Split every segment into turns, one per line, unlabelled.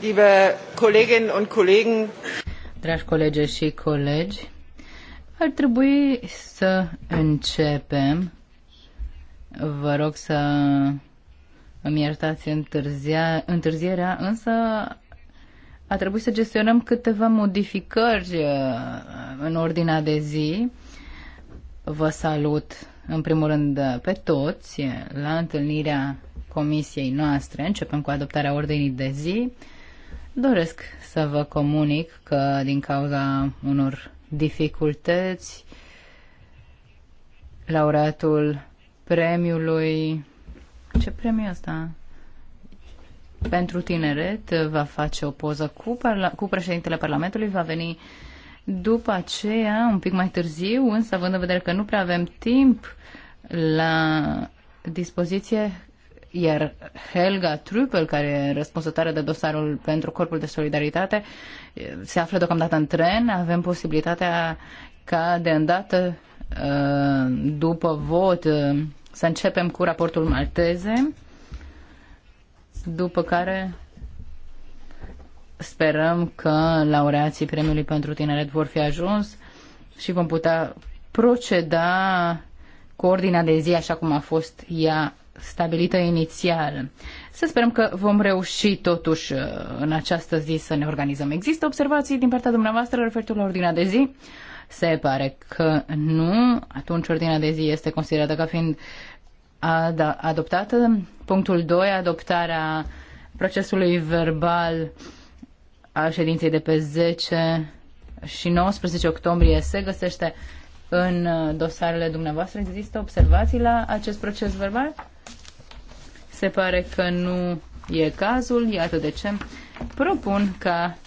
liebe Kolleginnen und Kollegen.
Dragi colege și colegi, ar trebui să începem. Vă rog să îmi iertați întârzia, întârzierea, însă a trebuit să gestionăm câteva modificări uh, în ordinea de zi. Vă salut în primul rând uh, pe toți la întâlnirea comisiei noastre. Începem cu adoptarea ordinii de zi. Doresc să vă comunic că din cauza unor dificultăți, laureatul premiului... Ce premiu asta? Pentru tineret va face o poză cu, parla- cu președintele Parlamentului, va veni după aceea, un pic mai târziu, însă având în vedere că nu prea avem timp la dispoziție, iar Helga Trupel, care e răspunsătoare de dosarul pentru Corpul de Solidaritate, se află deocamdată în tren. Avem posibilitatea ca de îndată uh, după vot uh, să începem cu raportul malteze, după care sperăm că laureații premiului pentru tineret vor fi ajuns și vom putea proceda cu ordinea de zi așa cum a fost ea stabilită inițial. Să sperăm că vom reuși totuși uh, în această zi să ne organizăm. Există observații din partea dumneavoastră referitor la ordinea de zi? Se pare că nu. Atunci ordinea de zi este considerată ca fiind ad- adoptată. Punctul 2, adoptarea procesului verbal a ședinței de pe 10 și 19 octombrie se găsește în uh, dosarele dumneavoastră. Există observații la acest proces verbal? Se pare că nu e cazul, iată de ce propun ca,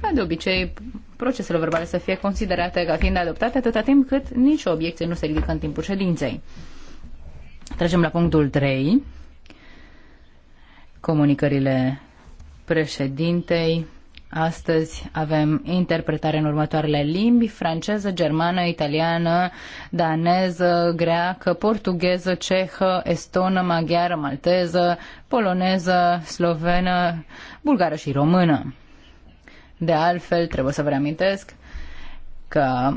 ca de obicei, procesele verbale să fie considerate ca fiind adoptate atâta timp cât nicio obiecție nu se ridică în timpul ședinței. Trecem la punctul 3. Comunicările președintei Astăzi avem interpretare în următoarele limbi, franceză, germană, italiană, daneză, greacă, portugheză, cehă, estonă, maghiară, malteză, poloneză, slovenă, bulgară și română. De altfel, trebuie să vă reamintesc că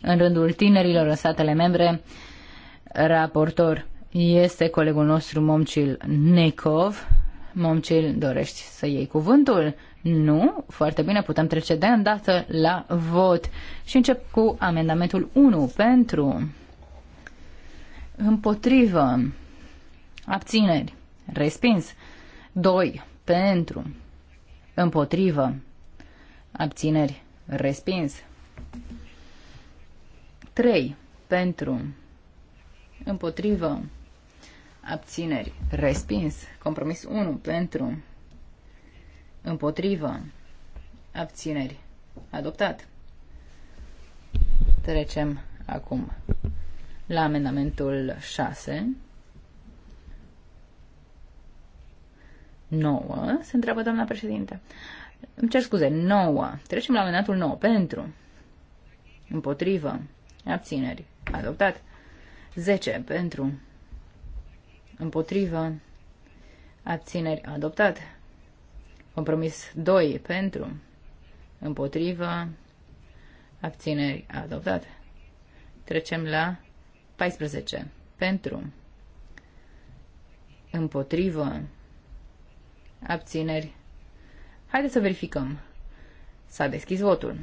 în rândul tinerilor în statele membre. Raportor este colegul nostru Momcil Nekov. Momcil, dorești să iei cuvântul? Nu? Foarte bine, putem trece de îndată la vot. Și încep cu amendamentul 1 pentru împotrivă abțineri respins 2 pentru împotrivă abțineri respins 3 pentru, împotrivă, abțineri, respins. Compromis 1 pentru, împotrivă, abțineri, adoptat. Trecem acum la amendamentul 6. 9, se întreabă doamna președinte. Îmi cer scuze, 9. Trecem la amendamentul 9. Pentru. Împotrivă. Abțineri. Adoptat. 10 pentru. Împotrivă. Abțineri. Adoptat. Compromis 2 pentru. Împotrivă. Abțineri. Adoptat. Trecem la 14. Pentru. Împotrivă. Abțineri. Haideți să verificăm. S-a deschis votul.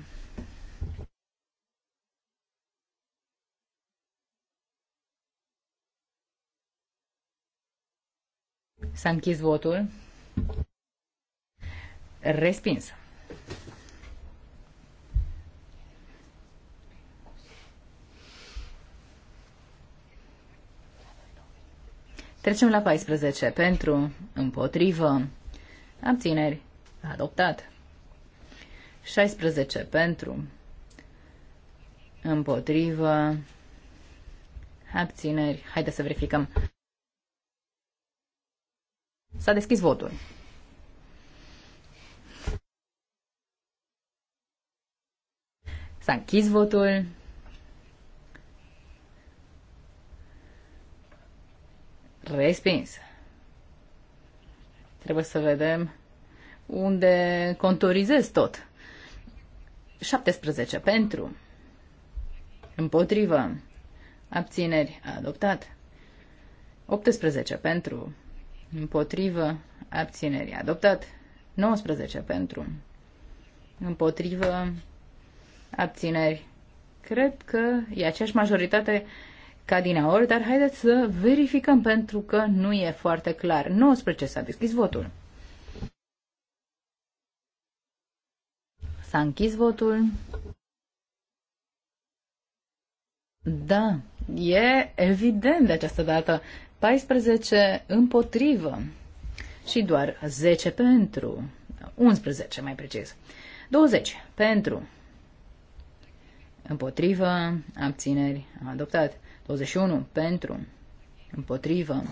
S-a închis votul. Respins. Trecem la 14. Pentru, împotrivă, abțineri, adoptat. 16. Pentru, împotrivă, abțineri. Haideți să verificăm. S-a deschis votul. S-a închis votul. Respins. Trebuie să vedem unde contorizez tot. 17 pentru. Împotrivă. Abțineri. Adoptat. 18 pentru împotrivă, abținerii. adoptat. 19 pentru, împotrivă, abțineri. Cred că e aceeași majoritate ca din aur, dar haideți să verificăm pentru că nu e foarte clar. 19 s-a deschis votul. S-a închis votul. Da, e evident de această dată 14 împotrivă și doar 10 pentru. 11 mai precis. 20 pentru. Împotrivă, abțineri, adoptat. 21 pentru. Împotrivă,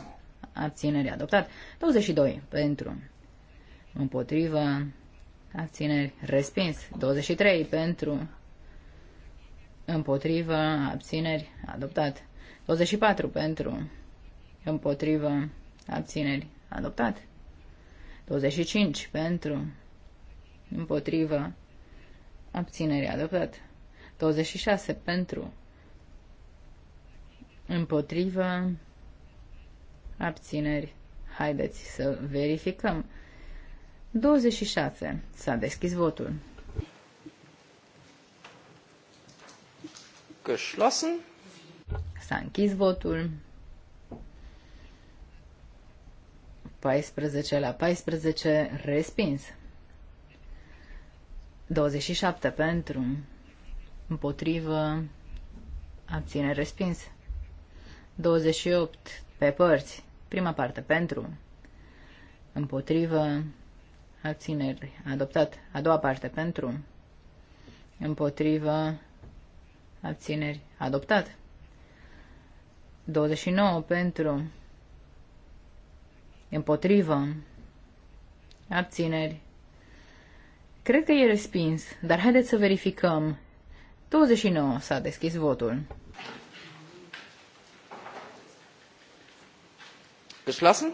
abțineri, adoptat. 22 pentru. Împotrivă, abțineri, respins. 23 pentru. Împotrivă, abțineri, adoptat. 24 pentru împotrivă, abțineri, adoptat. 25 pentru, împotrivă, abțineri, adoptat. 26 pentru, împotrivă, abțineri. Haideți să verificăm. 26. S-a deschis votul.
Geschlossen.
S-a închis votul. 14 la 14, respins. 27 pentru, împotrivă, abține, respins. 28 pe părți, prima parte pentru, împotrivă, abțineri, adoptat. A doua parte pentru, împotrivă, abțineri, adoptat. 29 pentru, Împotrivă. Abțineri. Cred că e respins, dar haideți să verificăm. 29 s-a deschis votul. Geschlossen?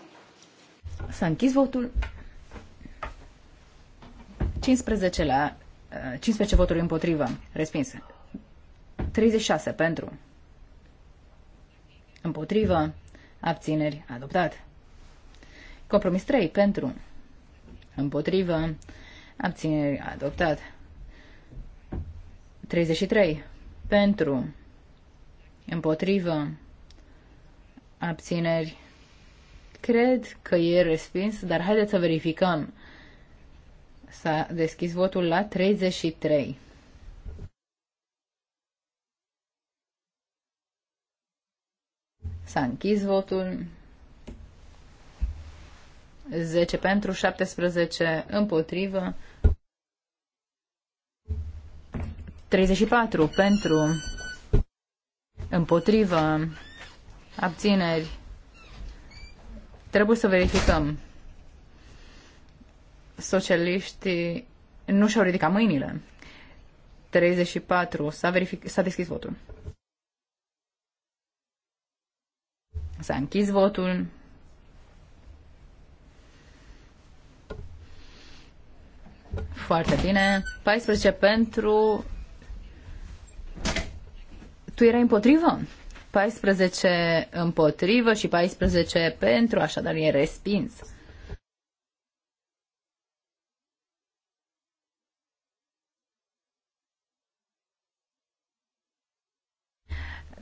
S-a închis votul. 15 la 15 uh, voturi împotrivă. Respins. 36 pentru. Împotrivă. Abțineri. Adoptat. Compromis 3 pentru. Împotrivă. Abțineri adoptat. 33 pentru. Împotrivă. Abțineri. Cred că e respins, dar haideți să verificăm. S-a deschis votul la 33. S-a închis votul. 10 pentru, 17 împotrivă. 34 pentru, împotrivă, abțineri. Trebuie să verificăm. Socialiștii nu și-au ridicat mâinile. 34. S-a, verific- s-a deschis votul. S-a închis votul. Foarte bine. 14 pentru... Tu erai împotrivă? 14 împotrivă și 14 pentru, așadar e respins.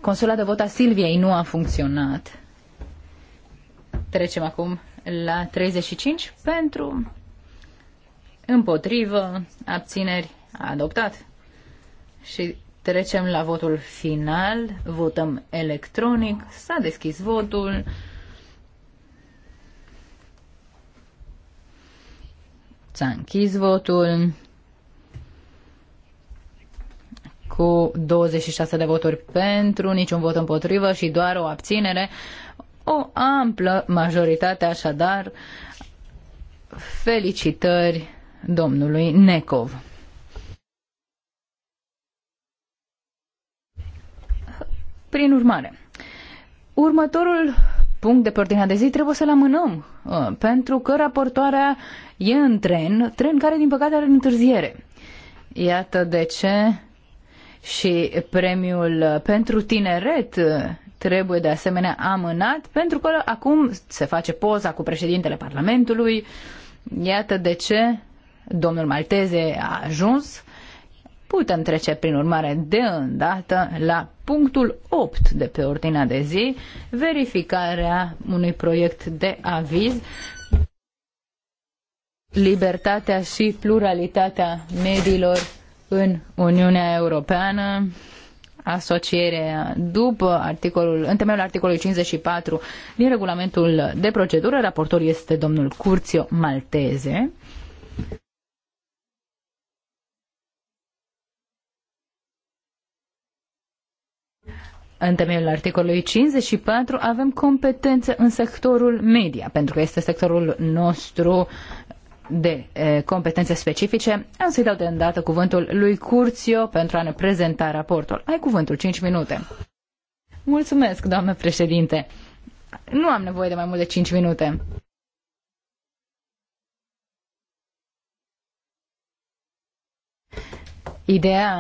Consola de vot a Silviei nu a funcționat. Trecem acum la 35 pentru împotrivă, abțineri, adoptat. Și trecem la votul final, votăm electronic, s-a deschis votul. S-a închis votul cu 26 de voturi pentru, niciun vot împotrivă și doar o abținere. O amplă majoritate așadar. Felicitări domnului Necov. Prin urmare, următorul punct de pe ordinea de zi trebuie să-l amânăm, uh, pentru că raportoarea e în tren, tren care din păcate are întârziere. Iată de ce și premiul pentru tineret uh, trebuie de asemenea amânat, pentru că acum se face poza cu președintele Parlamentului. Iată de ce domnul Malteze a ajuns, putem trece prin urmare de îndată la punctul 8 de pe ordinea de zi, verificarea unui proiect de aviz libertatea și pluralitatea mediilor în Uniunea Europeană, asocierea după articolul, în temeiul articolului 54 din regulamentul de procedură, raportor este domnul Curțio Malteze. în temeiul articolului 54 avem competențe în sectorul media, pentru că este sectorul nostru de e, competențe specifice. Am să-i dau de îndată cuvântul lui Curțio pentru a ne prezenta raportul. Ai cuvântul, 5 minute. Mulțumesc, doamnă președinte. Nu am nevoie de mai mult de 5 minute. Ideea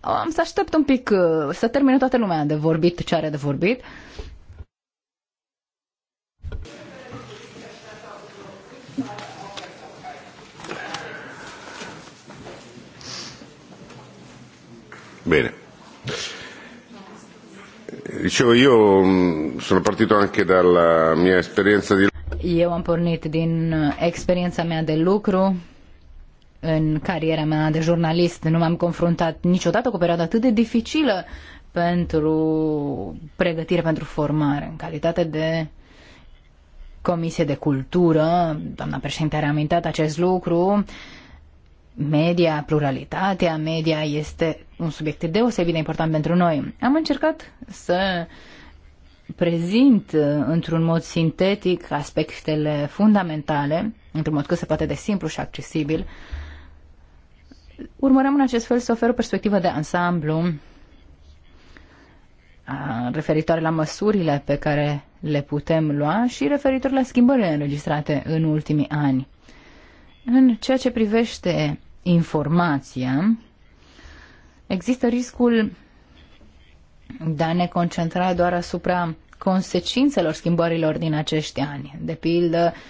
am să aștept un pic uh, să termine toată lumea de vorbit ce are de vorbit.
Bene. Dicevo, io mm, sono partito anche dalla mia esperienza
di...
Eu am pornit din uh, experiența mea de lucru în cariera mea de jurnalist nu m-am confruntat niciodată cu o perioadă atât de dificilă pentru pregătire, pentru formare. În calitate de Comisie de Cultură, doamna președinte a reamintat acest lucru, media, pluralitatea media este un subiect deosebit de important pentru noi. Am încercat să prezint uh, într-un mod sintetic aspectele fundamentale, într-un mod cât se poate de simplu și accesibil, urmăream în acest fel să ofer o perspectivă de ansamblu referitoare la măsurile pe care le putem lua și referitor la schimbările înregistrate în ultimii ani. În ceea ce privește informația, există riscul de a ne concentra doar asupra consecințelor schimbărilor din acești ani. De pildă, uh,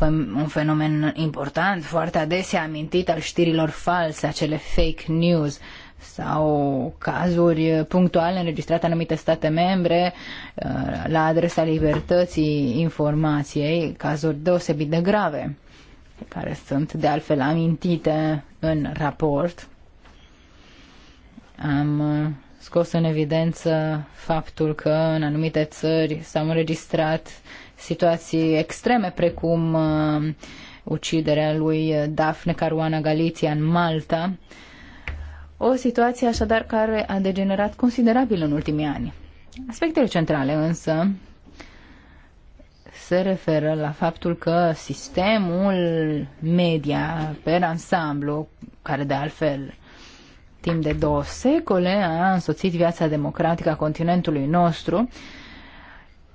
un fenomen important, foarte adesea amintit al știrilor false, acele fake news sau cazuri punctuale înregistrate în anumite state membre uh, la adresa libertății informației, cazuri deosebit de grave, care sunt de altfel amintite în raport. Am uh, scos în evidență faptul că în anumite țări s-au înregistrat situații extreme precum uh, uciderea lui Daphne Caruana Galizia în Malta, o situație așadar care a degenerat considerabil în ultimii ani. Aspectele centrale însă se referă la faptul că sistemul media pe ansamblu, care de altfel timp de două secole a însoțit viața democratică a continentului nostru,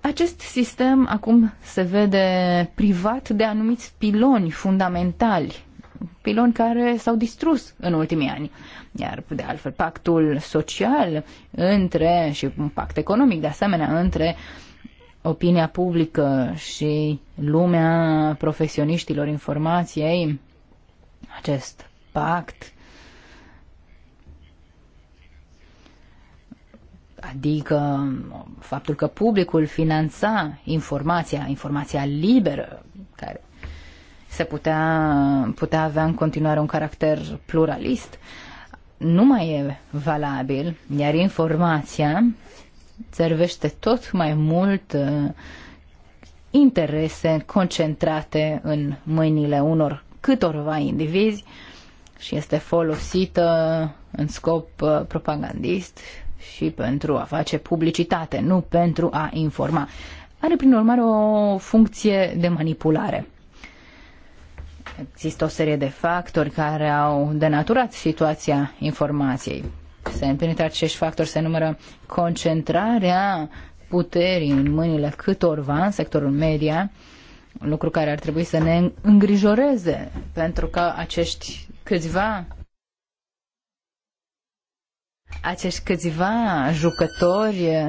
acest sistem acum se vede privat de anumiți piloni fundamentali, piloni care s-au distrus în ultimii ani. Iar, de altfel, pactul social între, și un pact economic, de asemenea, între opinia publică și lumea profesioniștilor informației, acest pact adică faptul că publicul finanța informația, informația liberă, care se putea, putea avea în continuare un caracter pluralist, nu mai e valabil, iar informația servește tot mai mult uh, interese concentrate în mâinile unor câtorva indivizi și este folosită în scop uh, propagandist și pentru a face publicitate, nu pentru a informa. Are, prin urmare, o funcție de manipulare. Există o serie de factori care au denaturat situația informației. Se, printre acești factori se numără concentrarea puterii în mâinile câtorva în sectorul media, lucru care ar trebui să ne îngrijoreze, pentru că acești câțiva acești câțiva jucători eh,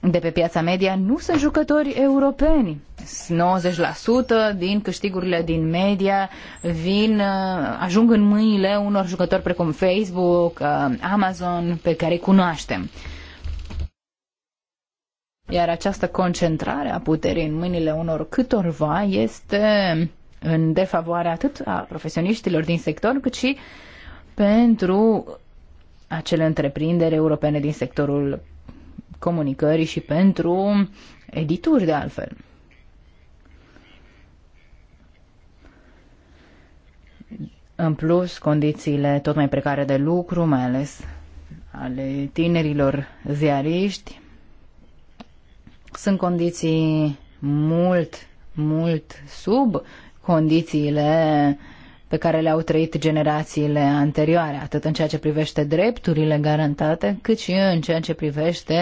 de pe piața media nu sunt jucători europeni. 90% din câștigurile din media vin, eh, ajung în mâinile unor jucători precum Facebook, eh, Amazon, pe care îi cunoaștem. Iar această concentrare a puterii în mâinile unor câtorva este în defavoarea atât a profesioniștilor din sector, cât și pentru acele întreprinderi europene din sectorul comunicării și pentru edituri de altfel. În plus, condițiile tot mai precare de lucru, mai ales ale tinerilor ziariști, sunt condiții mult, mult sub condițiile pe care le-au trăit generațiile anterioare, atât în ceea ce privește drepturile garantate, cât și în ceea ce privește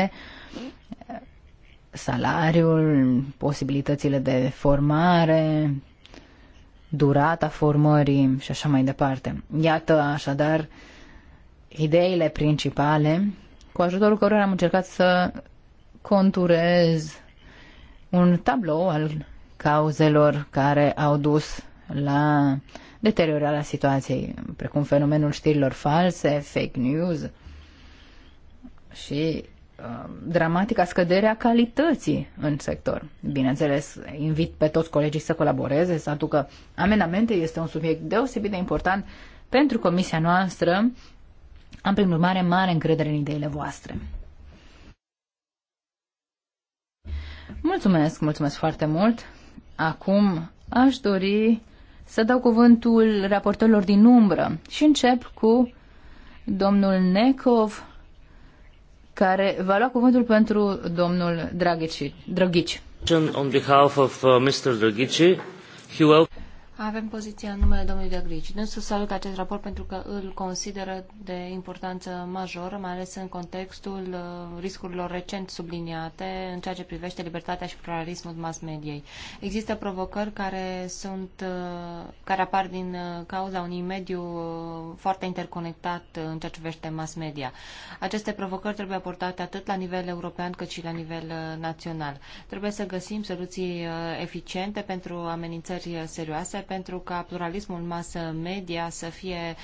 eh, salariul, posibilitățile de formare, durata formării și așa mai departe. Iată așadar ideile principale cu ajutorul cărora am încercat să conturez un tablou al cauzelor care au dus la deteriorarea situației, precum fenomenul știrilor false, fake news și uh, dramatica scăderea calității în sector. Bineînțeles, invit pe toți colegii să colaboreze, să aducă amendamente. Este un subiect deosebit de important pentru comisia noastră. Am, prin urmare, mare încredere în ideile voastre. Mulțumesc, mulțumesc foarte mult. Acum aș dori să dau cuvântul raportorilor din umbră și încep cu domnul Necov, care va lua cuvântul pentru domnul Draghici. Draghici.
On behalf of uh, Mr. Draghici, he
avem poziția în numele domnului de Grici. să salut
acest raport pentru că îl consideră de importanță majoră, mai ales în contextul uh, riscurilor recent subliniate în ceea ce privește libertatea și pluralismul mass mediei. Există provocări care, sunt, uh, care apar din uh, cauza unui mediu foarte interconectat în ceea ce privește mass media. Aceste provocări trebuie aportate atât la nivel european cât și la nivel național. Trebuie să găsim soluții eficiente pentru amenințări serioase pentru ca pluralismul masă media să fie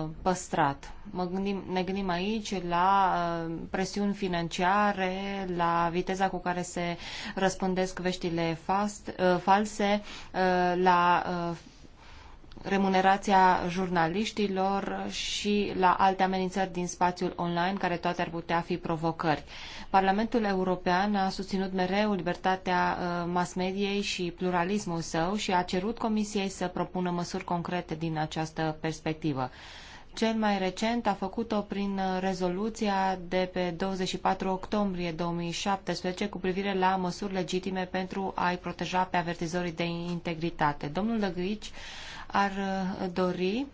uh, păstrat. Mă gândim, ne gândim aici la uh, presiuni financiare, la viteza cu care se răspândesc veștile fast, uh, false, uh, la uh, remunerația jurnaliștilor și la alte amenințări din spațiul online, care toate ar putea fi provocări. Parlamentul European a susținut mereu libertatea uh, mass mediei și pluralismul său și a cerut Comisiei să propună măsuri concrete din această perspectivă. Cel mai recent a făcut-o prin uh, rezoluția de pe 24 octombrie 2017 cu privire la măsuri legitime pentru a-i proteja pe avertizorii de integritate. Domnul Lăgâici ar uh, dori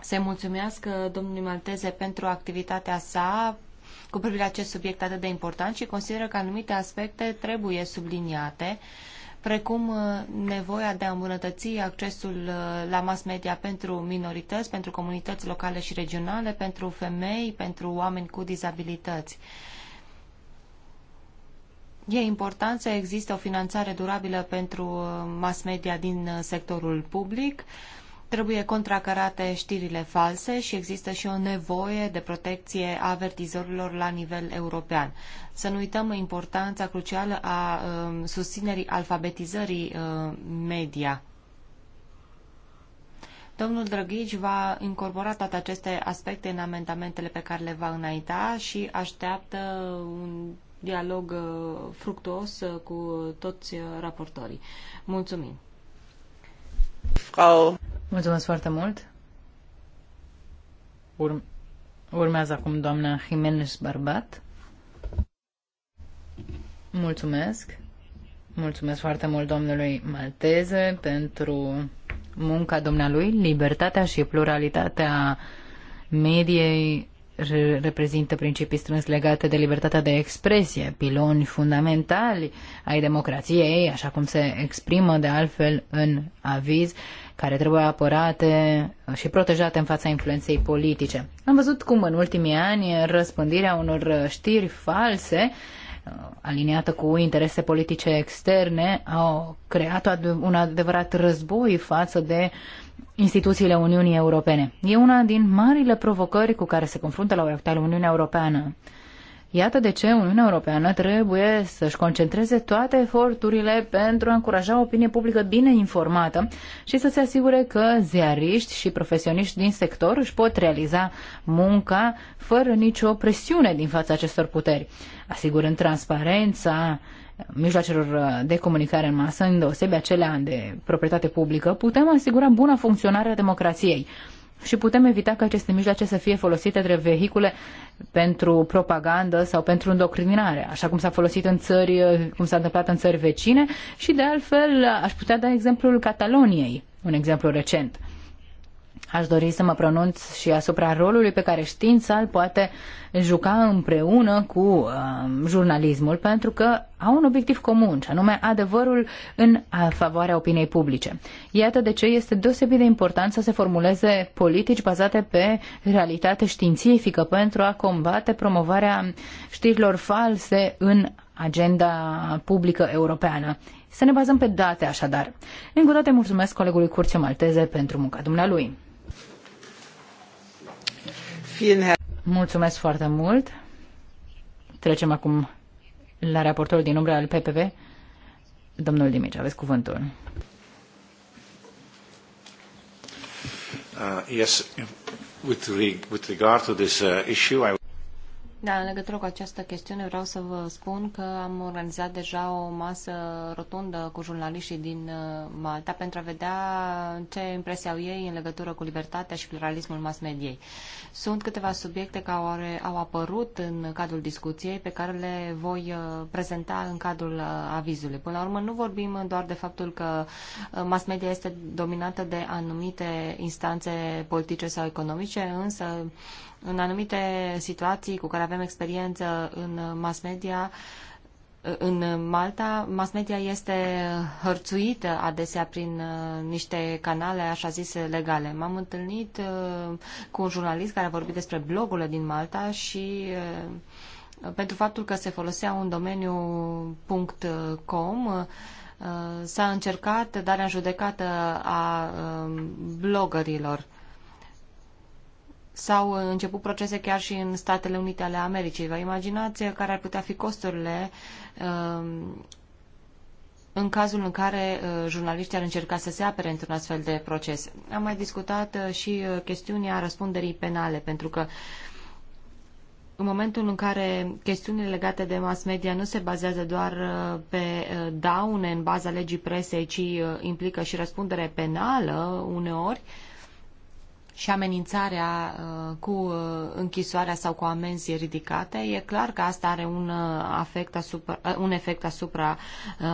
să mulțumească domnului Malteze pentru activitatea sa cu privire la acest subiect atât de important și consideră că anumite aspecte trebuie subliniate precum uh, nevoia de a îmbunătăți accesul uh, la mass media pentru minorități, pentru comunități locale și regionale, pentru femei, pentru oameni cu dizabilități. Uh, E important să existe o finanțare durabilă pentru uh, mass media din uh, sectorul public, trebuie contracarate știrile false și există și o nevoie de protecție a avertizorilor la nivel european. Să nu uităm importanța crucială a uh, susținerii alfabetizării uh, media. Domnul Drăghici va incorpora toate aceste aspecte în amendamentele pe care le va înainta și așteaptă un dialog uh, fructuos uh, cu toți uh,
raportorii. Mulțumim! Frau. Mulțumesc foarte mult! Urme- Urmează acum doamna Jimenez Barbat. Mulțumesc! Mulțumesc foarte mult domnului Malteze pentru munca dumnealui, libertatea și pluralitatea mediei reprezintă principii strâns legate de libertatea de expresie, piloni fundamentali ai democrației, așa cum se exprimă de altfel în aviz, care trebuie apărate și protejate în fața influenței politice. Am văzut cum în ultimii ani răspândirea unor știri false aliniată cu interese politice externe, au creat un adevărat război față de uh, instituțiile Uniunii Europene. E una din marile provocări cu care se confruntă la ora actuală Uniunea Europeană. Iată de ce Uniunea Europeană trebuie să-și concentreze toate eforturile pentru a încuraja o opinie publică bine informată și să se asigure că ziariști și profesioniști din sector își pot realiza munca fără nicio presiune din fața acestor puteri, asigurând transparența mijloacelor uh, de comunicare în masă, îndeosebi acelea de proprietate publică, putem asigura buna funcționare a democrației și putem evita ca aceste mijloace să fie folosite de vehicule pentru propagandă sau pentru îndoctrinare, așa cum s-a folosit în țări, uh, cum s-a întâmplat în țări vecine și de altfel aș putea da exemplul Cataloniei, un exemplu recent. Aș dori să mă pronunț și asupra rolului pe care știința îl poate juca împreună cu uh, jurnalismul, pentru că au un obiectiv comun, și anume adevărul în favoarea opiniei publice. Iată de ce este deosebit de important să se formuleze politici bazate pe realitate științifică pentru a combate promovarea știrilor false în agenda publică europeană. Să ne bazăm pe date, așadar. Încă o dată mulțumesc colegului Curții Malteze pentru munca dumnealui. Mulțumesc foarte mult. Trecem acum la raportorul din umbră al PPV. Domnul Dimitri, aveți cuvântul.
Uh, yes, with, re with regard to this uh, issue, I
da, în
legătură cu această chestiune vreau să vă spun că am organizat deja o masă rotundă cu jurnaliștii din uh, Malta pentru a vedea ce impresie au ei în legătură cu libertatea și pluralismul mass mediei. Sunt câteva subiecte care au apărut în cadrul discuției pe care le voi uh, prezenta în cadrul uh, avizului. Până la urmă nu vorbim doar de faptul că mass media este dominată de anumite instanțe politice sau economice, însă în anumite situații cu care avem experiență în mass media, în Malta, mass media este hărțuită adesea prin uh, niște canale, așa zise legale. M-am întâlnit uh, cu un jurnalist care a vorbit despre blogurile din Malta și uh, pentru faptul că se folosea un domeniu .com s-a încercat darea în judecată a blogărilor. S-au început procese chiar și în Statele Unite ale Americii. Vă imaginați care ar putea fi costurile um, în cazul în care uh, jurnaliștii ar încerca să se apere într-un astfel de proces. Am mai discutat uh, și uh, chestiunea răspunderii penale, pentru că în momentul în care chestiunile legate de mass media nu se bazează doar pe daune în baza legii presei, ci implică și răspundere penală uneori, și amenințarea uh, cu uh, închisoarea sau cu amenzi ridicate, e clar că asta are un, uh, afect asupra, un efect asupra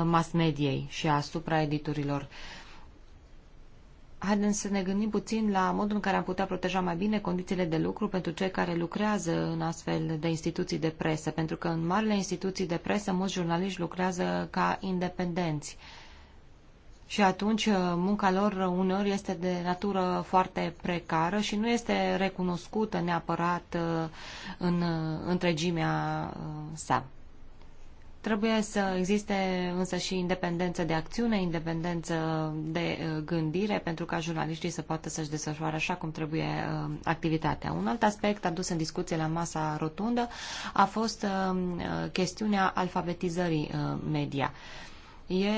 mass mediei și asupra editurilor. Haideți să ne gândim puțin la modul în care am putea proteja mai bine condițiile de lucru pentru cei care lucrează în astfel de instituții de presă, pentru că în marile instituții de presă mulți jurnaliști lucrează ca independenți. Uh, și atunci uh, munca lor uneori este de natură foarte precară și nu este recunoscută neapărat uh, în uh, întregimea sa. Trebuie să existe însă și independență de acțiune, independență de gândire, pentru ca jurnaliștii să poată să-și desfășoare așa cum trebuie activitatea. Un alt aspect adus în discuție la masa rotundă a fost chestiunea alfabetizării media. E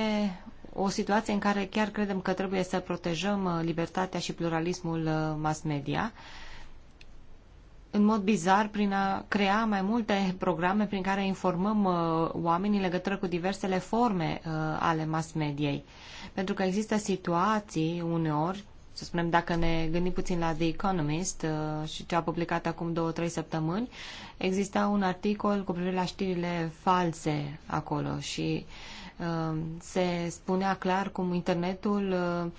o situație în care chiar credem că trebuie să protejăm uh, libertatea și pluralismul uh, mass media, în mod bizar prin a crea mai multe programe prin care informăm uh, oamenii în legătură cu diversele forme uh, ale mass mediei. Pentru că există situații uneori, să spunem dacă ne gândim puțin la The Economist uh, și ce a publicat acum două trei săptămâni, exista un articol cu privire la știrile false acolo și uh, Ehm, se spunea clar cum internetul ehm,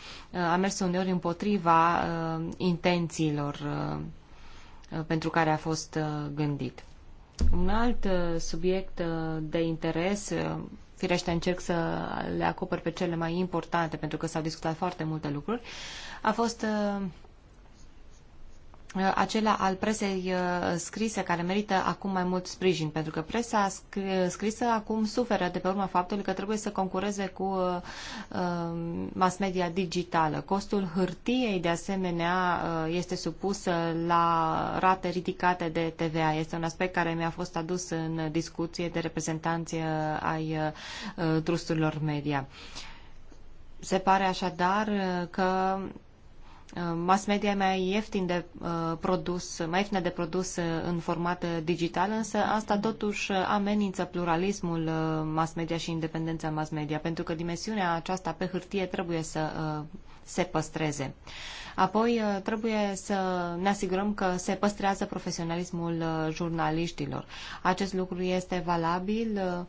a mers uneori împotriva ehm, intențiilor pentru care a fost gândit. Un alt subiect de interes, firește încerc să le acopăr pe cele mai importante, pentru că s-au discutat foarte multe lucruri, a fost Uh, acela al presei uh, scrise care merită acum mai mult sprijin, pentru că presa uh, scrisă acum suferă de pe urma faptului că trebuie să concureze cu mass media digitală. Costul hârtiei, de asemenea, este supus la rate ridicate de TVA. Este un aspect care mi-a fost adus în discuție de reprezentanții ai trusturilor media. Se pare așadar că Uh, mass media e mai ieftin de uh, produs, mai ieftin de produs uh, în format digital, însă asta totuși amenință pluralismul mass media și independența mass media, pentru că dimensiunea aceasta pe hârtie trebuie să se păstreze. Apoi trebuie să ne asigurăm că se păstrează profesionalismul jurnaliștilor. Acest lucru este valabil uh,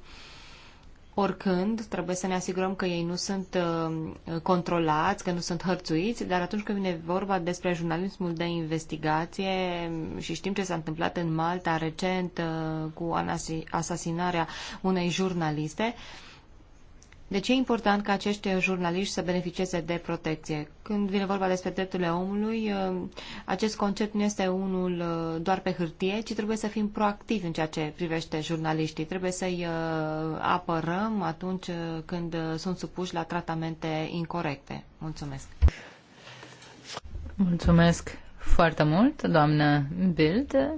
oricând trebuie să ne asigurăm că ei nu sunt uh, controlați, că nu sunt hărțuiți, dar atunci când vine vorba despre jurnalismul de investigație mm, și știm ce s-a întâmplat în Malta recent uh, cu asasinarea unei jurnaliste, uh, de deci ce e important ca acești jurnaliști să beneficieze de protecție. Când vine vorba despre drepturile omului, uh, acest concept nu este unul uh, doar pe hârtie, ci trebuie să fim proactivi în ceea ce privește jurnaliștii. Trebuie să-i uh, apărăm atunci când sunt supuși la tratamente incorrecte. Mulțumesc!
Mulțumesc foarte mult, doamnă Bild.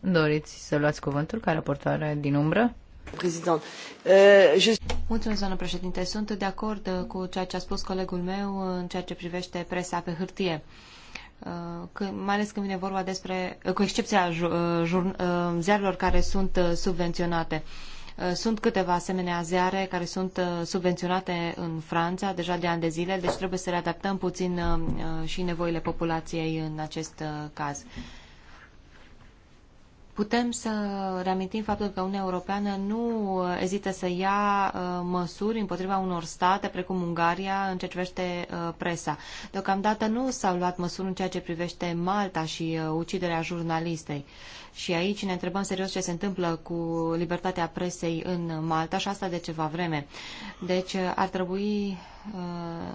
Doriți să luați cuvântul ca raportoare din umbră?
Prezident. Uh, doamnă președinte. Sunt de acord uh, cu ceea ce a spus colegul meu în ceea ce privește presa pe hârtie. Uh, când, mai ales când vine vorba despre, cu excepția jur, ziarelor care sunt subvenționate. Sunt câteva asemenea ziare care sunt subvenționate în Franța deja de ani de zile, deci trebuie să le adaptăm puțin și nevoile populației în acest caz. Putem să reamintim faptul că Uniunea Europeană nu ezită să ia uh, măsuri împotriva unor state, precum Ungaria, în ceea ce privește uh, presa. Deocamdată nu s-au luat măsuri în ceea ce privește Malta și uh, uciderea jurnalistei. Și aici ne întrebăm serios ce se întâmplă cu libertatea presei în Malta și asta de ceva vreme. Deci ar trebui uh,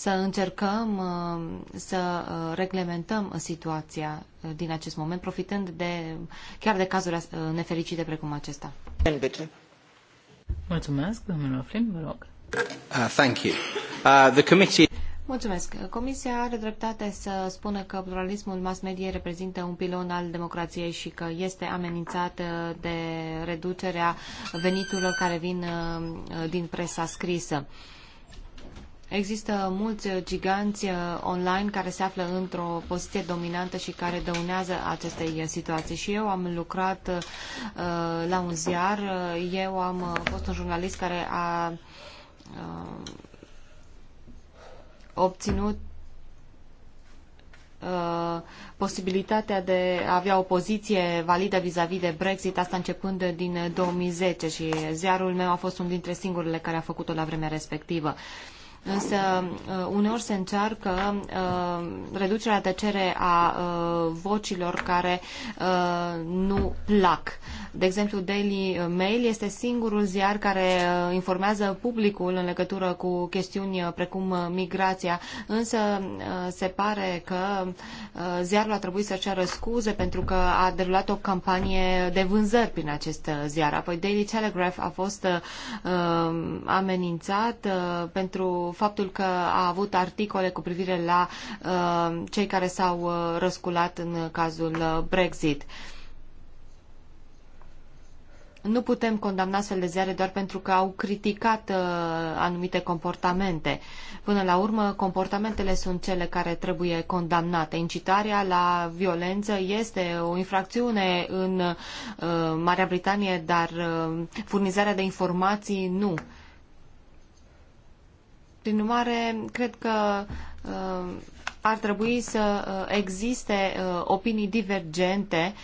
să încercăm uh, să uh, reglementăm situația uh, din acest moment, profitând de, chiar de cazuri nefericite precum acesta.
Mulțumesc, domnule Flynn, vă rog.
thank you. Uh, the committee...
Mulțumesc. Comisia are dreptate să spună că pluralismul mass media reprezintă un pilon al democrației și că este amenințat de reducerea veniturilor care vin din presa scrisă. Există mulți uh, giganți uh, online care se află într-o poziție dominantă și care dăunează acestei uh, situații. Și eu am lucrat la un ziar, eu am fost un jurnalist care a obținut posibilitatea de a avea o poziție validă vis-a-vis -vis de Brexit, asta începând din 2010 și ziarul meu a fost unul dintre singurele care a făcut-o la vremea respectivă. Uh, însă uh, uneori se încearcă uh, reducerea tăcere a uh, vocilor care nu plac. De exemplu, Daily Mail este singurul ziar care informează publicul în legătură cu chestiuni precum migrația, însă se pare că ziarul a trebuit să ceară scuze pentru că a derulat o campanie de vânzări prin acest ziar. Apoi Daily Telegraph a fost amenințat pentru faptul că a avut articole cu privire la uh, cei care s-au uh, răsculat în cazul uh, Brexit. Nu putem condamna astfel de ziare doar pentru că au criticat uh, anumite comportamente. Până la urmă, comportamentele sunt cele care trebuie condamnate. Incitarea la violență este o infracțiune în uh, Marea Britanie, dar uh, furnizarea de informații nu. Uh, prin urmare, cred că uh, ar trebui să uh, existe uh, opinii divergente.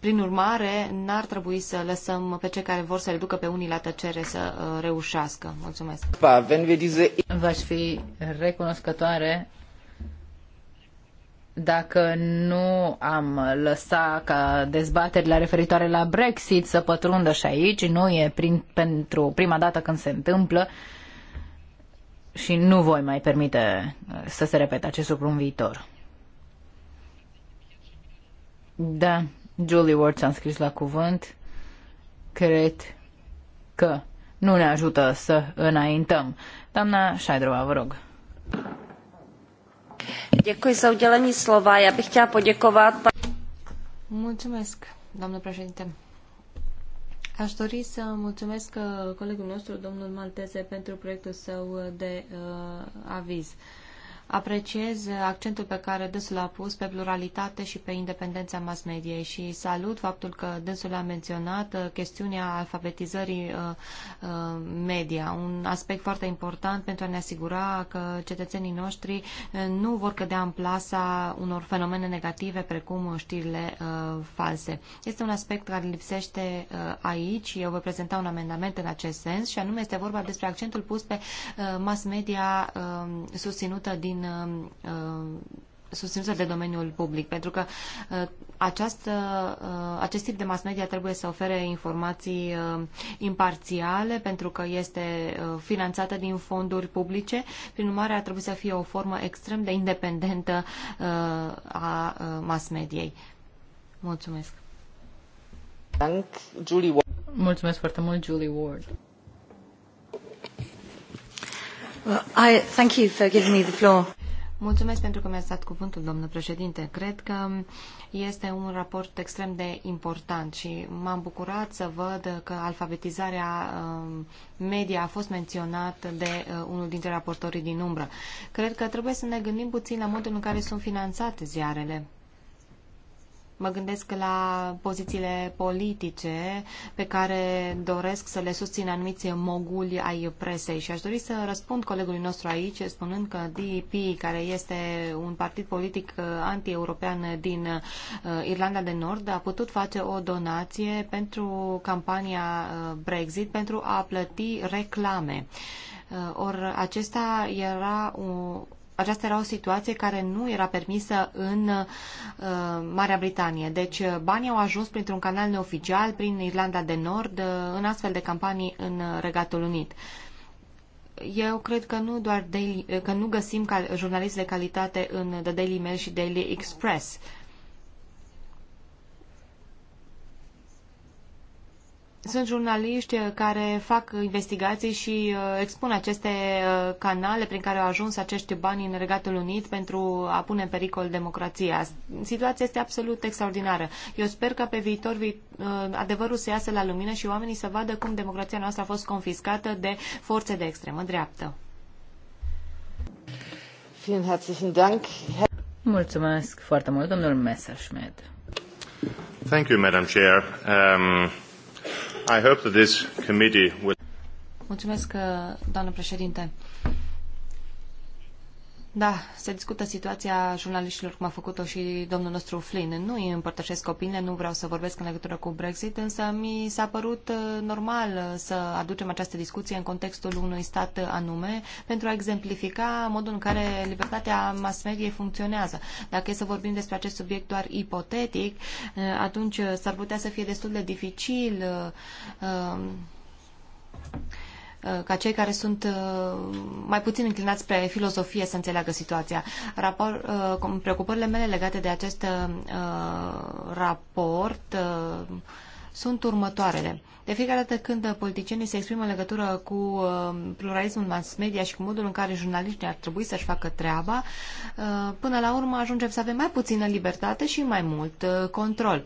Prin urmare, n-ar trebui să lăsăm pe cei care vor să le ducă pe unii la tăcere să reușească.
Mulțumesc. V-aș fi recunoscătoare dacă nu am lăsat ca dezbaterile referitoare la Brexit să pătrundă și aici, nu e prin, pentru prima dată când se întâmplă, uh, și nu voi mai permite uh, să se repete acest lucru în viitor. Da, Julie Ward a scris la cuvânt. Cred că nu ne ajută să înaintăm. Doamna Șaidrova, vă rog.
Děkuji za udělení slova. Já bych chtěla poděkovat. Mulțumesc, doamnă președinte. Aș dori să mulțumesc uh, colegul nostru, domnul Malteze, pentru proiectul său uh, de uh, aviz. Apreciez accentul pe care dânsul a pus pe pluralitate și pe independența mass mediei și salut faptul că dânsul a menționat uh, chestiunea alfabetizării uh, uh, media, un aspect foarte important pentru a ne asigura că cetățenii noștri nu vor cădea în plasa unor fenomene negative precum știrile false. Este un aspect care lipsește aici, eu vă prezenta un amendament în acest sens și anume este vorba despre accentul pus pe mass media susținută din din uh, uh, susținută de domeniul public, pentru că uh, această, uh, acest tip de mass media trebuie să ofere informații uh, imparțiale, pentru că este uh, finanțată din fonduri publice. Prin urmare, ar trebui să fie o formă extrem de independentă uh, a uh, mass mediei. Mulțumesc!
Mulțumesc foarte mult, Julie Ward.
I, thank you for giving me the floor.
Mulțumesc pentru că mi-ați dat cuvântul, domnule președinte. Cred că este un raport extrem de important și m-am bucurat să văd că alfabetizarea um, media a fost menționat de uh, unul dintre raportorii din umbră. Cred că trebuie să ne gândim puțin la modul în care sunt finanțate ziarele. Mă gândesc la pozițiile politice pe care doresc să le susțin anumiți moguli ai presei și aș dori să răspund colegului nostru aici spunând că DEP, care este un partid politic uh, anti-european din uh, Irlanda de Nord, a putut face o donație pentru campania uh, Brexit pentru a plăti reclame. Or, acesta era aceasta era o situație care nu era permisă în uh, Marea Britanie. Deci uh, banii au ajuns printr-un canal neoficial prin Irlanda de Nord uh, în astfel de campanii în uh, Regatul Unit. Eu cred că nu doar daily, uh, că nu găsim cal, jurnaliști de calitate în The Daily Mail și Daily Express. Uh, Sunt jurnaliști uh, care fac investigații și uh, expun aceste uh, canale prin care au ajuns acești bani în Regatul Unit pentru a pune în pericol democrația. Situația este absolut extraordinară. Eu sper că pe viitor vi adevărul să iasă la lumină și oamenii să vadă cum democrația noastră a fost confiscată de forțe de
extremă dreaptă. Mulțumesc foarte mult, domnul Messerschmidt.
Thank you, Madam Chair. Um... I hope that this committee will...
Mulțumesc, uh,
doamnă președinte. Da, se discută situația jurnaliștilor, cum a făcut-o și domnul nostru Flynn. Nu îi împărtășesc opiniile, nu vreau să vorbesc în legătură cu Brexit, însă mi s-a părut uh, normal uh, să aducem această discuție în contextul unui stat uh, anume pentru a exemplifica modul în care libertatea mass media funcționează. Dacă e să vorbim despre acest subiect doar ipotetic, atunci s-ar putea să fie destul de dificil Uh, ca cei care sunt uh, mai puțin înclinați spre filozofie să înțeleagă situația. Rapor, uh, preocupările mele legate de acest raport sunt următoarele. De fiecare dată când politicienii se exprimă în legătură cu um, pluralismul mass media și cu modul în care jurnaliștii ar trebui să-și facă treaba, uh, până la urmă ajungem să avem mai puțină libertate și mai mult uh, control.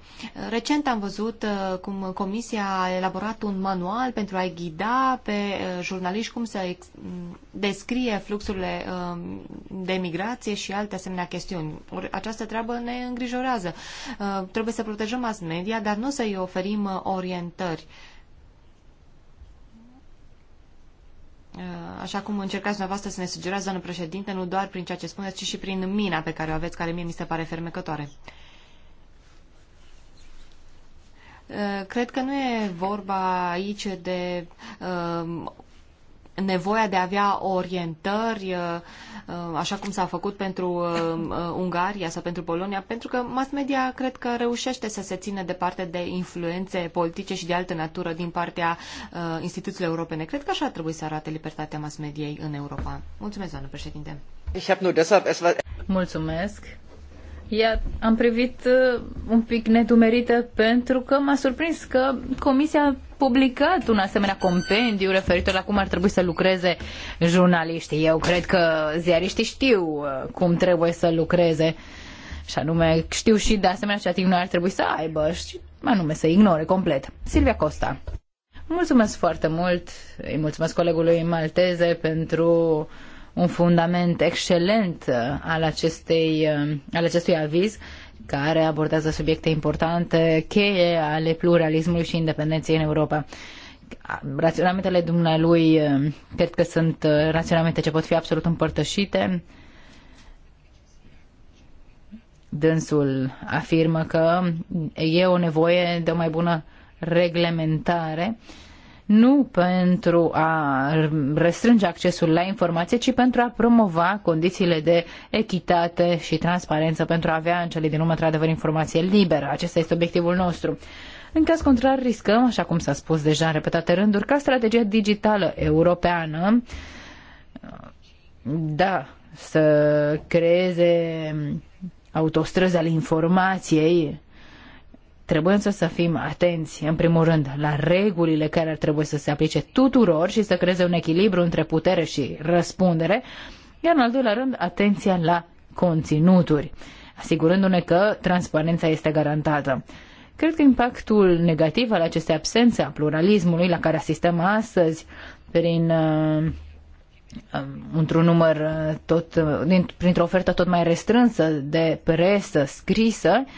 Recent am văzut uh, cum Comisia a elaborat un manual pentru a ghida pe jurnaliști cum să mm, descrie fluxurile um, de migrație și alte asemenea chestiuni. Această treabă ne îngrijorează. Trebuie să protejăm mass media, dar nu să-i oferim orientări. Uh, așa cum încercați dumneavoastră să ne sugerați, doamnă președinte, nu doar prin ceea ce spuneți, ci și prin mina pe care o aveți, care mie mi se pare fermecătoare. Uh, cred că nu e vorba aici de uh, nevoia de a avea orientări, uh, uh, așa cum s-a făcut pentru uh, Ungaria sau pentru Polonia, pentru că mass media cred că reușește să se țină departe de influențe politice și de altă natură din partea instituțiilor europene. Cred că așa ar trebui să arate libertatea mass mediei în
Europa. Mulțumesc, doamnă președinte. Mulțumesc. Ia, am privit uh, un pic nedumerită pentru că m-a surprins că Comisia a publicat un asemenea compendiu referitor la cum ar trebui să lucreze jurnaliștii. Eu cred că ziariștii știu uh, cum trebuie să lucreze și anume știu și de asemenea ce nu ar trebui să aibă și anume să ignore complet. Silvia Costa. Mulțumesc foarte mult, îi mulțumesc colegului Malteze pentru uh, un fundament excelent uh, al, acestei, uh, al acestui aviz care abordează subiecte importante, cheie ale pluralismului și independenței în Europa. Raționamentele dumnealui uh, cred că sunt raționamente ce pot fi absolut împărtășite. Dânsul afirmă că e o nevoie de o mai bună reglementare uh, nu pentru a restrânge accesul la informație, ci pentru a promova condițiile de echitate și transparență, pentru a avea în cele din urmă, într-adevăr, informație liberă. Acesta este obiectivul nostru. În caz contrar, riscăm, așa cum s-a spus deja în repetate rânduri, ca strategia digitală europeană, da, să creeze autostrăzi ale informației, Trebuie însă să fim atenți, în primul rând, la regulile care ar trebui să se aplice tuturor și să creeze un echilibru între putere și răspundere, iar în al doilea rând, atenția la conținuturi, asigurându-ne că transparența este garantată. Cred că impactul negativ al acestei absențe a pluralismului la care asistăm astăzi prin uh, um, într-un număr uh, tot, printr-o uh, ofertă tot mai restrânsă de presă scrisă, uh,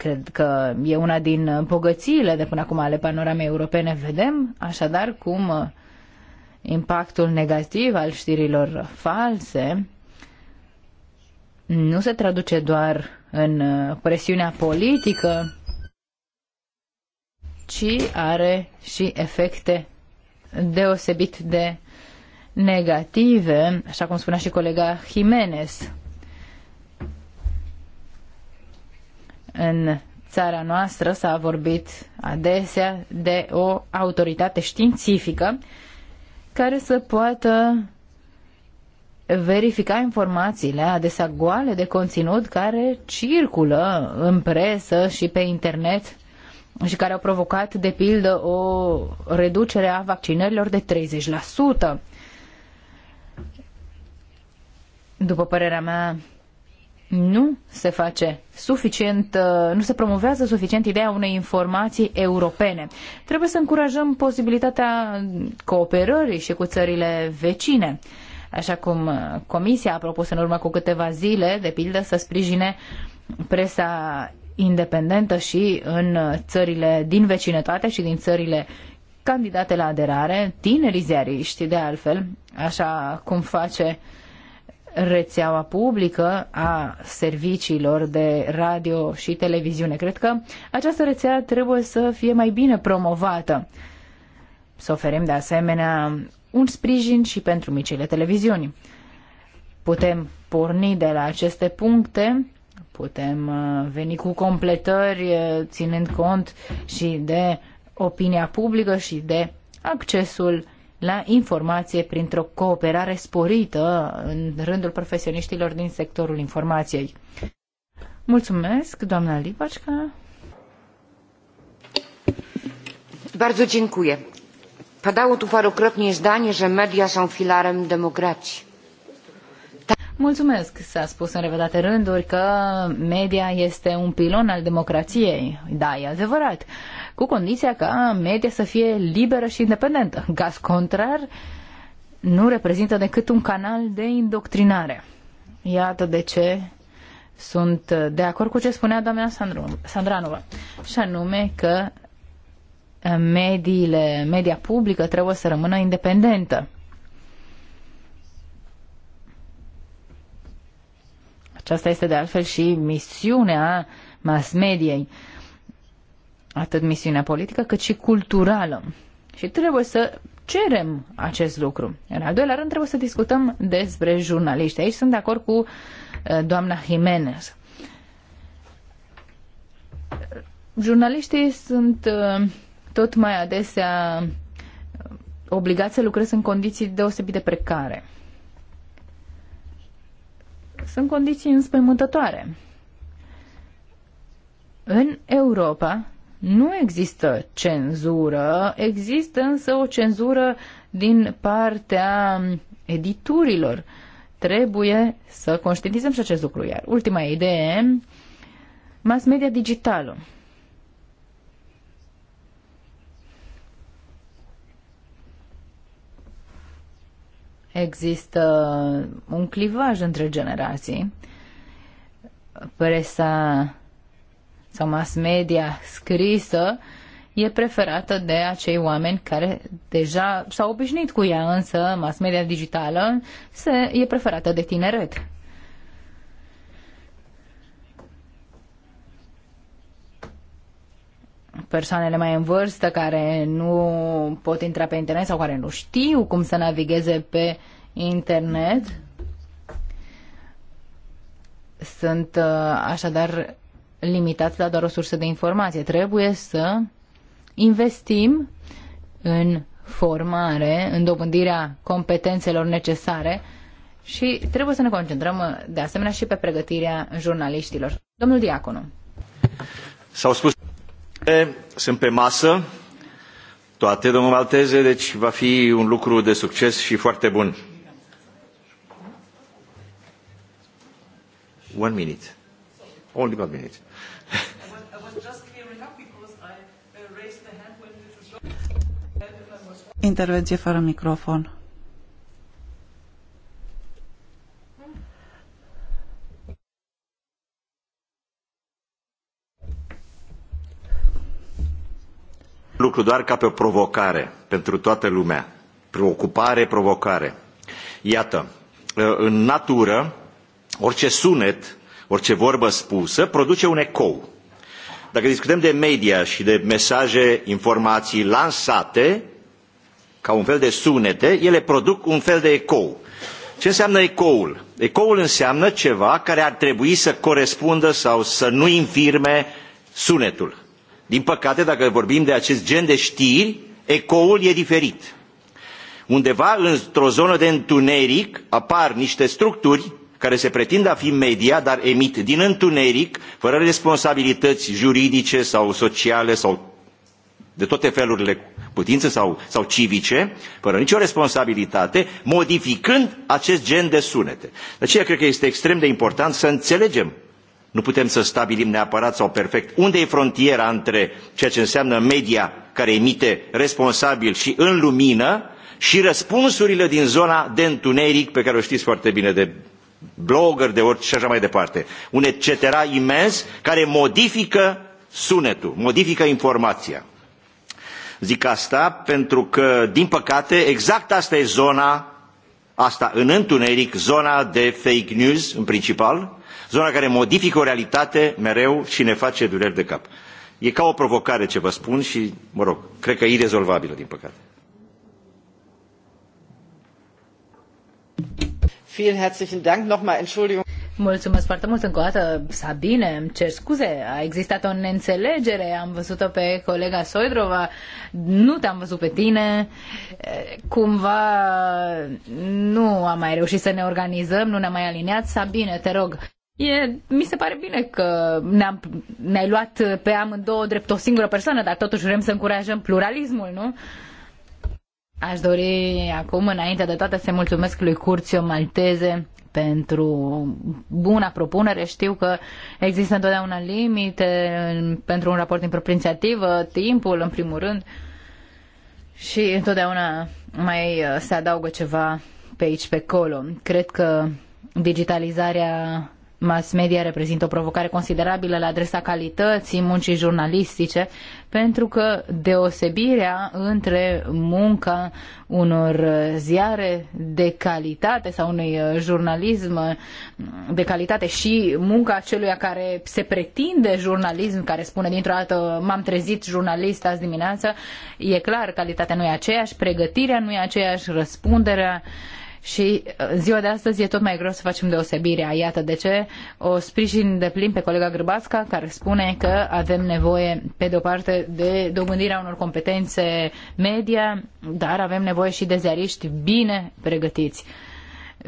Cred că e una din bogățiile de până acum ale panoramei europene. Vedem așadar cum uh, impactul negativ al știrilor false nu se traduce doar în uh, presiunea politică, ci are și efecte deosebit de negative, așa cum spunea și colega Jimenez. În țara noastră s-a vorbit adesea de o autoritate științifică care să poată verifica informațiile adesea goale de conținut care circulă în presă și pe internet și care au provocat, de pildă, o reducere a vaccinărilor de 30%. După părerea mea, nu se face suficient, uh, nu se promovează suficient ideea unei informații europene. Trebuie să încurajăm posibilitatea cooperării și cu țările vecine. Așa cum uh, Comisia a propus în urmă cu câteva zile, de pildă, să sprijine presa independentă și în uh, țările din vecinătate și din țările candidate la aderare, tinerii ziariști, de altfel, așa cum face uh, rețeaua publică a serviciilor de radio și televiziune. Cred că această rețea trebuie să fie mai bine promovată. Să oferim de asemenea un sprijin și pentru micile televiziuni. Putem porni de la aceste puncte, putem uh, veni cu completări uh, ținând cont și de opinia publică și de accesul la informație printr-o cooperare sporită în rândul profesioniștilor din sectorul informației. Mulțumesc, doamna Lipașca.
Bardzo dziękuję. Padało tu parokrotnie zdanie, że media są filarem demokracji
Mulțumesc. S-a spus în revedate rânduri că media este un pilon al democrației. Da, e adevărat. Cu condiția ca media să fie liberă și independentă. Gaz contrar nu reprezintă decât un canal de indoctrinare. Iată de ce sunt de acord cu ce spunea doamna Sandru, Sandranova. Și anume că mediile, media publică trebuie să rămână independentă. Aceasta este de altfel și misiunea mass mediei, atât misiunea politică cât și culturală. Și trebuie să cerem acest lucru. În al doilea rând trebuie să discutăm despre jurnaliști. Aici sunt de acord cu uh, doamna Jimenez. Jurnaliștii sunt uh, tot mai adesea uh, obligați să lucreze în condiții deosebit de precare. Sunt condiții înspăimântătoare. În Europa nu există cenzură, există însă o cenzură din partea editurilor. Trebuie să conștientizăm și acest lucru. Iar ultima idee, mass media digitală. Există un clivaj între generații. Presa sau mass media scrisă e preferată de acei oameni care deja s-au obișnuit cu ea, însă mass media digitală se, e preferată de tineret. persoanele mai în vârstă care nu pot intra pe internet sau care nu știu cum să navigheze pe internet. Sunt uh, așadar limitați la doar o sursă de informație. Trebuie să investim în formare, în dobândirea competențelor necesare și trebuie să ne concentrăm uh, de asemenea și pe pregătirea jurnaliștilor. Domnul Diaconu.
S-au spus sunt pe masă, toate, domnul Malteze, deci va fi un lucru de succes și foarte bun. One minute. Only one minute.
Intervenție fără microfon.
lucru doar ca pe o provocare pentru toată lumea. Preocupare, provocare. Iată, ă, în natură, orice sunet, orice vorbă spusă produce un ecou. Dacă discutăm de media și de mesaje, informații lansate, ca un fel de sunete, ele produc un fel de ecou. Ce înseamnă ecoul? Ecoul înseamnă ceva care ar trebui să corespundă sau să nu infirme sunetul. Din păcate, dacă vorbim de acest gen de știri, ecoul e diferit. Undeva într-o zonă de întuneric apar niște structuri care se pretind a fi media, dar emit din întuneric, fără responsabilități juridice sau sociale sau de toate felurile putință sau, sau civice, fără nicio responsabilitate, modificând acest gen de sunete. De aceea cred că este extrem de important să înțelegem nu putem să stabilim neapărat sau perfect unde e frontiera între ceea ce înseamnă media care emite responsabil și în lumină și răspunsurile din zona de întuneric pe care o știți foarte bine de blogger, de orice și așa mai departe. Un etc. imens care modifică sunetul, modifică informația. Zic asta pentru că, din păcate, exact asta e zona, asta în întuneric, zona de fake news în principal, zona care modifică o realitate mereu și ne face dureri de cap. E ca o provocare ce vă spun și, mă rog, cred că irezolvabilă, din păcate.
Vielen herzlichen Dank. Nochmal Entschuldigung. Mulțumesc foarte mult încă o dată, Sabine, îmi cer scuze, a existat o neînțelegere, am văzut-o pe colega Soidrova, nu te-am văzut pe tine, cumva nu am mai reușit să ne organizăm, nu ne-am mai aliniat, Sabine, te rog. E, mi se pare bine că ne-am, ne-ai luat pe amândouă drept o singură persoană, dar totuși vrem să încurajăm pluralismul, nu? Aș dori acum, înainte de toate, să mulțumesc lui Curțio Malteze pentru buna propunere. Știu că există întotdeauna limite pentru un raport din proprie inițiativă, timpul în primul rând și întotdeauna mai uh, se adaugă ceva pe aici, pe acolo. Cred că digitalizarea mass media reprezintă o provocare considerabilă la adresa calității muncii jurnalistice, pentru că deosebirea între munca unor ziare de calitate sau unui uh, jurnalism uh, de calitate și munca aceluia care se pretinde jurnalism, care spune dintr-o dată m-am trezit jurnalist azi dimineață, e clar, calitatea nu e aceeași, pregătirea nu e aceeași, răspunderea uh, și în uh, ziua de astăzi e tot mai greu să facem deosebirea. Iată de ce o sprijin de plin pe colega Grăbasca, care spune că avem nevoie, pe de o parte, de dobândirea unor competențe media, dar avem nevoie și de ziariști bine pregătiți.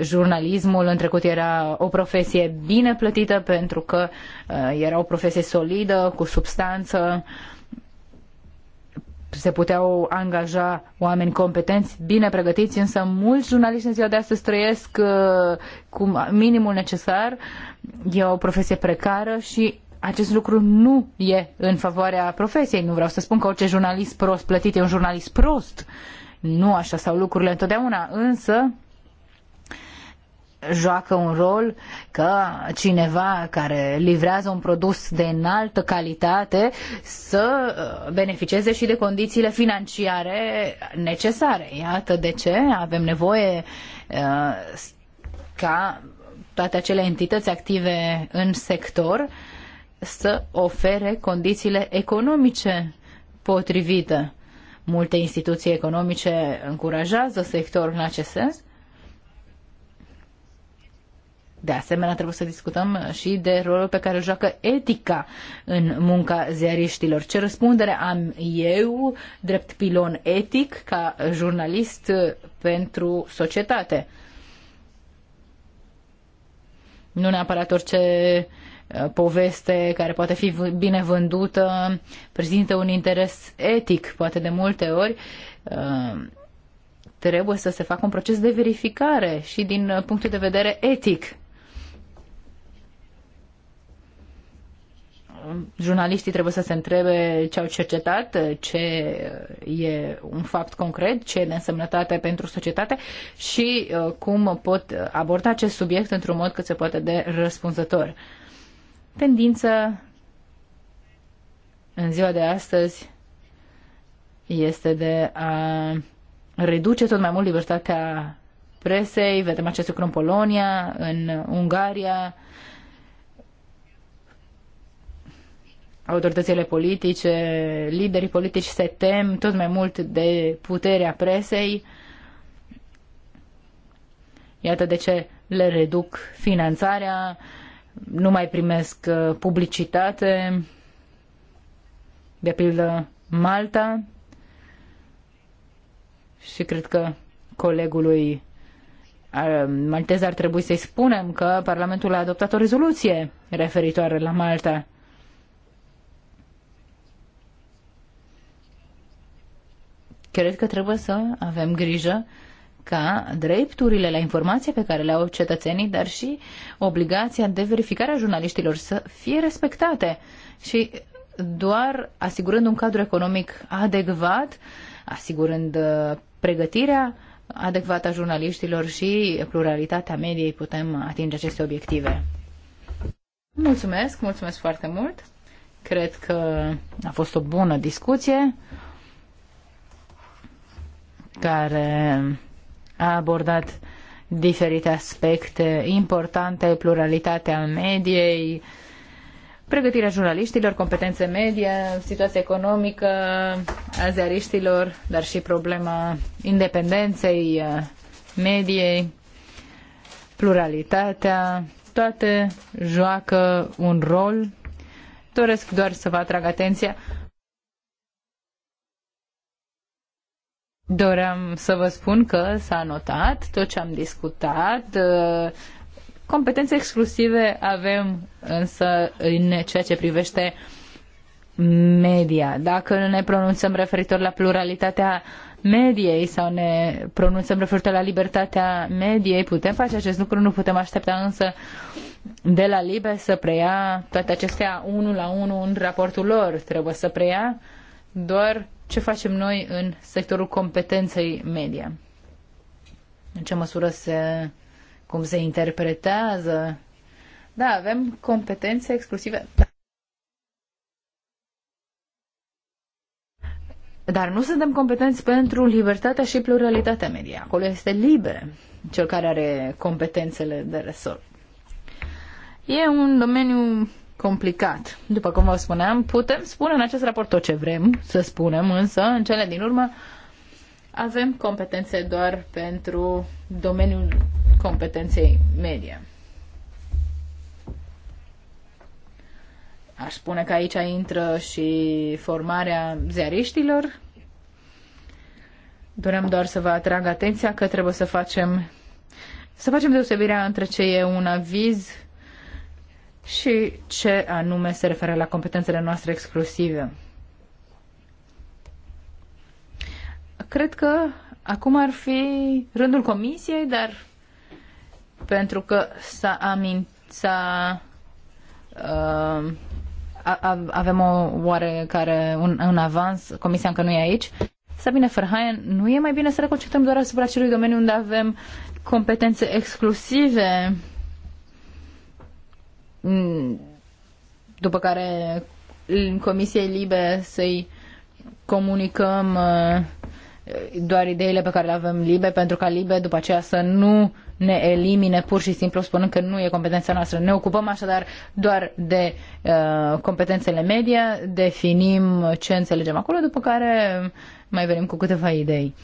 Jurnalismul în trecut era o profesie bine plătită pentru că uh, era o profesie solidă, cu substanță, uh, se puteau angaja oameni competenți, bine pregătiți, însă mulți jurnaliști în ziua de astăzi trăiesc uh, cu minimul necesar, e o profesie precară și acest lucru nu e în favoarea profesiei. Nu vreau să spun că orice jurnalist prost plătit e un jurnalist prost. Nu așa sau lucrurile întotdeauna, însă joacă un rol că cineva care livrează un produs de înaltă calitate să uh, beneficieze și de condițiile financiare necesare. Iată de ce avem nevoie uh, ca toate acele entități active în sector să ofere condițiile economice potrivite. Multe instituții economice încurajează sectorul în acest sens de asemenea, trebuie să discutăm și de rolul pe care îl joacă etica în munca ziariștilor. Ce răspundere am eu, drept pilon etic, ca jurnalist pentru societate? Nu neapărat orice uh, poveste care poate fi bine vândută prezintă un interes etic, poate de multe ori uh, trebuie să se facă un proces de verificare și din uh, punctul de vedere etic. jurnaliștii trebuie să se întrebe ce au cercetat, ce e un fapt concret, ce e de însemnătate pentru societate și uh, cum pot aborda acest subiect într-un mod cât se poate de răspunzător. Tendință în ziua de astăzi este de a reduce tot mai mult libertatea presei, vedem acest lucru în Polonia, în Ungaria, autoritățile politice, liderii politici se tem tot mai mult de puterea presei. Iată de ce le reduc finanțarea, nu mai primesc uh, publicitate, de pildă Malta. Și cred că colegului uh, maltez ar trebui să-i spunem că Parlamentul a adoptat o rezoluție referitoare la Malta Cred că trebuie să avem grijă ca drepturile la informație pe care le au cetățenii, dar și obligația de verificare a jurnaliștilor să fie respectate. Și doar asigurând un cadru economic adecvat, asigurând uh, pregătirea adecvată a jurnaliștilor și pluralitatea mediei, putem atinge aceste obiective. Mulțumesc, mulțumesc foarte mult. Cred că a fost o bună discuție care a abordat diferite aspecte importante, pluralitatea mediei, pregătirea jurnaliștilor, competențe media, situația economică a ziariștilor, dar și problema independenței mediei, pluralitatea, toate joacă un rol. Doresc doar să vă atrag atenția Doream să vă spun că s-a notat tot ce am discutat. Uh, competențe exclusive avem însă în ceea ce privește media. Dacă ne pronunțăm referitor la pluralitatea mediei sau ne pronunțăm referitor la libertatea mediei, putem face acest lucru, nu putem aștepta însă de la Libe să preia toate acestea unul la unul în raportul lor. Trebuie să preia doar ce facem noi în sectorul competenței media. În ce măsură se, cum se interpretează. Da, avem competențe exclusive. Dar nu suntem competenți pentru libertatea și pluralitatea media. Acolo este liber cel care are competențele de resort. E un domeniu complicat. După cum vă spuneam, putem spune în acest raport tot ce vrem să spunem, însă în cele din urmă avem competențe doar pentru domeniul competenței medie. Aș spune că aici intră și formarea ziariștilor. Doream doar să vă atrag atenția că trebuie să facem să facem deosebirea între ce e un aviz și ce anume se referă la competențele noastre exclusive. Cred că acum ar fi rândul comisiei, dar pentru că s-a amintit, s-a, uh, avem o oarecare, un, un avans, comisia încă nu e aici. Sabine Ferhaien, nu e mai bine să ne doar asupra acelui domeniu unde avem competențe exclusive după care în Comisiei Libe să-i comunicăm uh, doar ideile pe care le avem libe, pentru ca libe după aceea să nu ne elimine pur și simplu spunând că nu e competența noastră. Ne ocupăm așadar doar de uh, competențele media, definim ce înțelegem acolo, după care mai venim cu câteva idei.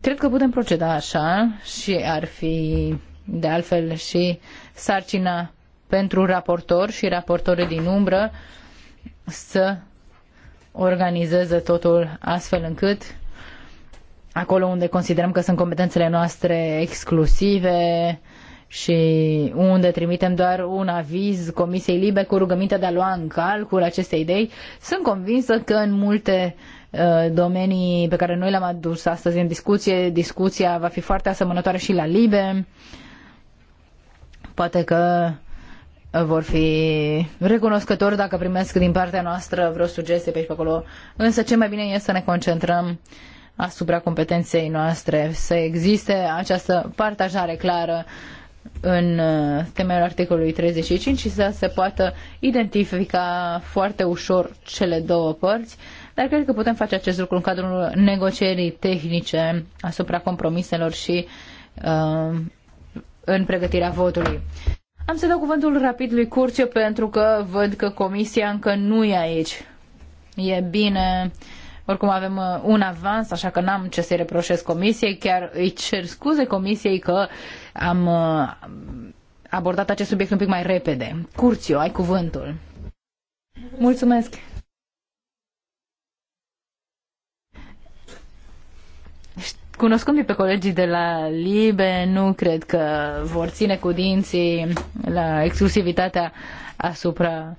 Cred că putem proceda așa și ar fi de altfel și sarcina pentru raportor și raportorul din umbră să organizeze totul astfel încât acolo unde considerăm că sunt competențele noastre exclusive și unde trimitem doar un aviz Comisiei Libe cu rugămintea de a lua în calcul aceste idei, sunt convinsă că în multe uh, domenii pe care noi le-am adus astăzi în discuție, discuția va fi foarte asemănătoare și la Libe. Poate că vor fi recunoscători dacă primesc din partea noastră vreo sugestie pe aici pe acolo, însă cel mai bine este să ne concentrăm asupra competenței noastre, să existe această partajare clară în uh, temeiul articolului 35 și să se poată identifica foarte ușor cele două părți, dar cred că putem face acest lucru în cadrul negocierii tehnice asupra compromiselor și uh, în pregătirea votului. Am să dau cuvântul rapid lui Curce pentru că văd că comisia încă nu e aici. E bine, oricum avem uh, un avans, așa că n-am ce să-i reproșez comisiei, chiar îi cer scuze comisiei că am uh, abordat acest subiect un pic mai repede. Curțiu, ai cuvântul. Mulțumesc! cunoscându-i pe colegii de la Libe, nu cred că vor ține cu dinții la exclusivitatea asupra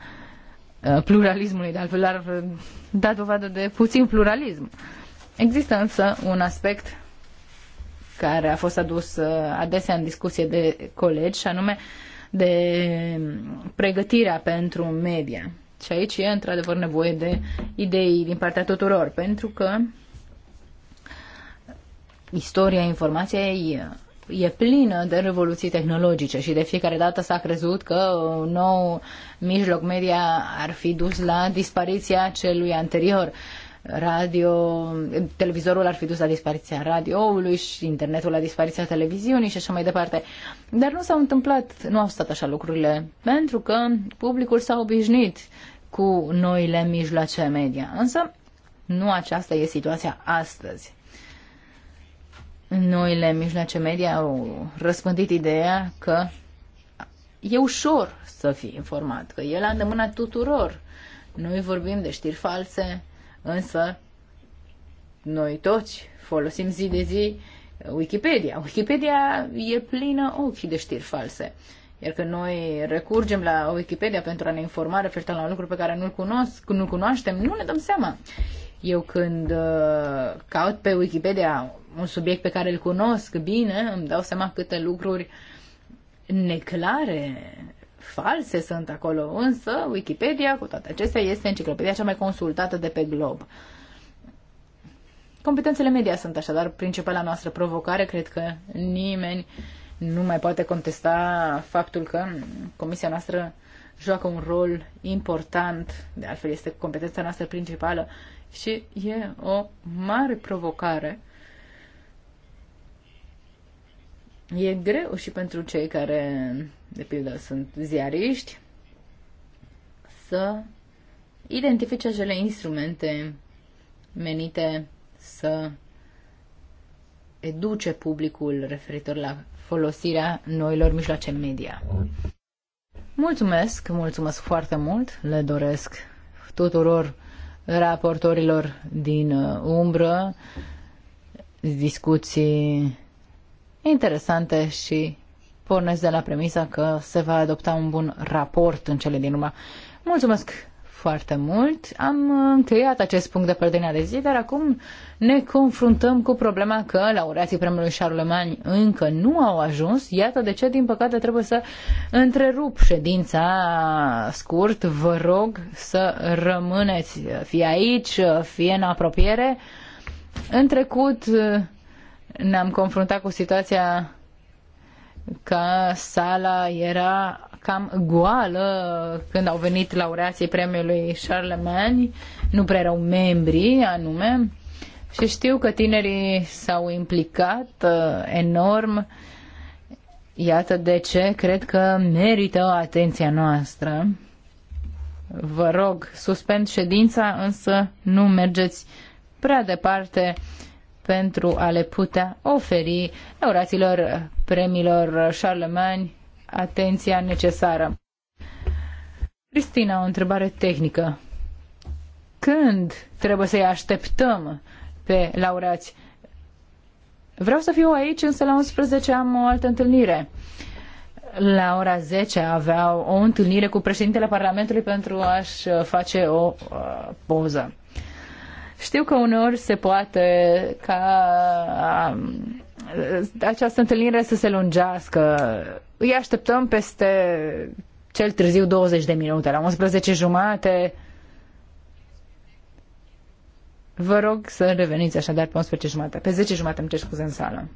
uh, pluralismului, de altfel ar uh, da dovadă de puțin pluralism. Există însă un aspect care a fost adus uh, adesea în discuție de colegi, și anume de pregătirea pentru media. Și aici e într-adevăr nevoie de idei din partea tuturor, pentru că Istoria informației e plină de revoluții tehnologice și de fiecare dată s-a crezut că un nou mijloc media ar fi dus la dispariția celui anterior. Radio, televizorul ar fi dus la dispariția radioului și internetul la dispariția televiziunii și așa mai departe. Dar nu s-au întâmplat, nu au stat așa lucrurile, pentru că publicul s-a obișnuit cu noile mijloace media. Însă, nu aceasta e situația astăzi noile mijloace media au răspândit ideea că e ușor să fii informat, că e la îndemâna tuturor. Noi vorbim de știri false, însă noi toți folosim zi de zi Wikipedia. Wikipedia e plină ochi de știri false. Iar că noi recurgem la Wikipedia pentru a ne informa referitor la un lucru pe care nu-l cunosc, nu-l cunoaștem, nu ne dăm seama. Eu când uh, caut pe Wikipedia un subiect pe care îl cunosc bine, îmi dau seama câte lucruri neclare, false sunt acolo. Însă Wikipedia, cu toate acestea, este enciclopedia cea mai consultată de pe glob. Competențele media sunt așadar principala noastră provocare. Cred că nimeni nu mai poate contesta faptul că comisia noastră joacă un rol important, de altfel este competența noastră principală și e o mare provocare. E greu și pentru cei care, de pildă, sunt ziariști să identifice acele instrumente menite să educe publicul referitor la folosirea noilor mijloace media. Mulțumesc, mulțumesc foarte mult, le doresc tuturor raportorilor din uh, umbră, discuții interesante și pornesc de la premisa că se va adopta un bun raport în cele din urmă. Mulțumesc foarte mult. Am încheiat acest punct de pe de zi, dar acum ne confruntăm cu problema că laureații premiului Charlemagne încă nu au ajuns. Iată de ce, din păcate, trebuie să întrerup ședința scurt. Vă rog să rămâneți fie aici, fie în apropiere. În trecut ne-am confruntat cu situația că sala era cam goală când au venit laureații premiului Charlemagne, nu prea erau membri anume, și știu că tinerii s-au implicat uh, enorm. Iată de ce cred că merită atenția noastră. Vă rog, suspend ședința, însă nu mergeți prea departe pentru a le putea oferi laureaților premiilor Charlemagne atenția necesară. Cristina, o întrebare tehnică. Când trebuie să-i așteptăm pe laureați? Vreau să fiu aici, însă la 11 am o altă întâlnire. La ora 10 aveau o întâlnire cu președintele Parlamentului pentru a-și face o uh, poză. Știu că uneori se poate ca um, această întâlnire să se lungească. Îi așteptăm peste cel târziu 20 de minute, la 11 jumate. Vă rog să reveniți așadar pe 11 jumate. Pe 10 jumate îmi cer scuze în sală.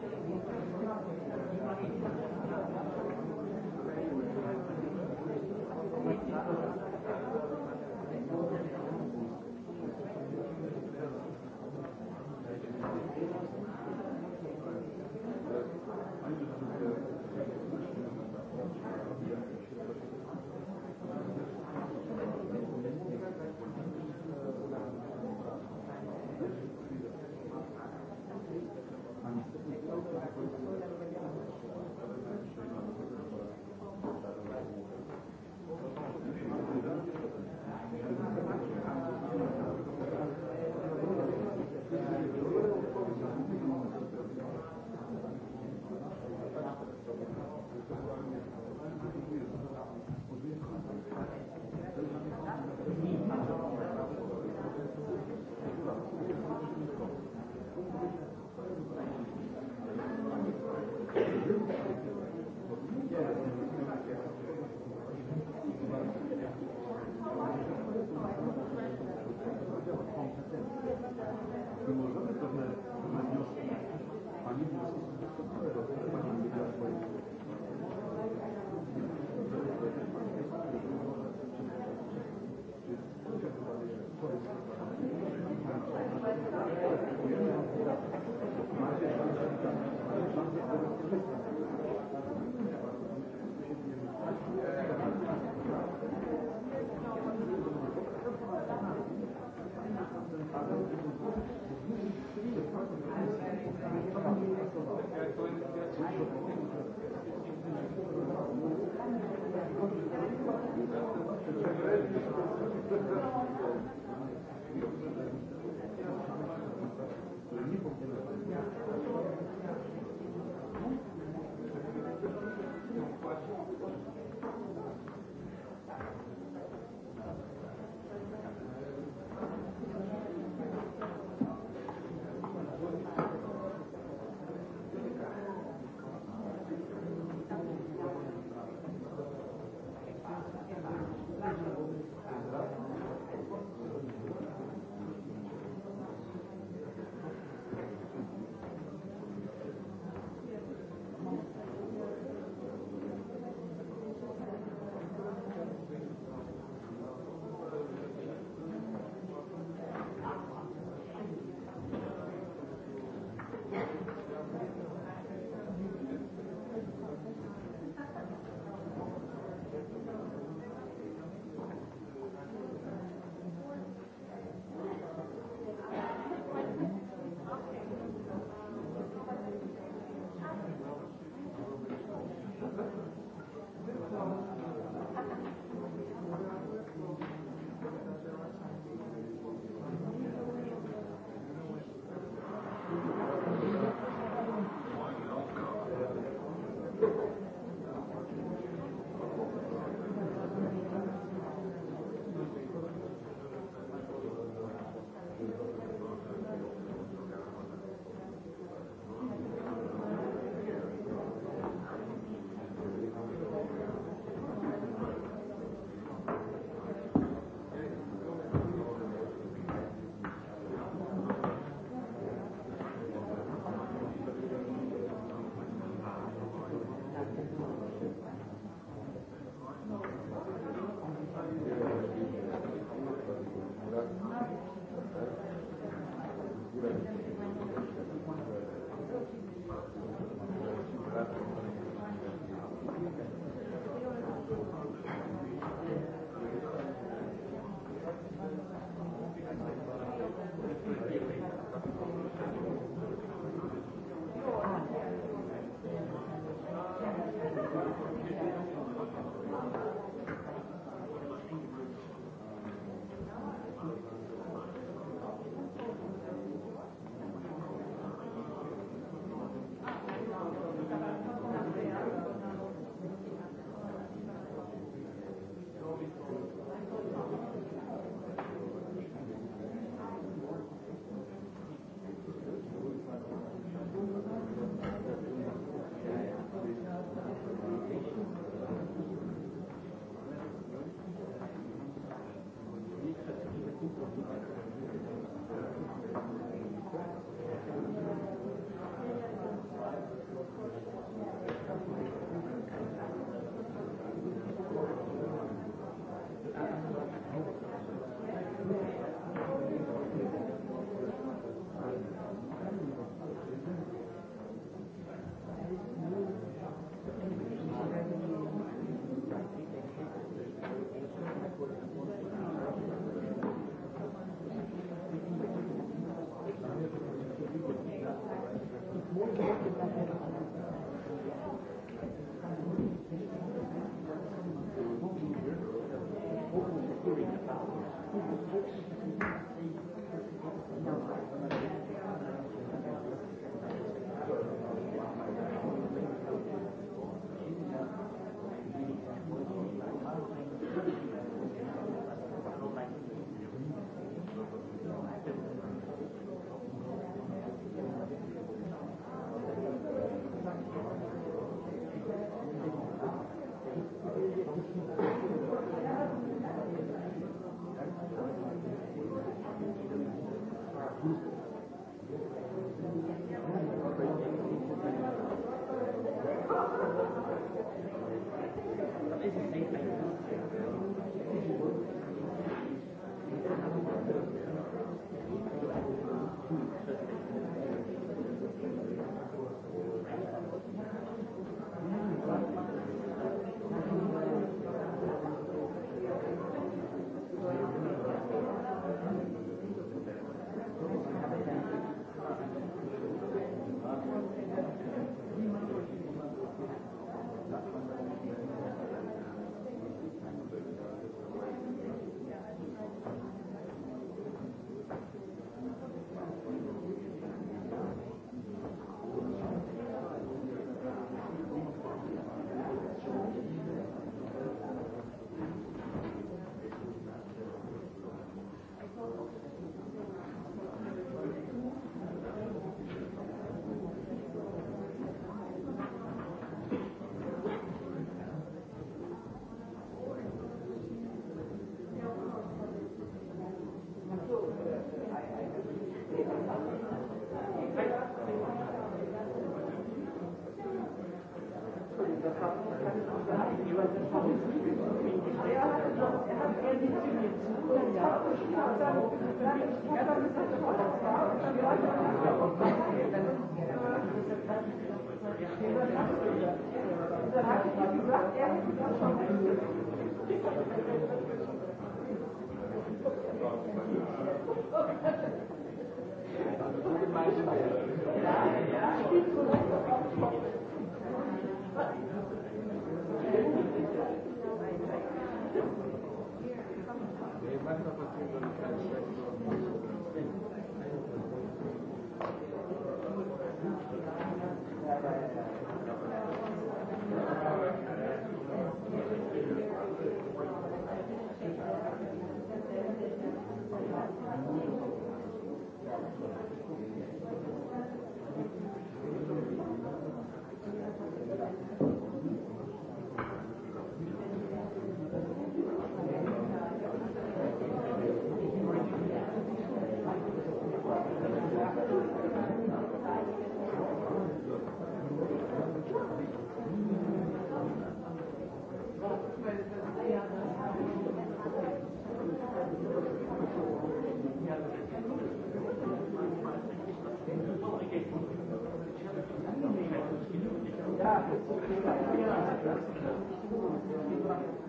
Thank you. Thank you.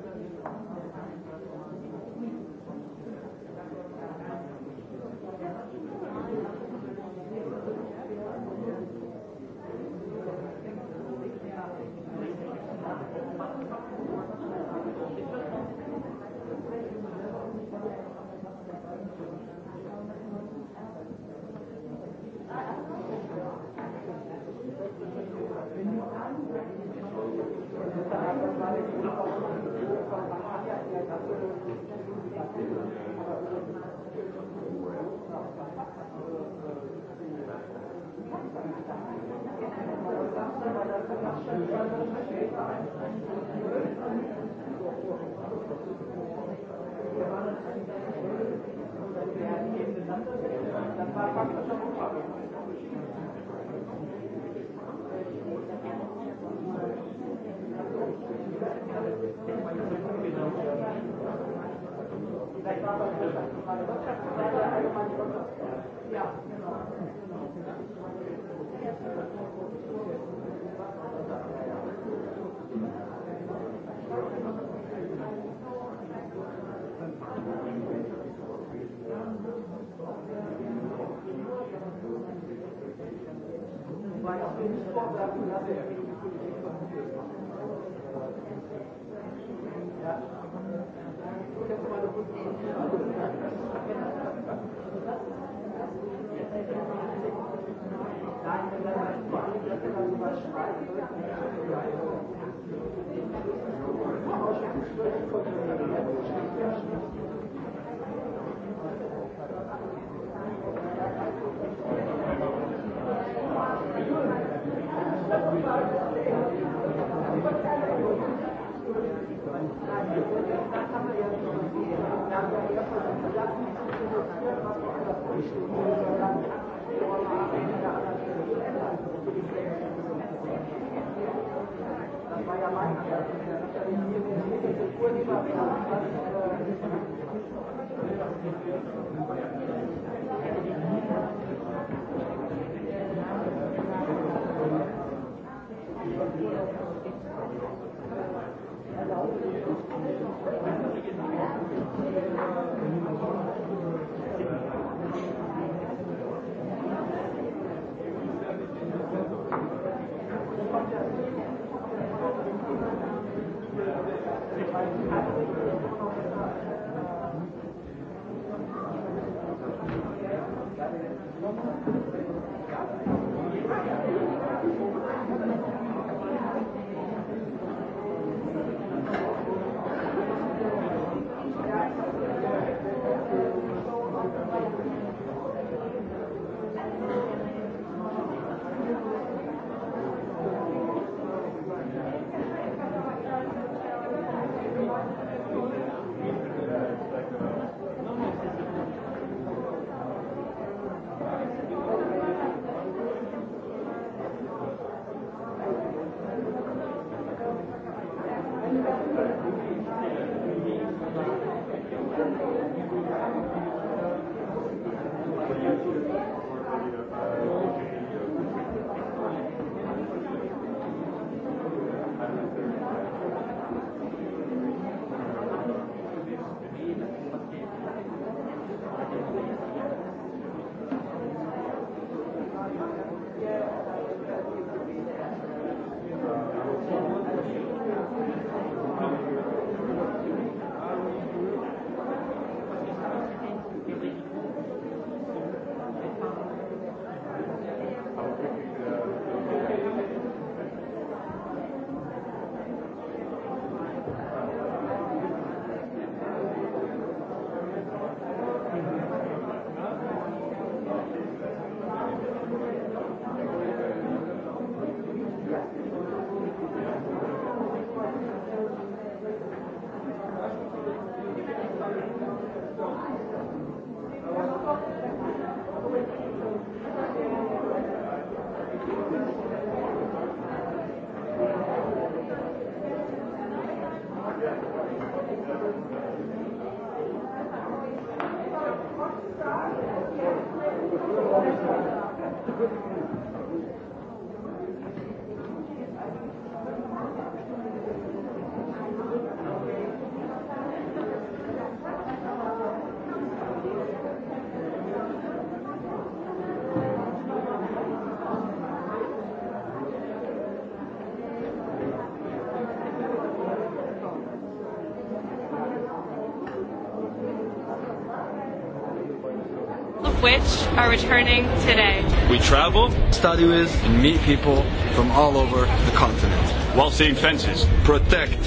which are returning today.
We travel, study with, and meet people from all over the continent. While seeing fences, protect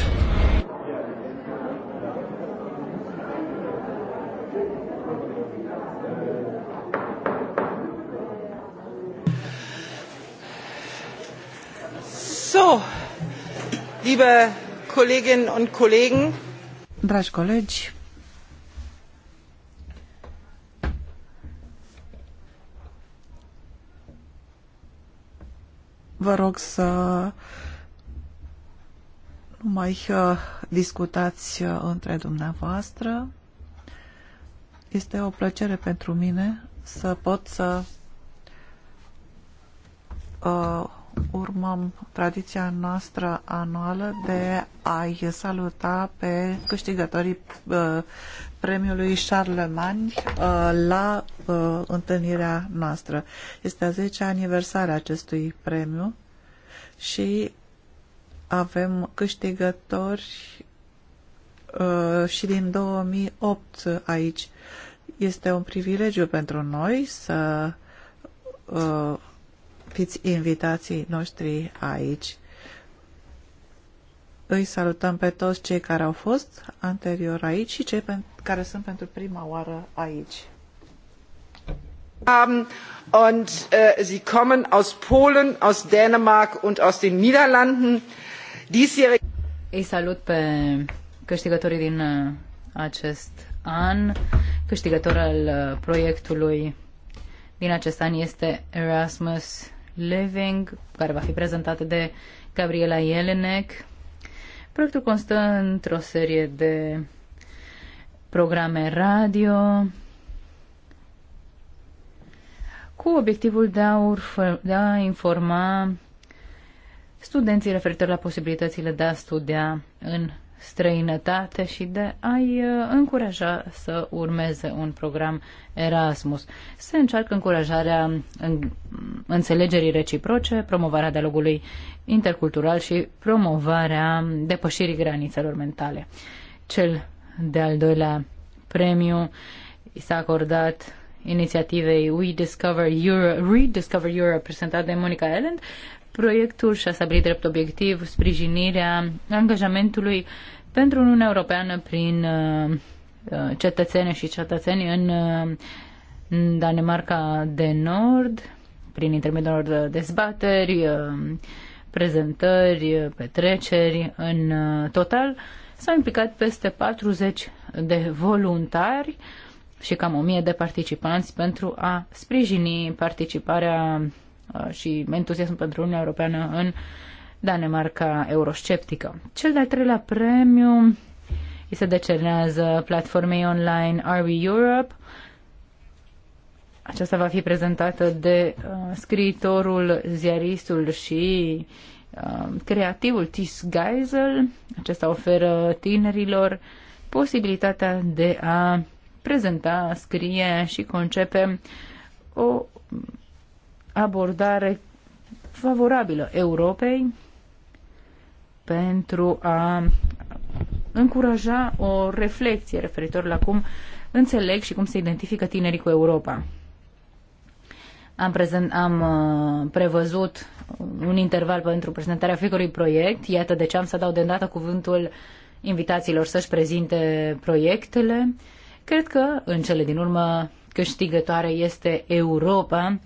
liebe Kolleginnen und Kollegen, Dragi colegi, Vă rog să nu mai uh, discutați uh, între dumneavoastră. Este o plăcere pentru mine să pot să uh, urmăm tradiția noastră anuală de a-i saluta pe câștigătorii uh, premiului Charlemagne uh, la uh, întâlnirea noastră. Este a 10-a aniversare acestui premiu și avem câștigători și din 2008 aici. Este un privilegiu pentru noi să fiți invitații noștri aici. Îi salutăm pe toți cei care au fost anterior aici și cei care sunt pentru prima oară aici. Haben und äh, sie kommen aus Polen, aus Dänemark und aus den Niederlanden.
Diesjährig îi salut pe câștigătorii din äh, acest an. Câștigătorul äh, proiectului din acest an este Erasmus Leving, care va fi prezentată de Gabriela Jelenec. Proiectul constă într-o serie de programe radio cu obiectivul de a, urfă, de a informa studenții referitor la posibilitățile de a studia în străinătate și de a-i uh, încuraja să urmeze un program Erasmus. Se încearcă încurajarea în înțelegerii reciproce, promovarea dialogului intercultural și promovarea depășirii granițelor mentale. Cel de-al doilea premiu s-a acordat inițiativei We Discover Europe, Rediscover Europe, prezentat de Monica Elend, Proiectul și-a stabilit drept obiectiv sprijinirea angajamentului pentru Uniunea Europeană prin uh, uh, cetățene și cetățeni uh, în Danemarca de Nord, prin intermediul dezbateri, prezentări, petreceri. În total s-au implicat peste 40 de voluntari și cam 1000 de participanți pentru a sprijini participarea Uh, și entuziasm pentru Uniunea Europeană în Danemarca eurosceptică. Cel de-al treilea premiu îi se decernează platformei online Are We Europe. Aceasta va fi prezentată de uh, scriitorul, ziaristul și uh, creativul Tis Geisel. Acesta oferă tinerilor posibilitatea de a prezenta, scrie și concepe o abordare favorabilă Europei pentru a încuraja o reflexie referitor la cum înțeleg și cum se identifică tinerii cu Europa. Am, prezent, am uh, prevăzut un interval pentru prezentarea fiecărui proiect. Iată de ce am să dau de îndată cuvântul invitațiilor să-și prezinte proiectele. Cred că, în cele din urmă, câștigătoare este Europa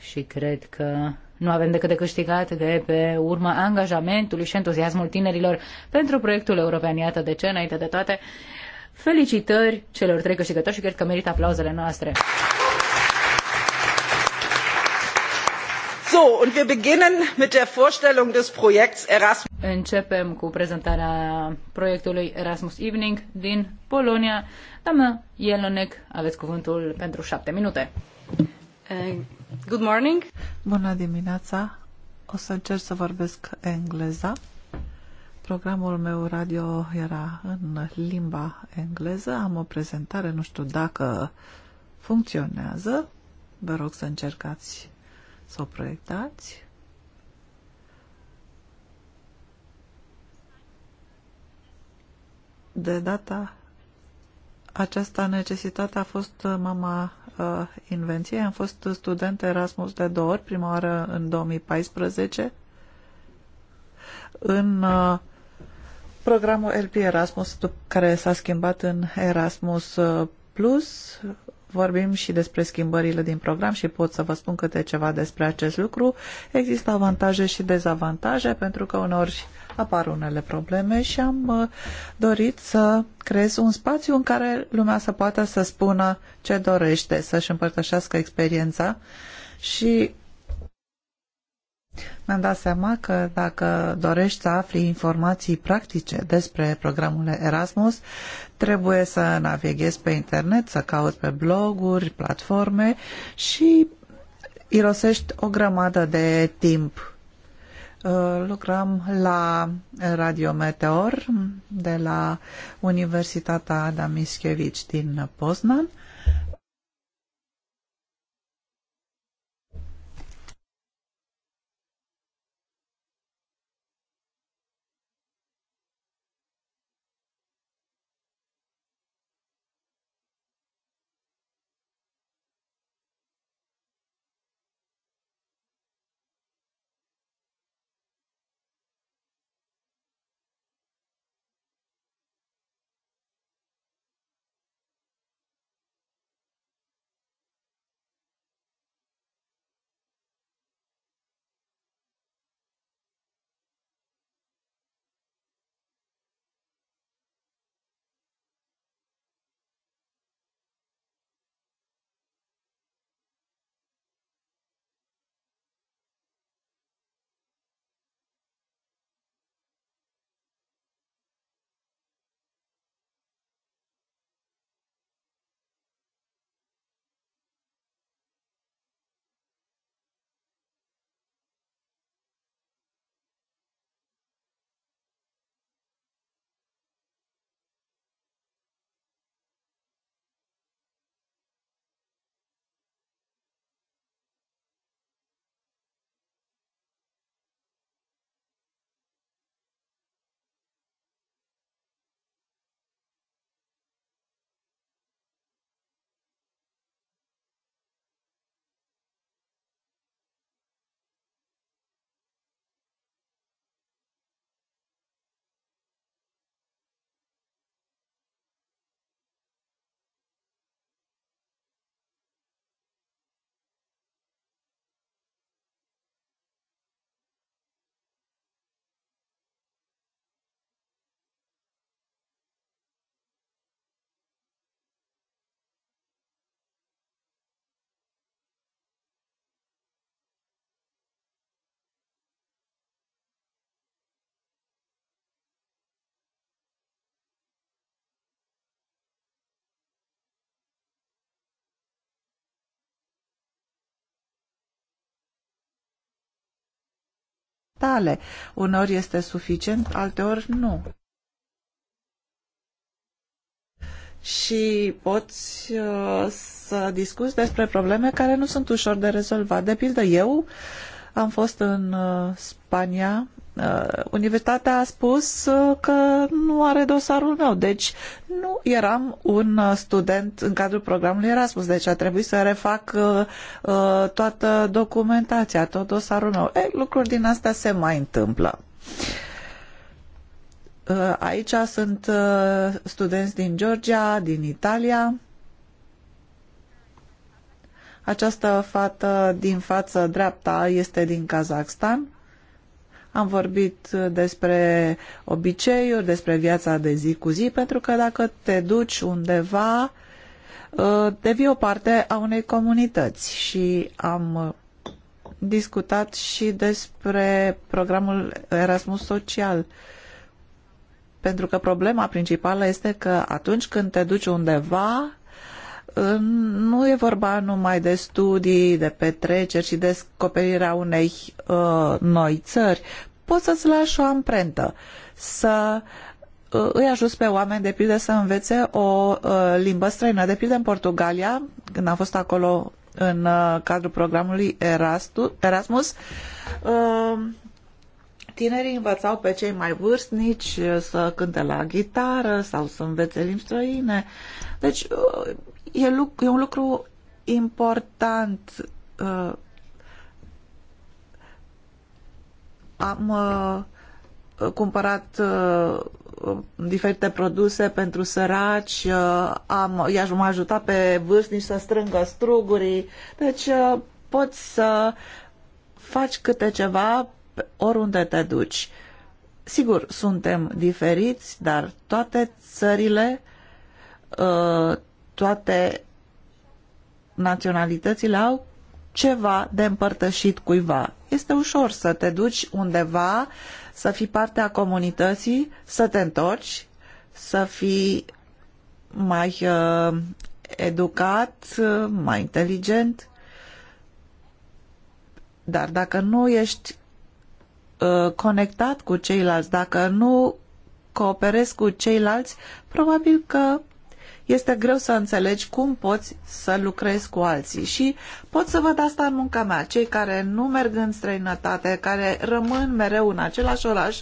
și cred că nu avem decât de câștigat de pe urma angajamentului și entuziasmul tinerilor pentru proiectul european. Iată de ce, înainte de toate, felicitări celor trei câștigători și cred că merită aplauzele noastre. So, und wir beginnen mit der Vorstellung des Projekts Erasmus. Începem cu prezentarea proiectului Erasmus Evening din Polonia. Doamna Jelonek aveți cuvântul pentru șapte minute. Uh,
good morning. Bună dimineața. O să încerc să vorbesc engleza. Programul meu radio era în limba engleză. Am o prezentare, nu știu dacă funcționează. Vă rog să încercați să o proiectați. De data această necesitate a fost uh, mama uh, invenției. Am fost student Erasmus de două ori, prima oară în 2014, în uh, programul LP Erasmus, care s-a schimbat în Erasmus uh, Plus. Vorbim și despre schimbările din program și pot să vă spun câte ceva despre acest lucru. Există avantaje și dezavantaje, pentru că uneori apar unele probleme și am uh, dorit să creez un spațiu în care lumea să poată să spună ce dorește, să-și împărtășească experiența și mi-am dat seama că dacă dorești să afli informații practice despre programul Erasmus, trebuie să navighezi pe internet, să cauți pe bloguri, platforme și irosești o grămadă de timp Uh, Lucram la Radio Meteor de la Universitatea Adam Mickiewicz din Poznan tale. Uneori este suficient, alteori nu. și poți uh, să discuți despre probleme care nu sunt ușor de rezolvat. De pildă, eu am fost în uh, Spania Uh, universitatea a spus uh, că nu are dosarul meu, deci nu eram un uh, student în cadrul programului Erasmus, deci a trebuit să refac toată documentația, tot dosarul meu. E, lucruri din astea se mai întâmplă. Aici sunt studenți din Georgia, din Italia. Această fată din față dreapta este din Kazakhstan am vorbit uh, despre obiceiuri, despre viața de zi cu zi, pentru că dacă te duci undeva, uh, devii o parte a unei comunități și am uh, discutat și despre programul Erasmus Social. Pentru că problema principală este că atunci când te duci undeva, nu e vorba numai de studii, de petreceri și descoperirea unei uh, noi țări. Poți să-ți lași o amprentă, să uh, îi ajuți pe oameni, de pildă, să învețe o uh, limbă străină. De pildă, în Portugalia, când am fost acolo în uh, cadrul programului Erasmus, uh, tinerii învățau pe cei mai vârstnici uh, să cânte la ghitară sau să învețe limbi străine. Deci uh, E, e un lucru important. Uh, am uh, cumpărat uh, diferite produse pentru săraci, uh, am, i-am ajutat pe vârstnici să strângă strugurii. Deci uh, poți să faci câte ceva oriunde te duci. Sigur, suntem diferiți, dar toate țările uh, toate naționalitățile au ceva de împărtășit cuiva. Este ușor să te duci undeva, să fii parte a comunității, să te întorci, să fii mai uh, educat, mai inteligent. Dar dacă nu ești uh, conectat cu ceilalți, dacă nu cooperezi cu ceilalți, probabil că este greu să înțelegi cum poți să lucrezi cu alții și pot să văd asta în munca mea. Cei care nu merg în străinătate, care rămân mereu în același oraș,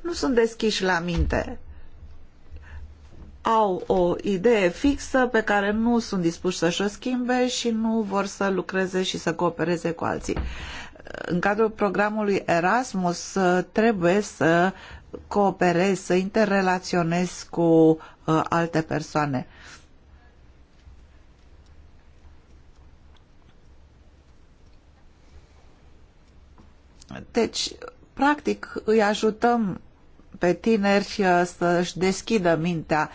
nu sunt deschiși la minte. Au o idee fixă pe care nu sunt dispuși să-și o schimbe și nu vor să lucreze și să coopereze cu alții. În cadrul programului Erasmus uh, trebuie să cooperez, să interrelaționez cu uh, alte persoane. Deci, practic, îi ajutăm pe tineri uh, să-și deschidă mintea.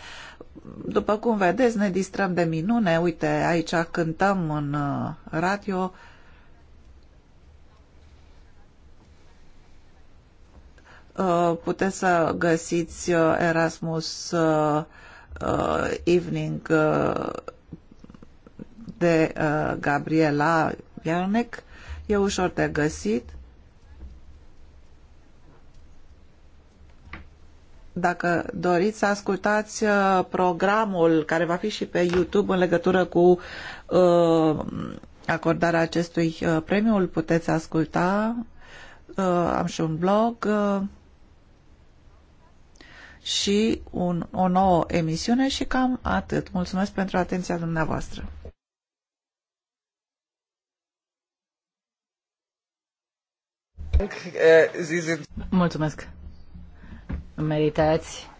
După cum vedeți, ne distrăm de minune. Uite, aici cântăm în uh, radio, Uh, puteți să găsiți uh, Erasmus uh, Evening de Gabriela Iarnec. E ușor de găsit. Dacă doriți să ascultați programul care va fi și pe YouTube în legătură cu acordarea acestui premiu, îl puteți asculta. Am și un blog și un, o nouă emisiune și cam atât. Mulțumesc pentru atenția dumneavoastră. Mulțumesc.
Meritați.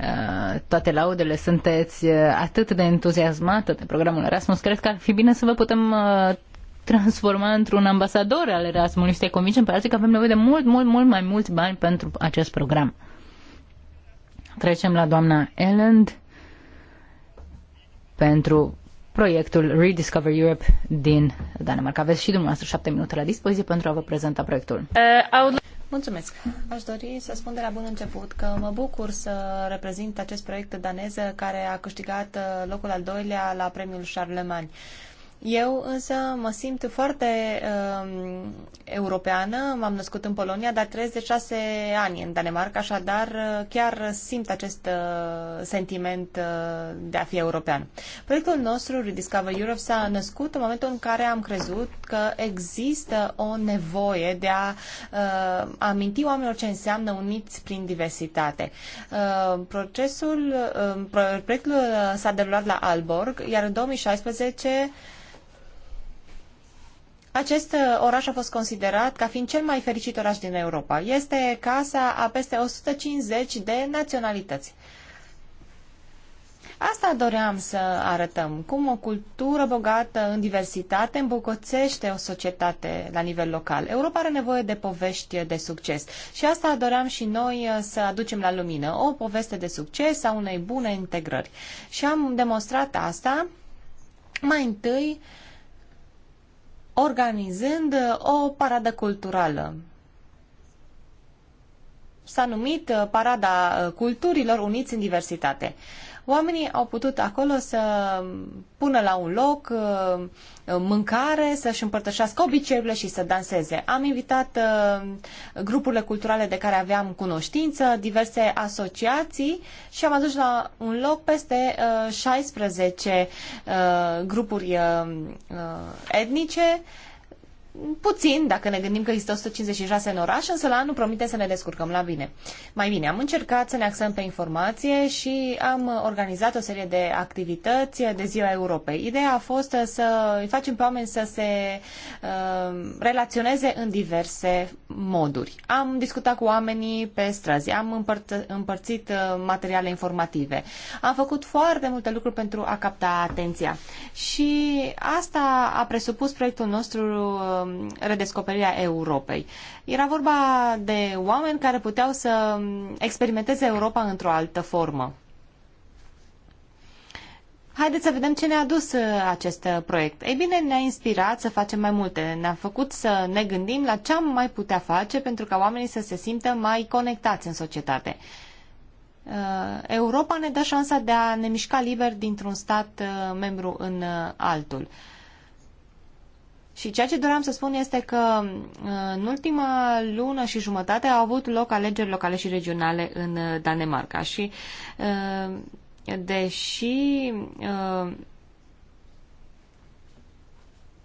Uh, toate laudele sunteți uh, atât de entuziasmată de programul Erasmus. Cred că ar fi bine să vă putem uh, transforma într-un ambasador al Erasmus. Suntem convinși în practic că avem nevoie de mult, mult, mult mai mulți bani pentru acest program. Trecem la doamna Elland pentru proiectul Rediscover Europe din Danemarca. Aveți și dumneavoastră șapte minute la dispoziție pentru a vă prezenta proiectul.
Uh, Mulțumesc. Aș dori să spun de la bun început că mă bucur să reprezint acest proiect danez care a câștigat uh, locul al doilea la premiul Charlemagne. Eu însă mă simt foarte uh, europeană, m-am născut în Polonia, dar 36 ani în Danemarca, așadar eh, chiar simt acest uh, sentiment uh, de a fi european. Proiectul nostru, Rediscover Europe, s-a născut în momentul în care am crezut că există o nevoie de a uh, aminti oamenilor ce înseamnă uniți prin diversitate. Uh, procesul, uh, proiectul s-a derulat la Alborg, iar în 2016 acest uh, oraș a fost considerat ca fiind cel mai fericit oraș din Europa. Este casa a peste 150 de naționalități. Asta doream să arătăm, cum o cultură bogată în diversitate îmbucățește o societate la nivel local. Europa are nevoie de povești de succes și asta doream și noi uh, să aducem la lumină, o poveste de succes a unei bune integrări. Și am demonstrat asta mai întâi uh, organizând uh, o paradă culturală. S-a numit uh, Parada uh, Culturilor Uniți în Diversitate. Oamenii au putut acolo să pună la un loc uh, mâncare, să-și împărtășească obiceiurile și să danseze. Am invitat uh, grupurile culturale de care aveam cunoștință, diverse asociații și am adus la un loc peste 16 uh, grupuri etnice puțin, dacă ne gândim că există 156 în oraș, însă la anul promite să ne descurcăm la bine. Mai bine, am încercat să ne axăm pe informație și am organizat o serie de activități de Ziua Europei. Ideea a fost să îi facem pe oameni să se uh, relaționeze în diverse moduri. Am discutat cu oamenii pe străzi, am împărt- împărțit uh, materiale informative, am făcut foarte multe lucruri pentru a capta atenția. Și asta a presupus proiectul nostru uh, Um, redescoperirea Europei. Era vorba de oameni care puteau să experimenteze Europa într-o altă formă. Haideți să vedem ce ne-a dus uh, acest uh, proiect. Ei bine, ne-a inspirat să facem mai multe. Ne-a făcut să ne gândim la ce am mai putea face pentru ca oamenii să se simtă mai conectați în societate. Uh, Europa ne dă șansa de a ne mișca liber dintr-un stat membru în altul. Și ceea ce doream să spun este că uh, în ultima lună și jumătate au avut loc alegeri locale și regionale în uh, Danemarca și uh, deși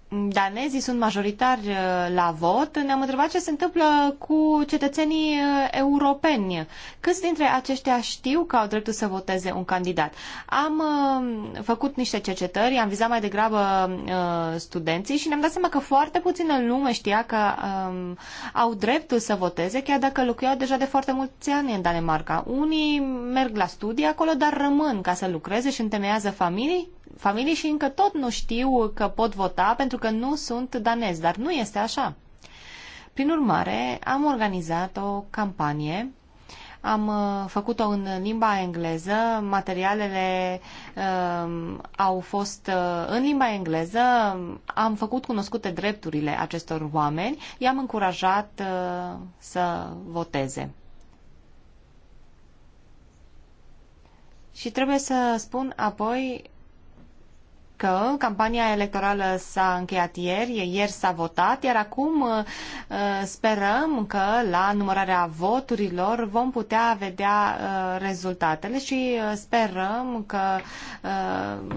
danezii sunt majoritari uh, la vot, ne-am întrebat ce se întâmplă cu cetățenii uh, europeni. Câți dintre aceștia știu că au dreptul să voteze un candidat? Am uh, făcut niște cercetări, am vizat mai degrabă studenții și ne-am dat seama că foarte puțină lume știa că um, au dreptul să voteze, chiar dacă locuiau deja de foarte mulți ani în Danemarca. Unii merg la studii acolo, dar rămân ca să lucreze și întemeiază familii familii și încă tot nu știu că pot vota pentru că nu sunt danezi, dar nu este așa. Prin urmare, am organizat o campanie am uh, făcut-o în limba engleză, materialele uh, au fost uh, în limba engleză, am făcut cunoscute drepturile acestor oameni, i-am încurajat uh, să voteze. Și trebuie să spun apoi că campania electorală s-a încheiat ieri, ieri s-a votat, iar acum uh, uh, sperăm că la numărarea voturilor vom putea vedea uh, rezultatele și sperăm că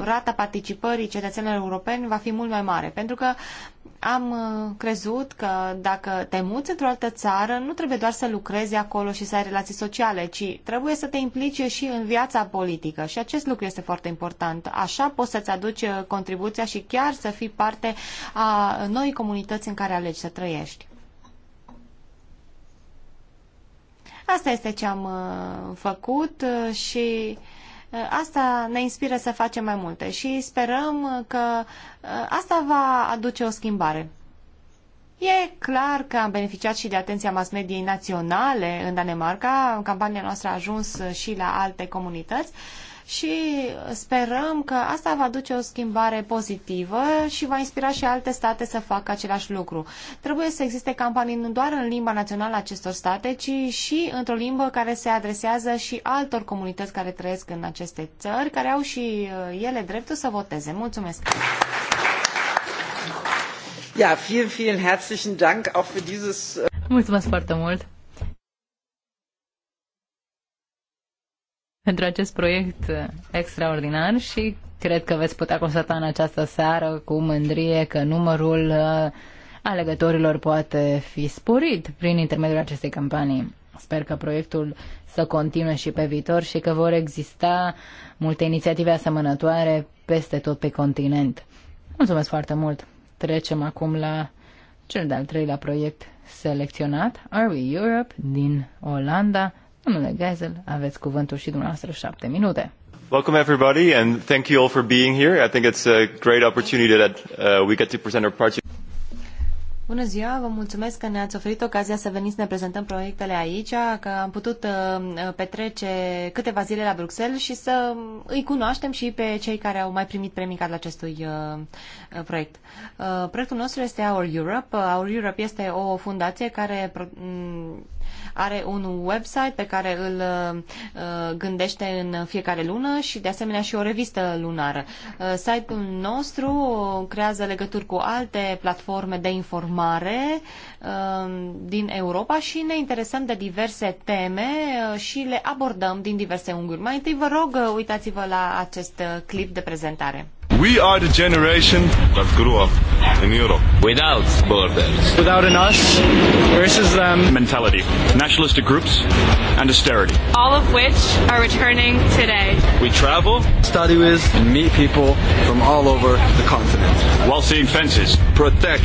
rata participării cetățenilor europeni va fi mult mai mare, pentru că am crezut că dacă te muți într-o altă țară, nu trebuie doar să lucrezi acolo și să ai relații sociale, ci trebuie să te implici și în viața politică. Și acest lucru este foarte important. Așa poți să-ți aduci contribuția și chiar să fii parte a noii comunități în care alegi să trăiești. Asta este ce am uh, făcut uh, și uh, asta ne inspiră să facem mai multe și sperăm că asta va aduce o schimbare. E clar că am beneficiat și de atenția mass mediei naționale în Danemarca. Campania noastră a ajuns și la alte comunități. Uh, și sperăm că asta va duce o schimbare pozitivă și va inspira și alte state să facă același lucru. Trebuie să existe campanii nu doar în limba națională a acestor state, ci și într-o limbă care se adresează și altor comunități care trăiesc în aceste țări, care au și uh, ele dreptul să voteze. Mulțumesc! Ja, vielen, vielen
herzlichen Dank auch für dieses
Mulțumesc foarte mult pentru acest proiect uh, extraordinar și cred că veți putea constata în această seară cu mândrie că numărul uh, alegătorilor poate fi sporit prin intermediul acestei campanii. Sper că proiectul să continue și pe viitor și că vor exista multe inițiative asemănătoare peste tot pe continent. Mulțumesc foarte mult! Trecem acum la cel de-al treilea proiect selecționat, Are We Europe, din Olanda, Domnule Geisel, aveți cuvântul și dumneavoastră șapte minute.
Welcome everybody and thank you all for being here. I think it's a great opportunity that uh, we get to present our project.
Bună ziua, vă mulțumesc că ne-ați oferit ocazia să veniți să ne prezentăm proiectele aici, că am putut uh, petrece câteva zile la Bruxelles și să îi cunoaștem și pe cei care au mai primit premii cadrul acestui uh, uh, proiect. Proiectul nostru este Our Europe. Our Europe este o fundație care are un website pe care îl uh, gândește în fiecare lună și de asemenea și o revistă lunară. Uh, site-ul nostru creează legături cu alte platforme de informare uh, din Europa și ne interesăm de diverse teme și le abordăm din diverse unghiuri. Mai întâi vă rog, uitați-vă la acest clip de prezentare.
We are the generation that grew up in Europe without borders. Without an us versus them mentality, nationalistic groups, and austerity. All of which are returning today. We travel, study with, and meet people from all over the continent. While seeing fences, protect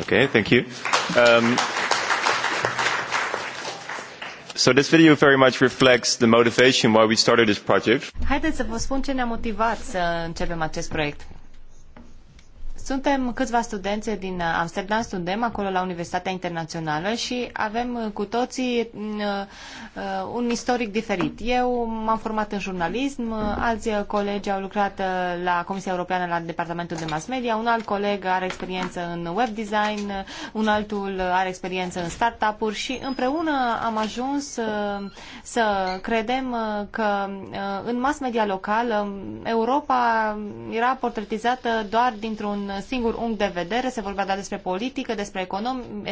Okay, thank you. Um, so this video very much reflects the motivation why we started this project.
Haideți să vă spun ce ne-a motivat să începem acest proiect. Suntem câțiva studenți din Amsterdam, suntem acolo la Universitatea Internațională și avem cu toții mm, uh, un istoric diferit. Eu m-am format în jurnalism, alți colegi au lucrat uh, la Comisia Europeană la Departamentul de Mass Media, un alt coleg are experiență în web design, un altul are experiență în startup-uri și împreună am ajuns uh, să credem că în mass media locală Europa era portretizată doar dintr-un singur unghi de vedere, se vorbea da despre politică, despre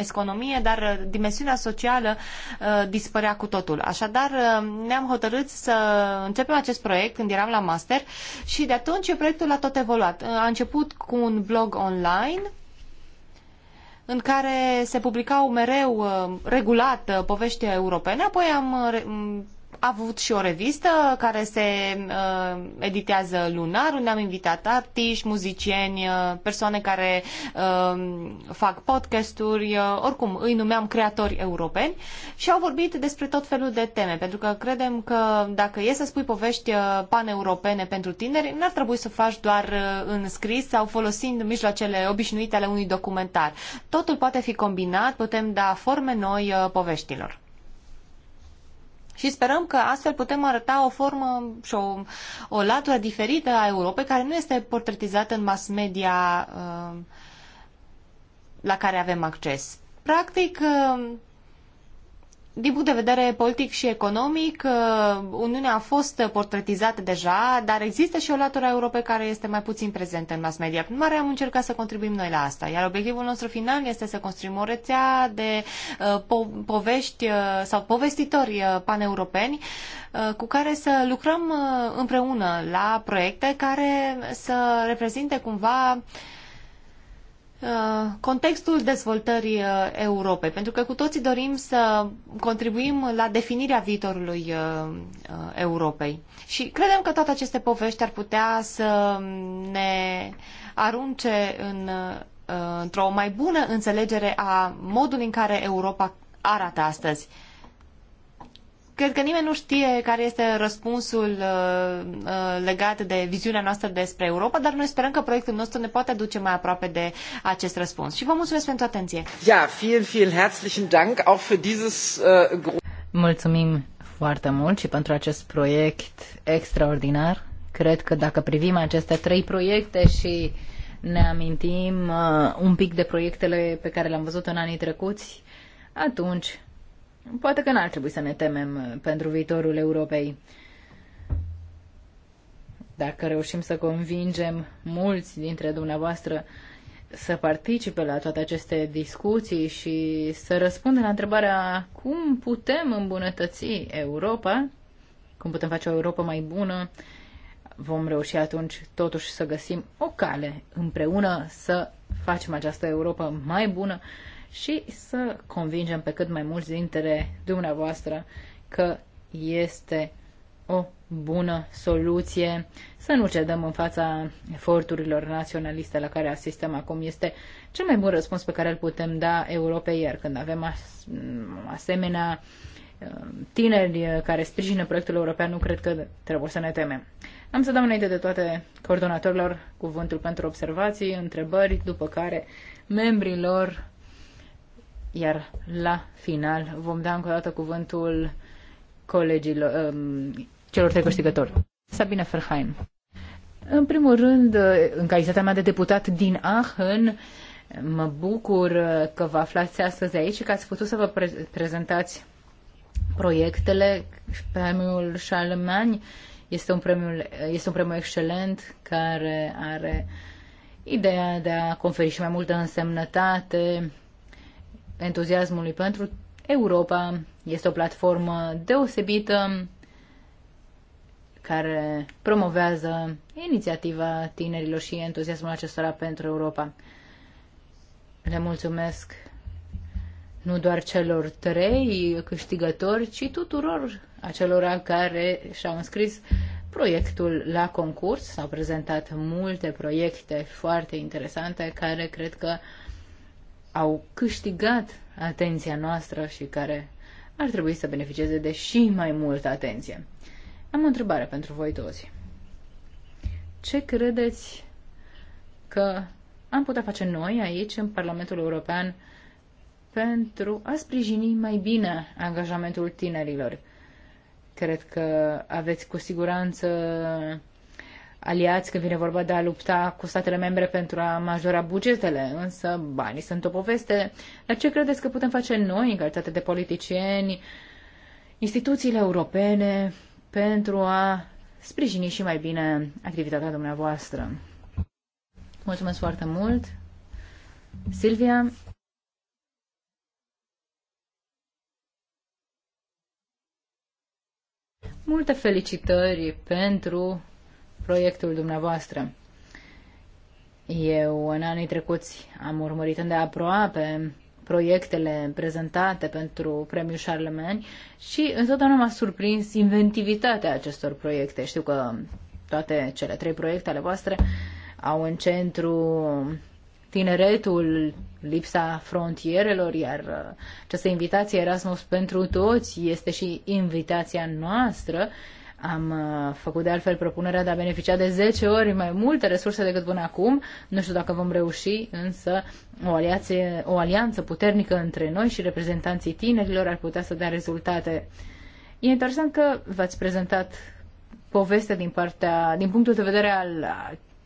economie, dar uh, dimensiunea socială uh, dispărea cu totul. Așadar, uh, ne-am hotărât să începem acest proiect când eram la master și de atunci proiectul a tot evoluat. A început cu un blog online în care se publicau mereu regulat povești europene, apoi am avut și o revistă care se uh, editează lunar, unde am invitat artiști, muzicieni, uh, persoane care uh, fac podcasturi, uh, oricum îi numeam creatori europeni și au vorbit despre tot felul de teme, pentru că credem că dacă e să spui povești uh, paneuropene pentru tineri, n-ar trebui să o faci doar uh, în scris sau folosind mijloacele obișnuite ale unui documentar. Totul poate fi combinat, putem da forme noi uh, poveștilor. Și sperăm că astfel putem arăta o formă și o, o latură diferită a Europei care nu este portretizată în mass media uh, la care avem acces. Practic, uh, din punct de vedere politic și economic, uh, Uniunea a fost portretizată deja, dar există și o latură a europei care este mai puțin prezentă în mass media. Prin mare am încercat să contribuim noi la asta, iar obiectivul nostru final este să construim o rețea de uh, po- povești uh, sau povestitori paneuropeni cu care să lucrăm împreună la proiecte care să reprezinte cumva uh, Uh, contextul dezvoltării uh, Europei, pentru că cu toții dorim să contribuim la definirea viitorului uh, Europei. Și credem că toate aceste povești ar putea să ne arunce în, într-o mai bună înțelegere a modului în care Europa arată astăzi. Cred că nimeni nu știe care este răspunsul uh, uh, legat de viziunea noastră despre Europa, dar noi sperăm că proiectul nostru ne poate aduce mai aproape de acest răspuns. Și vă mulțumesc pentru atenție.
Ja, vielen, vielen herzlichen Dank auch für
dieses
äh, Mulțumim foarte mult și pentru acest proiect extraordinar. Cred că dacă privim aceste trei proiecte și ne amintim uh, un pic de proiectele pe care le-am văzut în anii trecuți, atunci Poate că n-ar trebui să ne temem uh, pentru viitorul Europei. Dacă reușim să convingem mulți dintre dumneavoastră să participe la toate aceste discuții și să răspundă la întrebarea cum putem îmbunătăți Europa, cum putem face o Europa mai bună, vom reuși atunci totuși să găsim o cale împreună să facem această Europa mai bună și să convingem pe cât mai mulți dintre dumneavoastră că este o bună soluție, să nu cedăm în fața eforturilor naționaliste la care asistăm acum. Este cel mai bun răspuns pe care îl putem da Europei, iar când avem asemenea uh, tineri uh, care sprijină proiectul european, nu cred că trebuie să ne temem. Am să dau înainte de toate coordonatorilor cuvântul pentru observații, întrebări, după care membrilor iar la final vom da încă o dată cuvântul colegilor, um, celor trei câștigători. Sabine Ferhain. În primul rând, în calitatea mea de deputat din Aachen, mă bucur că vă aflați astăzi aici și că ați putut să vă pre- prezentați proiectele. Premiul Charlemagne este un, premiu, este un premiu excelent care are ideea de a conferi și mai multă însemnătate entuziasmului pentru Europa. Este o platformă deosebită care promovează inițiativa tinerilor și entuziasmul acestora pentru Europa. Le mulțumesc nu doar celor trei câștigători, ci tuturor acelora care și-au înscris proiectul la concurs. S-au prezentat multe proiecte foarte interesante care cred că uh, au câștigat atenția noastră și care ar trebui să beneficieze de și mai multă atenție. Am o întrebare pentru voi toți. Ce credeți că am putea face noi aici, în Parlamentul European, pentru a sprijini mai bine angajamentul tinerilor? Cred că aveți cu siguranță aliați când vine vorba de a lupta cu statele membre pentru a majora bugetele, însă banii sunt o poveste. Dar ce credeți că putem face noi, în calitate de politicieni, instituțiile europene, pentru a sprijini și mai bine activitatea dumneavoastră? Mulțumesc foarte mult! Silvia, multe felicitări pentru proiectul dumneavoastră. Eu, în anii trecuți, am urmărit îndeaproape proiectele prezentate pentru premiul Charlemagne și întotdeauna m-a surprins inventivitatea acestor proiecte. Știu că toate cele trei proiecte ale voastre au în centru tineretul, lipsa frontierelor, iar această invitație Erasmus pentru toți este și invitația noastră am uh, făcut de altfel propunerea de a beneficia de 10 ori mai multe resurse decât până acum. Nu știu dacă vom reuși, însă o, aliație, o alianță puternică între noi și reprezentanții tinerilor ar putea să dea rezultate. E interesant că v-ați prezentat povestea din, partea, din punctul de vedere al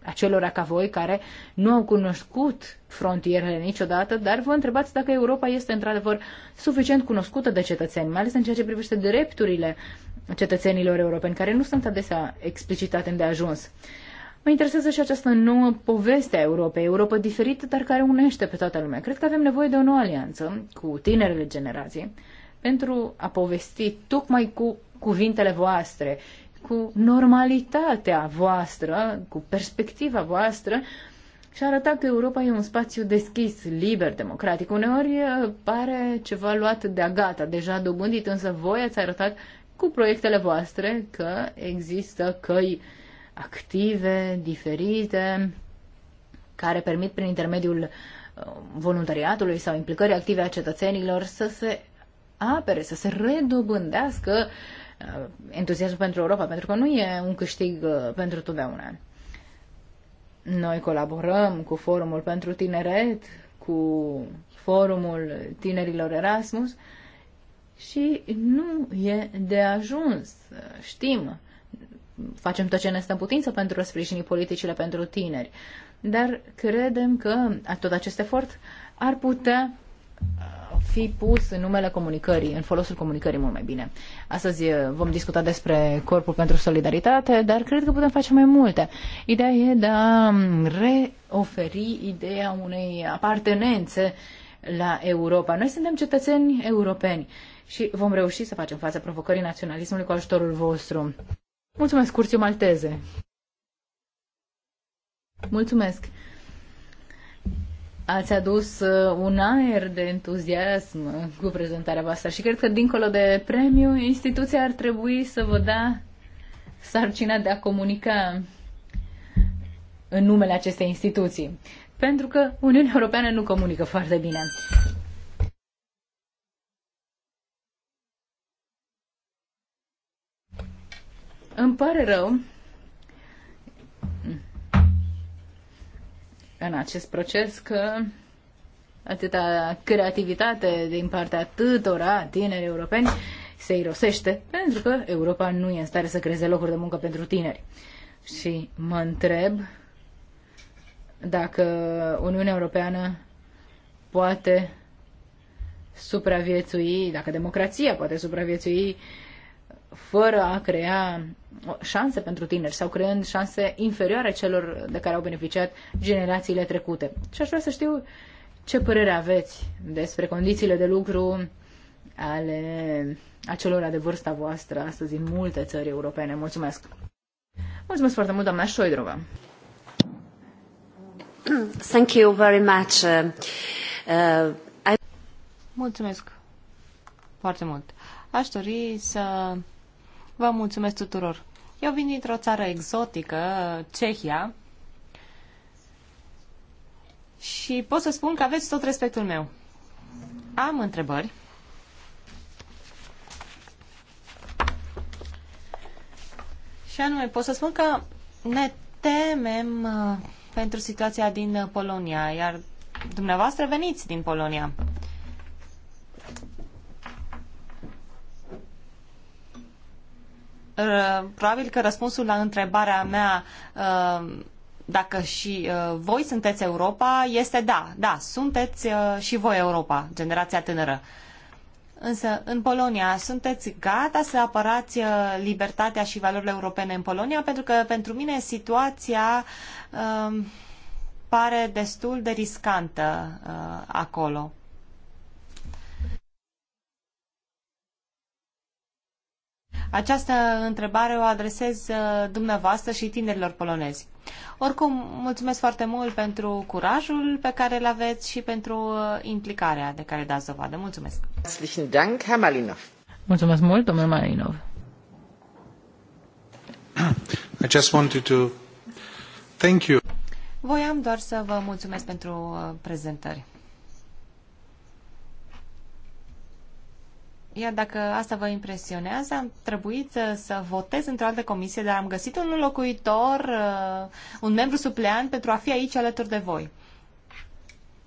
acelora ca voi care nu au cunoscut frontierele niciodată, dar vă întrebați dacă Europa este într-adevăr suficient cunoscută de cetățeni, mai ales în ceea ce privește drepturile uh, cetățenilor europeni, care nu sunt adesea explicitate de ajuns. Mă interesează și această nouă poveste a Europei, Europa diferită, dar care unește pe toată lumea. Cred că avem nevoie de o nouă alianță cu tinerele generații pentru a povesti tocmai cu cuvintele voastre, cu normalitatea voastră, cu perspectiva voastră și arăta că Europa e un spațiu deschis, liber, democratic. Uneori eh, pare ceva luat de-a gata, deja dobândit, însă voi ați arătat cu proiectele voastre că există căi active, diferite, care permit prin intermediul uh, voluntariatului sau implicării active a cetățenilor să se apere, să se redobândească uh, entuziasmul pentru Europa, pentru că nu e un câștig uh, pentru totdeauna. Noi colaborăm cu Forumul pentru Tineret, cu Forumul Tinerilor Erasmus, și nu e de ajuns. Știm, facem tot ce ne stă putință pentru a sprijini politicile pentru tineri, dar credem că tot acest efort ar putea uh, fi pus în numele comunicării, în folosul comunicării mult mai bine. Astăzi uh, vom discuta despre Corpul pentru Solidaritate, dar cred că putem face mai multe. Ideea e de a um, reoferi ideea unei apartenențe la Europa. Noi suntem cetățeni europeni și vom reuși să facem față provocării naționalismului cu ajutorul vostru. Mulțumesc, Curțiu Malteze! Mulțumesc! Ați adus uh, un aer de entuziasm cu prezentarea voastră și cred că, dincolo de premiu, instituția ar trebui să vă dea sarcina de a comunica în numele acestei instituții. Pentru că Uniunea Europeană nu comunică foarte bine. Îmi pare rău. În acest proces că atâta creativitate din partea atâtora tineri europeni se irosește pentru că Europa nu e în stare să creeze locuri de muncă pentru tineri. Și mă întreb dacă Uniunea Europeană poate supraviețui, dacă democrația poate supraviețui fără a crea șanse pentru tineri sau creând șanse inferioare celor de care au beneficiat generațiile trecute. Și aș vrea să știu ce părere aveți despre condițiile de lucru ale acelora de vârsta voastră astăzi în multe țări europene. Mulțumesc! Mulțumesc foarte mult, doamna Șoidrova! Thank you very much.
Uh, uh I... Mulțumesc foarte mult. Aș dori să vă mulțumesc tuturor eu vin dintr-o țară exotică, Cehia, și pot să spun că aveți tot respectul meu. Am întrebări. Și anume, pot să spun că ne temem uh, pentru situația din Polonia, iar dumneavoastră veniți din Polonia. probabil că răspunsul la întrebarea mea ă, dacă și ă, voi sunteți Europa este da, da, sunteți ă, și voi Europa, generația tânără. Însă, în Polonia, sunteți gata să apărați libertatea și valorile europene în Polonia? Pentru că, pentru mine, situația uh, pare destul de riscantă uh, acolo. Această întrebare o adresez uh, dumneavoastră și tinerilor polonezi. Oricum, mulțumesc foarte mult pentru curajul pe care îl aveți și pentru uh, implicarea de care dați dovadă. Mulțumesc!
Mulțumesc mult, domnul Malinov! I just
wanted to thank you.
Voiam doar să vă mulțumesc pentru uh, prezentări. Iar dacă asta vă impresionează, am trebuit să, uh, să votez într-o altă comisie, dar am găsit un locuitor, uh, un membru supleant pentru a fi aici alături de voi.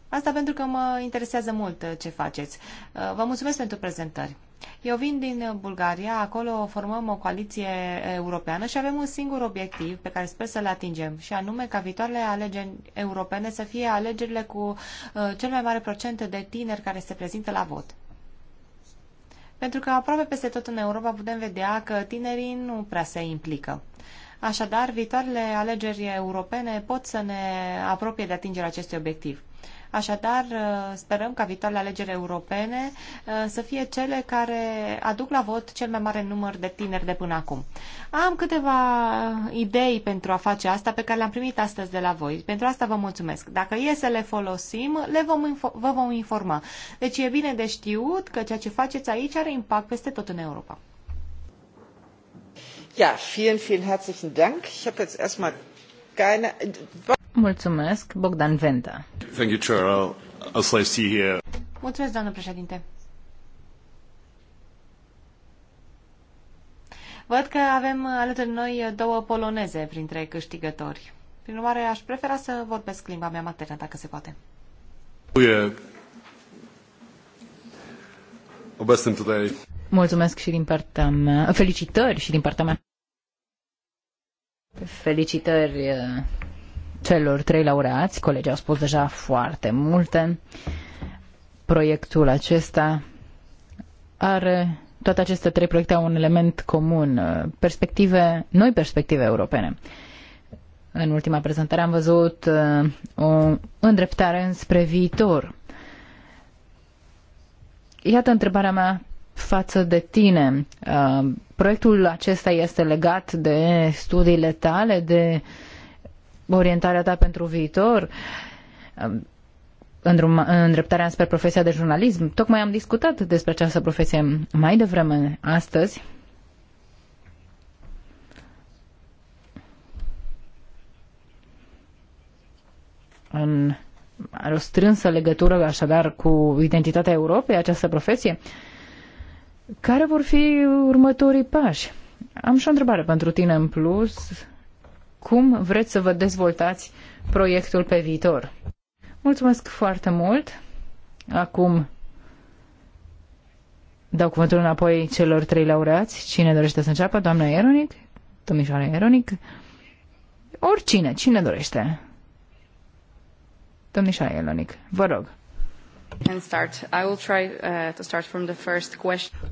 Asta pentru că mă interesează mult uh, ce faceți. Vă mulțumesc pentru prezentări. Eu vin din Bulgaria, acolo formăm o coaliție europeană și avem un singur obiectiv pe care sper să-l atingem, și anume ca viitoarele alegeri europene să fie alegerile cu cel mai mare procent de tineri care se prezintă la vot. Pentru că aproape peste tot în Europa putem vedea că tinerii nu prea se implică. Așadar, viitoarele alegeri europene pot să ne apropie de atingerea acestui obiectiv. Așadar, uh, sperăm ca viitoarele alegeri europene uh, să fie cele care aduc la vot cel mai mare număr de tineri de până acum. Am câteva uh, idei pentru a face asta pe care le-am primit astăzi de la voi. Pentru asta vă mulțumesc. Dacă e să le folosim, le vom vă vom informa. Deci e bine de știut că ceea ce faceți aici are impact
peste tot în Europa.
Ja, vielen, vielen herzlichen Dank. Ich habe jetzt erstmal keine.
Mulțumesc, Bogdan Venta.
Thank you, Chair. I'll, I'll see here.
Mulțumesc, doamnă președinte. Văd că avem alături noi două poloneze printre câștigători. Prin urmare, aș prefera să vorbesc limba mea maternă, dacă se poate.
Mulțumesc și din partea mea. Felicitări și din partea mea. Felicitări celor trei laureați. Colegii au spus deja foarte multe. Proiectul acesta are, toate aceste trei proiecte au un element comun, uh, perspective, noi perspective europene. În ultima prezentare am văzut uh, o îndreptare înspre viitor. Iată întrebarea mea față de tine. Uh, proiectul acesta este legat de studiile tale, de uh, orientarea ta pentru viitor, um, îndreptarea spre profesia de jurnalism. Tocmai am discutat despre această profesie mai devreme astăzi. În, are o strânsă legătură așadar cu identitatea Europei, această profesie. Care vor fi următorii pași? Am și o întrebare pentru tine în plus cum vreți să vă dezvoltați proiectul pe viitor. Mulțumesc foarte mult. Acum dau cuvântul înapoi celor trei laureați. Cine dorește să înceapă? Doamna Eronic? Domnișoara Eronic? Oricine, cine dorește? Domnișoara Eronic,
vă rog.
Uh,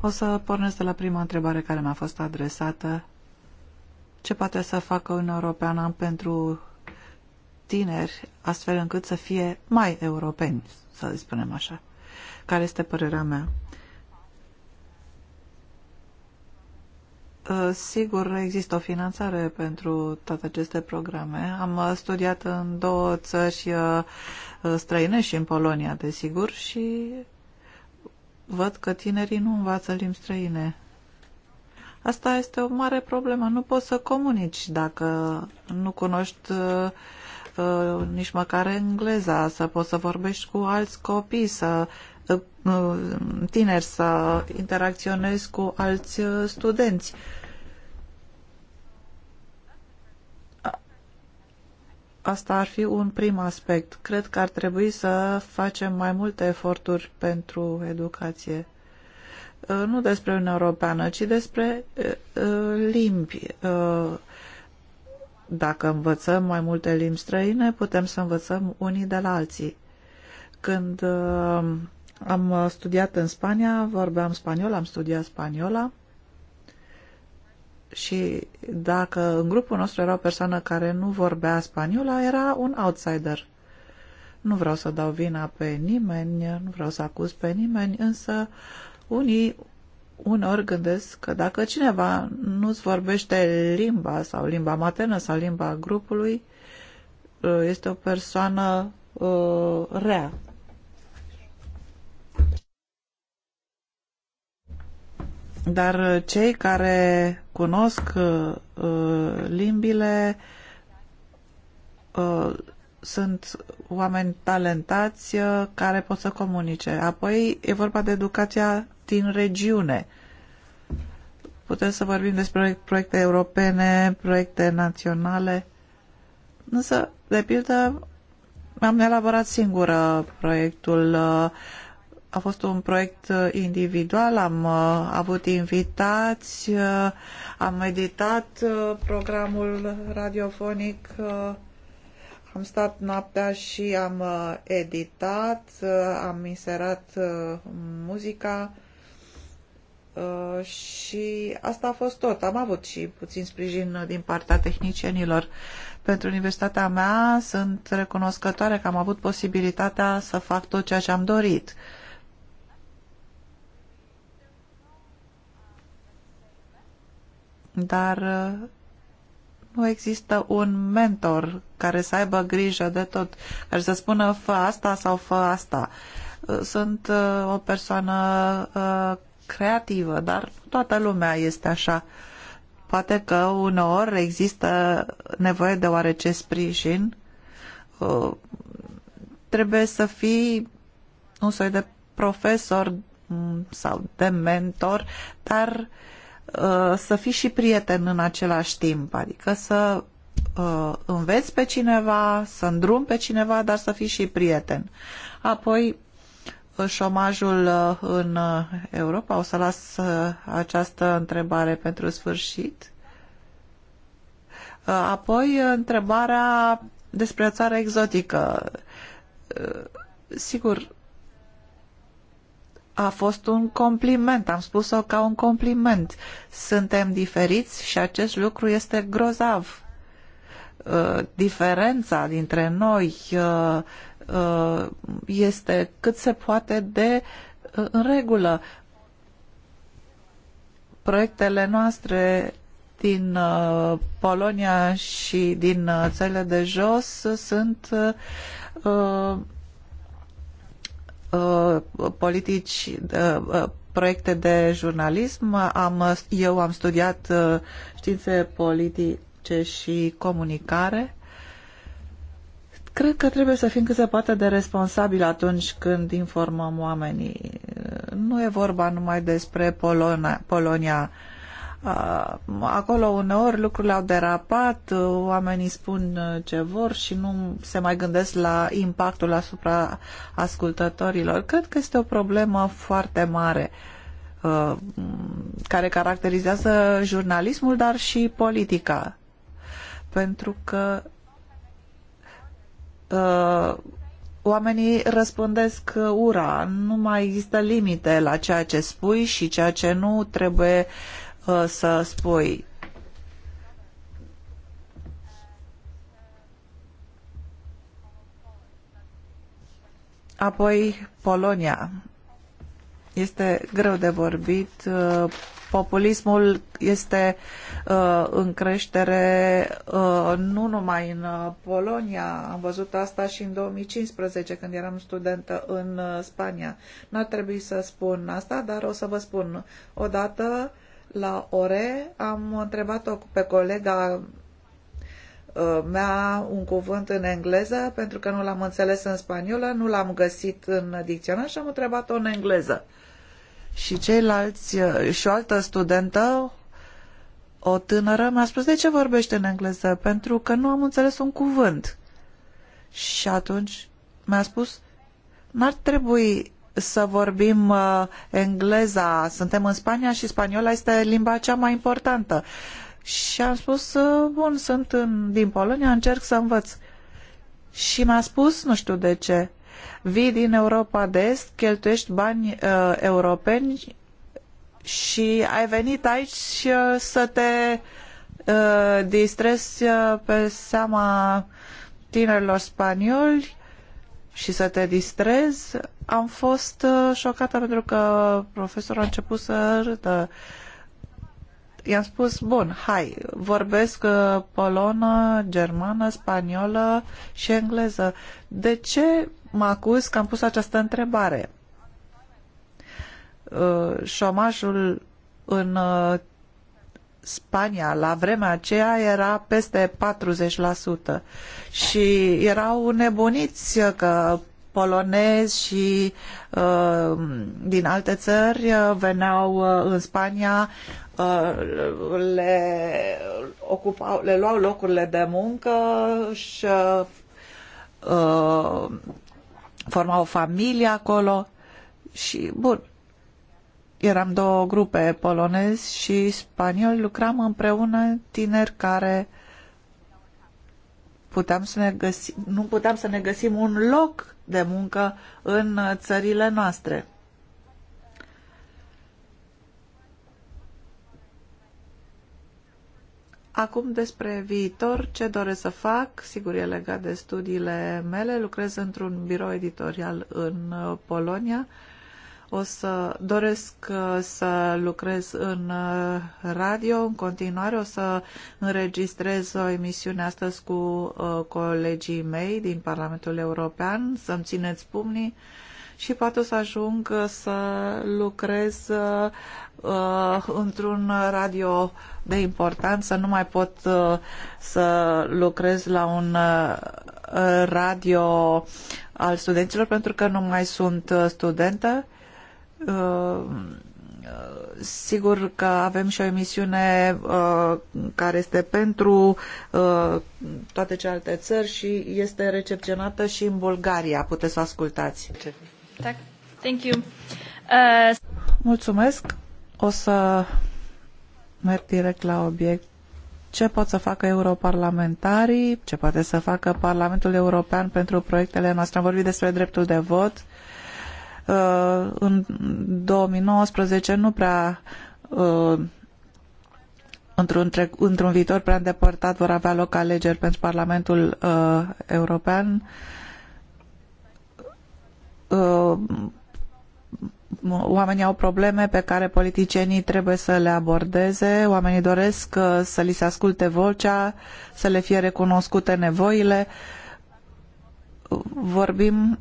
o să pornesc de la prima întrebare care mi-a fost adresată ce poate să facă Uniunea Europeană pentru tineri, astfel încât să fie mai europeni, să spunem așa. Care este părerea mea? Uh, sigur, există o finanțare pentru toate aceste programe. Am uh, studiat în două țări uh, străine și în Polonia, desigur, și văd că tinerii nu învață limbi străine. Asta este o mare problemă. Nu poți să comunici dacă nu cunoști uh, uh nici măcar engleza, să poți să vorbești cu alți copii, să uh, uh tineri, să interacționezi cu alți uh, studenți. Asta ar fi un prim aspect. Cred că ar trebui să facem mai multe eforturi pentru educație. Uh, nu despre Uniunea Europeană, ci despre uh, uh, limbi. Dacă învățăm mai multe limbi străine, putem să învățăm unii de la alții. Când am studiat în Spania, vorbeam spaniol, am studiat spaniola și dacă în grupul nostru era o persoană care nu vorbea spaniola, era un outsider. Nu vreau să dau vina pe nimeni, nu vreau să acuz pe nimeni, însă unii unor gândesc că dacă cineva nu-ți vorbește limba sau limba maternă sau limba grupului, uh, este o persoană uh, rea. Dar cei care cunosc uh, limbile uh, sunt oameni talentați uh, care pot să comunice. Apoi e vorba de educația din regiune. Putem să vorbim despre proiecte europene, proiecte naționale, însă, de pildă, am elaborat singură proiectul. Uh, a fost un proiect uh, individual, am uh, avut invitați, am meditat programul radiofonic, am stat noaptea și am editat, am inserat muzica, Uh, și asta a fost tot. Am avut și puțin sprijin din partea tehnicienilor. Pentru universitatea mea sunt recunoscătoare că am avut posibilitatea să fac tot ceea ce am dorit. Dar uh, nu există un mentor care să aibă grijă de tot, care să spună fă asta sau fă asta. Uh, sunt o persoană creativă, dar toată lumea este așa. Poate că uneori există nevoie de oarece sprijin. Uh, trebuie să fii un soi de profesor sau de mentor, dar uh, să fii și prieten în același timp, adică să uh, înveți pe cineva, să îndrumi pe cineva, dar să fii și prieten. Apoi, șomajul uh, în uh, Europa? O să las uh, această întrebare pentru sfârșit. Apoi, întrebarea despre o țară exotică. Sigur, a fost un compliment, am spus-o ca un compliment. Suntem diferiți și acest lucru este grozav. Diferența dintre noi Uh, este cât se poate de uh, în regulă. Proiectele noastre din uh, Polonia și din țările de jos sunt politici, proiecte de jurnalism. Am, eu am studiat științe politice și comunicare Cred că trebuie să fim cât se poate de responsabili atunci când informăm oamenii. Nu e vorba numai despre Polona, Polonia. Acolo uneori lucrurile au derapat, oamenii spun ce vor și nu se mai gândesc la impactul asupra ascultătorilor. Cred că este o problemă foarte mare care caracterizează jurnalismul, dar și politica. Pentru că uh, oamenii răspândesc ura, nu mai există limite la ceea ce spui și ceea ce nu trebuie uh, să spui. Apoi Polonia. Este greu de vorbit. Uh, populismul este uh, în creștere uh, nu numai în Polonia. Am văzut asta și în 2015 când eram studentă în Spania. Nu ar trebui să spun asta, dar o să vă spun. Odată la ore am întrebat-o pe colega mea un cuvânt în engleză pentru că nu l-am înțeles în spaniolă, nu l-am găsit în dicționar și am întrebat-o în engleză. Uh, și ceilalți, uh, și o altă studentă, o tânără, mi-a spus de ce vorbește în engleză, pentru că nu am înțeles un cuvânt. Și atunci mi-a spus, n-ar trebui să vorbim uh, engleza, suntem în Spania și spaniola este limba cea mai importantă. Și am spus, uh, bun, sunt în, din Polonia, încerc să învăț. Și mi-a spus, nu știu de ce, vii din Europa de Est, cheltuiești bani uh, europeni și ai venit aici uh, să te uh, distrezi uh, pe seama tinerilor spanioli și să te distrezi. Am fost uh, șocată pentru că profesorul a început să râdă. I-am spus, bun, hai, vorbesc uh, polonă, germană, spaniolă și engleză. De ce mă acuz că am pus această întrebare. Uh, șomajul în uh, Spania la vremea aceea era peste 40% și erau nebuniți că polonezi și uh, din alte țări uh, veneau în Spania, le, ocupau, le luau locurile de muncă și uh, forma o familie acolo și, bun, eram două grupe, polonezi și spanioli, lucram împreună tineri care puteam să ne găsim, nu puteam să ne găsim un loc de muncă în țările noastre. Acum despre viitor, ce doresc să fac, sigur e legat de studiile mele, lucrez într-un birou editorial în uh, Polonia, o să doresc uh, să lucrez în uh, radio în continuare, o să înregistrez o emisiune astăzi cu colegii mei din Parlamentul European, să-mi țineți pumnii și poate o să ajung uh, să lucrez uh, uh, într-un radio de importanță. Nu mai pot uh, să lucrez la un uh, radio al studenților pentru că nu mai sunt uh, studentă. Uh, sigur că avem și o emisiune uh, care este pentru uh, toate celelalte țări și este recepționată și în Bulgaria. Puteți să ascultați. ascultați.
Tak. Thank you. Uh...
Mulțumesc. O să merg direct la obiect. Ce pot să facă europarlamentarii? Ce poate să facă Parlamentul European pentru proiectele noastre? Am vorbit despre dreptul de vot. Uh, în 2019 nu prea uh, într-un, într viitor prea îndepărtat vor avea loc alegeri pentru Parlamentul uh, European. Uh, oamenii au probleme pe care politicienii trebuie să le abordeze, oamenii doresc uh, să li se asculte vocea, să le fie recunoscute nevoile. Vorbim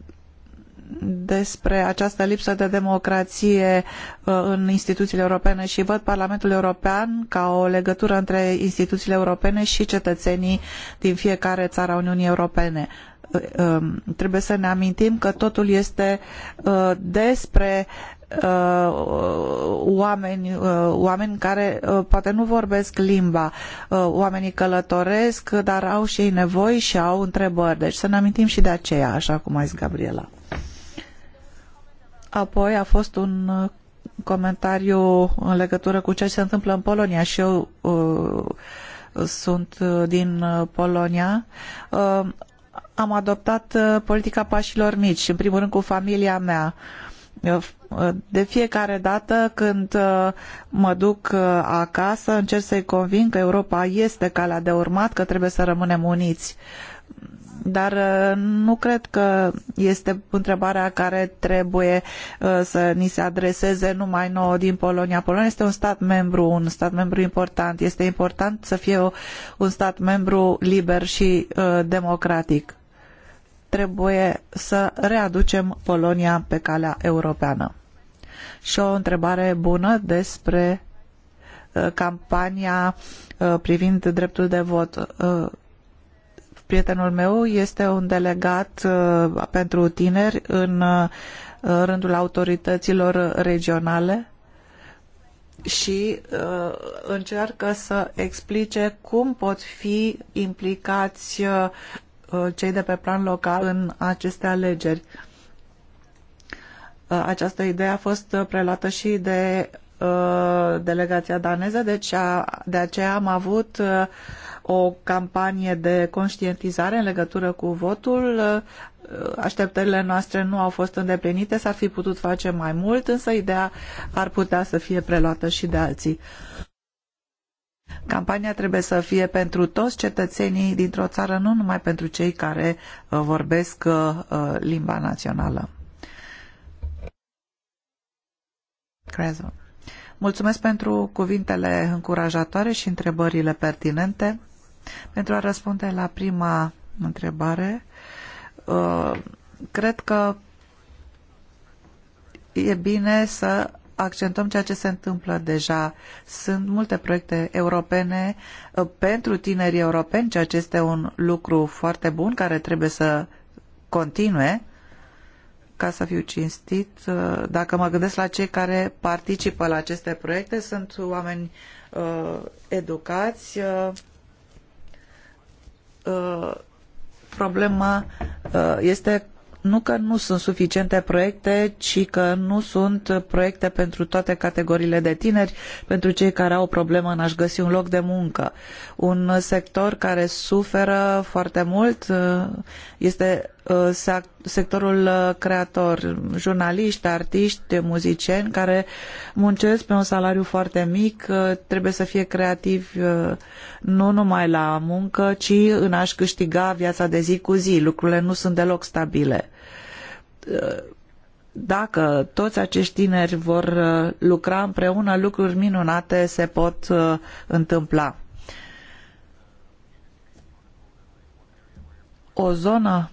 despre această lipsă de democrație uh, în instituțiile europene și văd Parlamentul European ca o legătură între instituțiile europene și cetățenii din fiecare țară a Uniunii Europene. Um, trebuie să ne amintim că totul este uh, despre uh, oameni, uh, oameni care poate nu vorbesc limba, oamenii călătoresc, dar au și ei nevoi și au întrebări. Deci să ne amintim și de aceea, așa cum a zis Gabriela. Apoi a fost un comentariu în legătură cu ceea ce se întâmplă în Polonia și eu uh, sunt din Polonia. Uh, am adoptat uh, politica pașilor mici, în primul rând cu familia mea. Uh, de fiecare dată când uh, mă duc acasă, încerc să-i convin că Europa este calea de urmat, că trebuie să rămânem uniți. Dar nu cred că este întrebarea care trebuie să ni se adreseze numai nouă din Polonia. Polonia este un stat membru, un stat membru important. Este important să fie un stat membru liber și democratic trebuie să readucem Polonia pe calea europeană. Și o întrebare bună despre uh, campania uh, privind dreptul de vot. Uh, prietenul meu este un delegat pentru tineri în rândul autorităților regionale și încearcă să explice cum pot fi implicați Uh, cei de pe plan local în aceste alegeri. Uh, această idee a fost preluată și de uh, delegația daneză, deci a, de aceea am avut o campanie de conștientizare în legătură cu votul. Așteptările noastre nu au fost îndeplinite, s-ar fi putut face mai mult, însă ideea ar putea să fie preluată și de alții. Campania trebuie să fie pentru toți cetățenii dintr-o țară, nu numai pentru cei care uh, vorbesc uh, uh, limba națională. Crezon. Mulțumesc pentru cuvintele încurajatoare și întrebările pertinente. Pentru a răspunde la prima întrebare, cred că e bine să accentăm ceea ce se întâmplă deja. Sunt multe proiecte europene uh, pentru tinerii europeni, ceea ce este un lucru foarte bun care trebuie să continue. Ca să fiu cinstit, uh, dacă mă gândesc la cei care participă la aceste proiecte, sunt oameni uh, educați. Uh, uh problema uh, este nu că nu sunt suficiente proiecte, ci că nu sunt proiecte pentru toate categoriile de tineri, pentru cei care au o problemă în a-și găsi un loc de muncă. Un sector care suferă foarte mult este Uh, sectorul uh, creator, jurnaliști, artiști, muzicieni care muncesc pe un salariu foarte mic, uh, trebuie să fie creativi nu numai la muncă, ci în a-și câștiga viața de zi cu zi. Lucrurile nu sunt deloc stabile dacă toți acești tineri vor lucra împreună, lucruri minunate se pot întâmpla. O zonă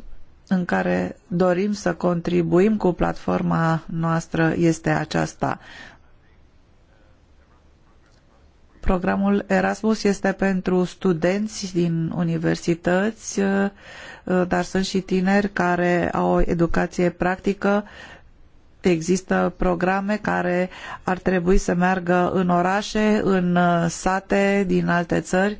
în care dorim să contribuim cu platforma noastră este aceasta. Programul Erasmus este pentru studenți din universități, uh, dar sunt și tineri care au o educație practică. Există programe care ar trebui să meargă în orașe, în uh, sate din alte țări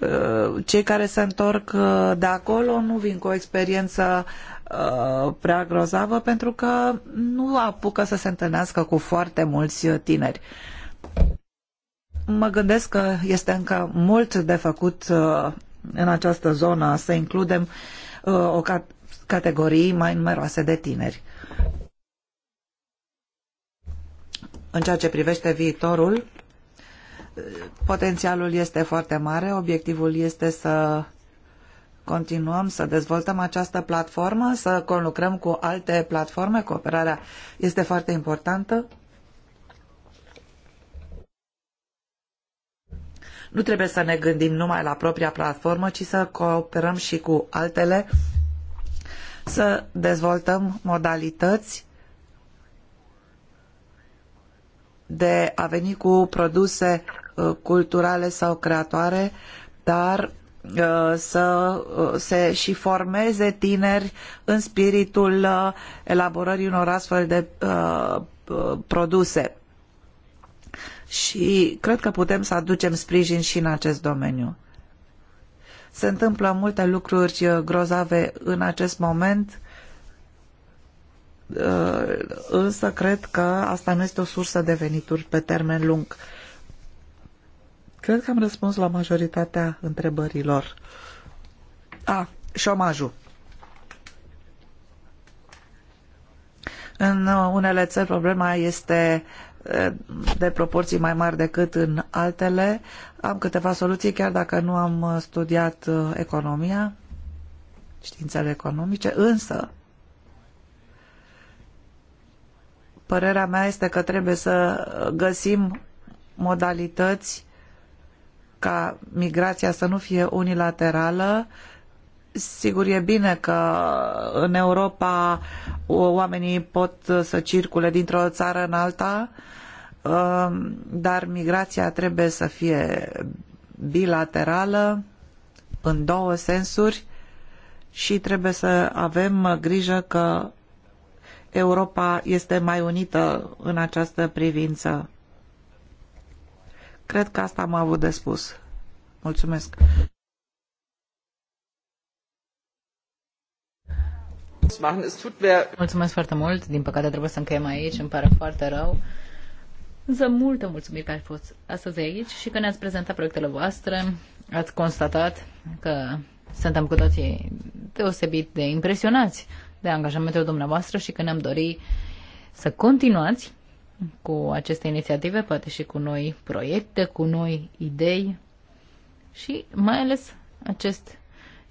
Uh, cei care se întorc uh, de acolo nu vin cu o experiență uh, prea grozavă pentru că nu apucă să se întâlnească cu foarte mulți tineri. Mă gândesc că este încă mult de făcut în această zonă să includem o categorii mai numeroase de tineri. În ceea ce privește viitorul, Potențialul este foarte mare, obiectivul este să continuăm să dezvoltăm această platformă, să conlucrăm cu alte platforme, cooperarea este foarte importantă. Nu trebuie să ne gândim numai la propria platformă, ci să cooperăm și cu altele, să dezvoltăm modalități de a veni cu produse Uh, culturale sau creatoare, dar uh, să uh, se și formeze tineri în spiritul elaborării unor astfel de produse. Și cred că putem să aducem sprijin și în acest domeniu. Se întâmplă multe lucruri grozave în acest moment, însă cred că asta nu este o sursă de venituri pe termen lung. Cred că am răspuns la majoritatea întrebărilor. A, șomajul. În uh, unele țări problema este uh, de proporții mai mari decât în altele. Am câteva soluții, chiar dacă nu am uh, studiat economia, științele economice, însă părerea mea este că trebuie să găsim modalități ca migrația să nu fie unilaterală. Sigur, e bine că în Europa oamenii pot să circule dintr-o țară în alta, um, dar migrația trebuie să fie bilaterală în două sensuri și trebuie să avem grijă că Europa este mai unită în această privință. Cred că asta am avut de spus. Mulțumesc.
Mulțumesc foarte mult. Din păcate trebuie să încheiem aici. Îmi pare foarte rău. Însă multă mulțumire că ați fost astăzi aici și că ne-ați prezentat proiectele voastre. Ați constatat că suntem cu toții deosebit de impresionați de angajamentul dumneavoastră și că ne-am dorit să continuați cu aceste inițiative, poate și cu noi proiecte, cu noi idei și mai ales acest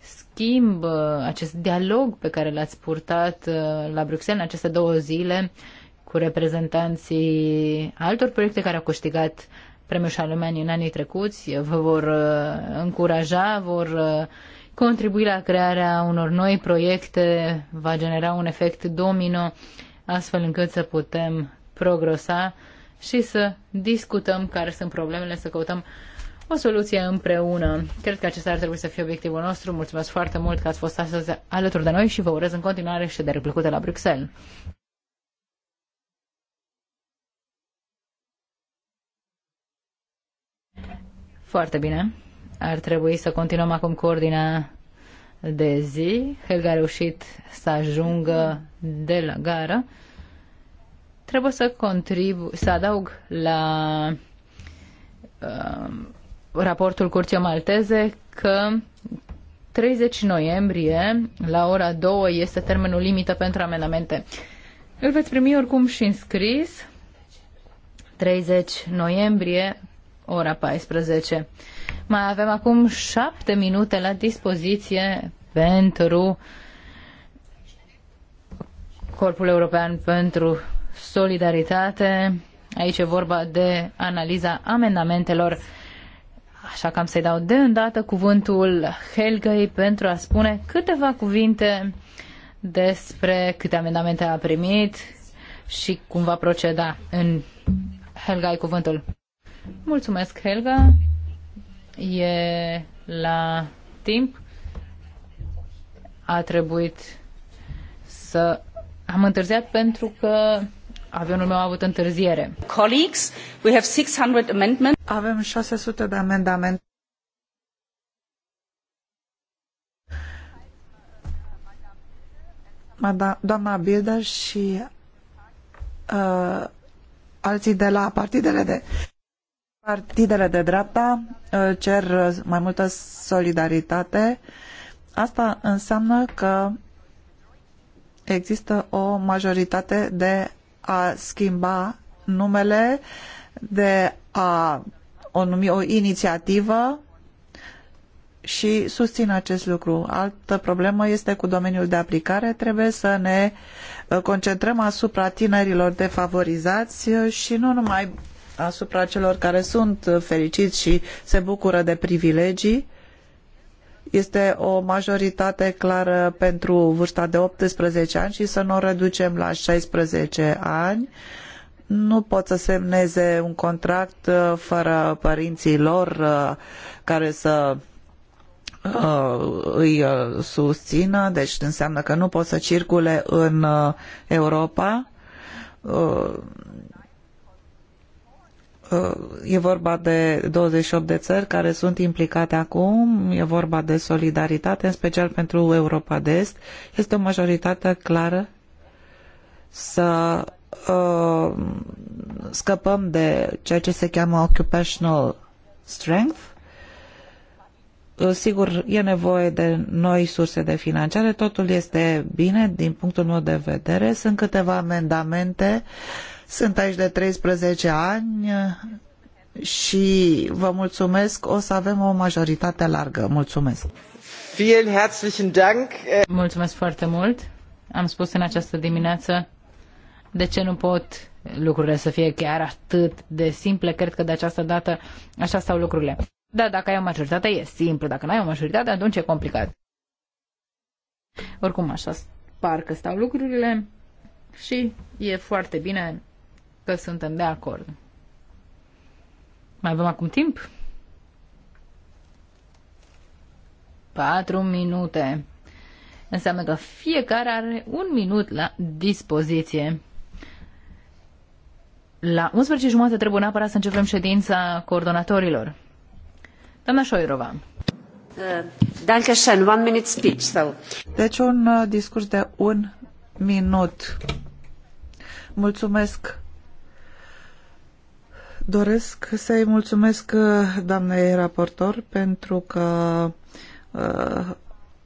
schimb, acest dialog pe care l-ați purtat uh, la Bruxelles în aceste două zile cu reprezentanții altor proiecte care au câștigat premiul Șalomeni în anii trecuți, vă vor uh, încuraja, vor uh, contribui la crearea unor noi proiecte, va genera un efect domino astfel încât să putem progresa și să discutăm care sunt problemele, să căutăm o soluție împreună. Cred că acesta ar trebui să fie obiectivul nostru. Mulțumesc foarte mult că ați fost astăzi alături de noi și vă urez în continuare ședere plăcută la Bruxelles. Foarte bine. Ar trebui să continuăm acum cu ordinea de zi. Helga a reușit să ajungă de la gară. Trebuie să contribu- să adaug la uh, raportul Curții Malteze că 30 noiembrie, la ora 2, este termenul limită pentru amendamente. Îl veți primi oricum și înscris. 30 noiembrie, ora 14. Mai avem acum 7 minute la dispoziție pentru Corpul European pentru solidaritate. Aici e vorba de analiza amendamentelor. Așa că am să-i dau de îndată cuvântul Helgăi pentru a spune câteva cuvinte despre câte amendamente a primit și cum va proceda în Helga ai cuvântul. Mulțumesc, Helga. E la timp. A trebuit să am întârziat pentru că Avionul meu a avut întârziere. Colleagues, we have 600
amendments. Avem 600 de amendamente. Doamna Bilder și uh, alții de la partidele de partidele de dreapta uh, cer uh, mai multă solidaritate. Asta înseamnă că există o majoritate de a schimba numele, de a o numi o inițiativă și susțin acest lucru. Altă problemă este cu domeniul de aplicare. Trebuie să ne uh, concentrăm asupra tinerilor defavorizați și nu numai asupra celor care sunt fericiți și se bucură de privilegii, este o majoritate clară pentru vârsta de 18 ani și să nu o reducem la 16 ani. Nu pot să semneze un contract uh, fără părinții lor uh, care să uh, îi susțină, deci înseamnă că nu pot să circule în Europa E vorba de 28 de țări care sunt implicate acum, e vorba de solidaritate, în special pentru Europa de Est. Este o majoritate clară să uh, scăpăm de ceea ce se cheamă occupational strength. Uh, sigur, e nevoie de noi surse de finanțare, totul este bine din punctul meu de vedere. Sunt câteva amendamente uh, sunt aici de 13 ani și vă mulțumesc, o să avem o majoritate largă. Mulțumesc!
Mulțumesc foarte mult! Am spus în această dimineață de ce nu pot lucrurile să fie chiar atât de simple. Cred că de această dată așa stau lucrurile. Da, dacă ai o majoritate e simplu, dacă nu ai o majoritate atunci e complicat. Oricum așa parcă stau lucrurile și e foarte bine că suntem de acord. Mai avem acum timp? Patru minute. Înseamnă că fiecare are un minut la dispoziție. La 11 jumate trebuie neapărat să începem ședința coordonatorilor. Doamna Șoirova. Uh, Dankeschön, one minute speech. So.
Deci un uh, discurs de un minut. Mulțumesc Doresc să-i mulțumesc uh, doamnei raportor pentru că uh,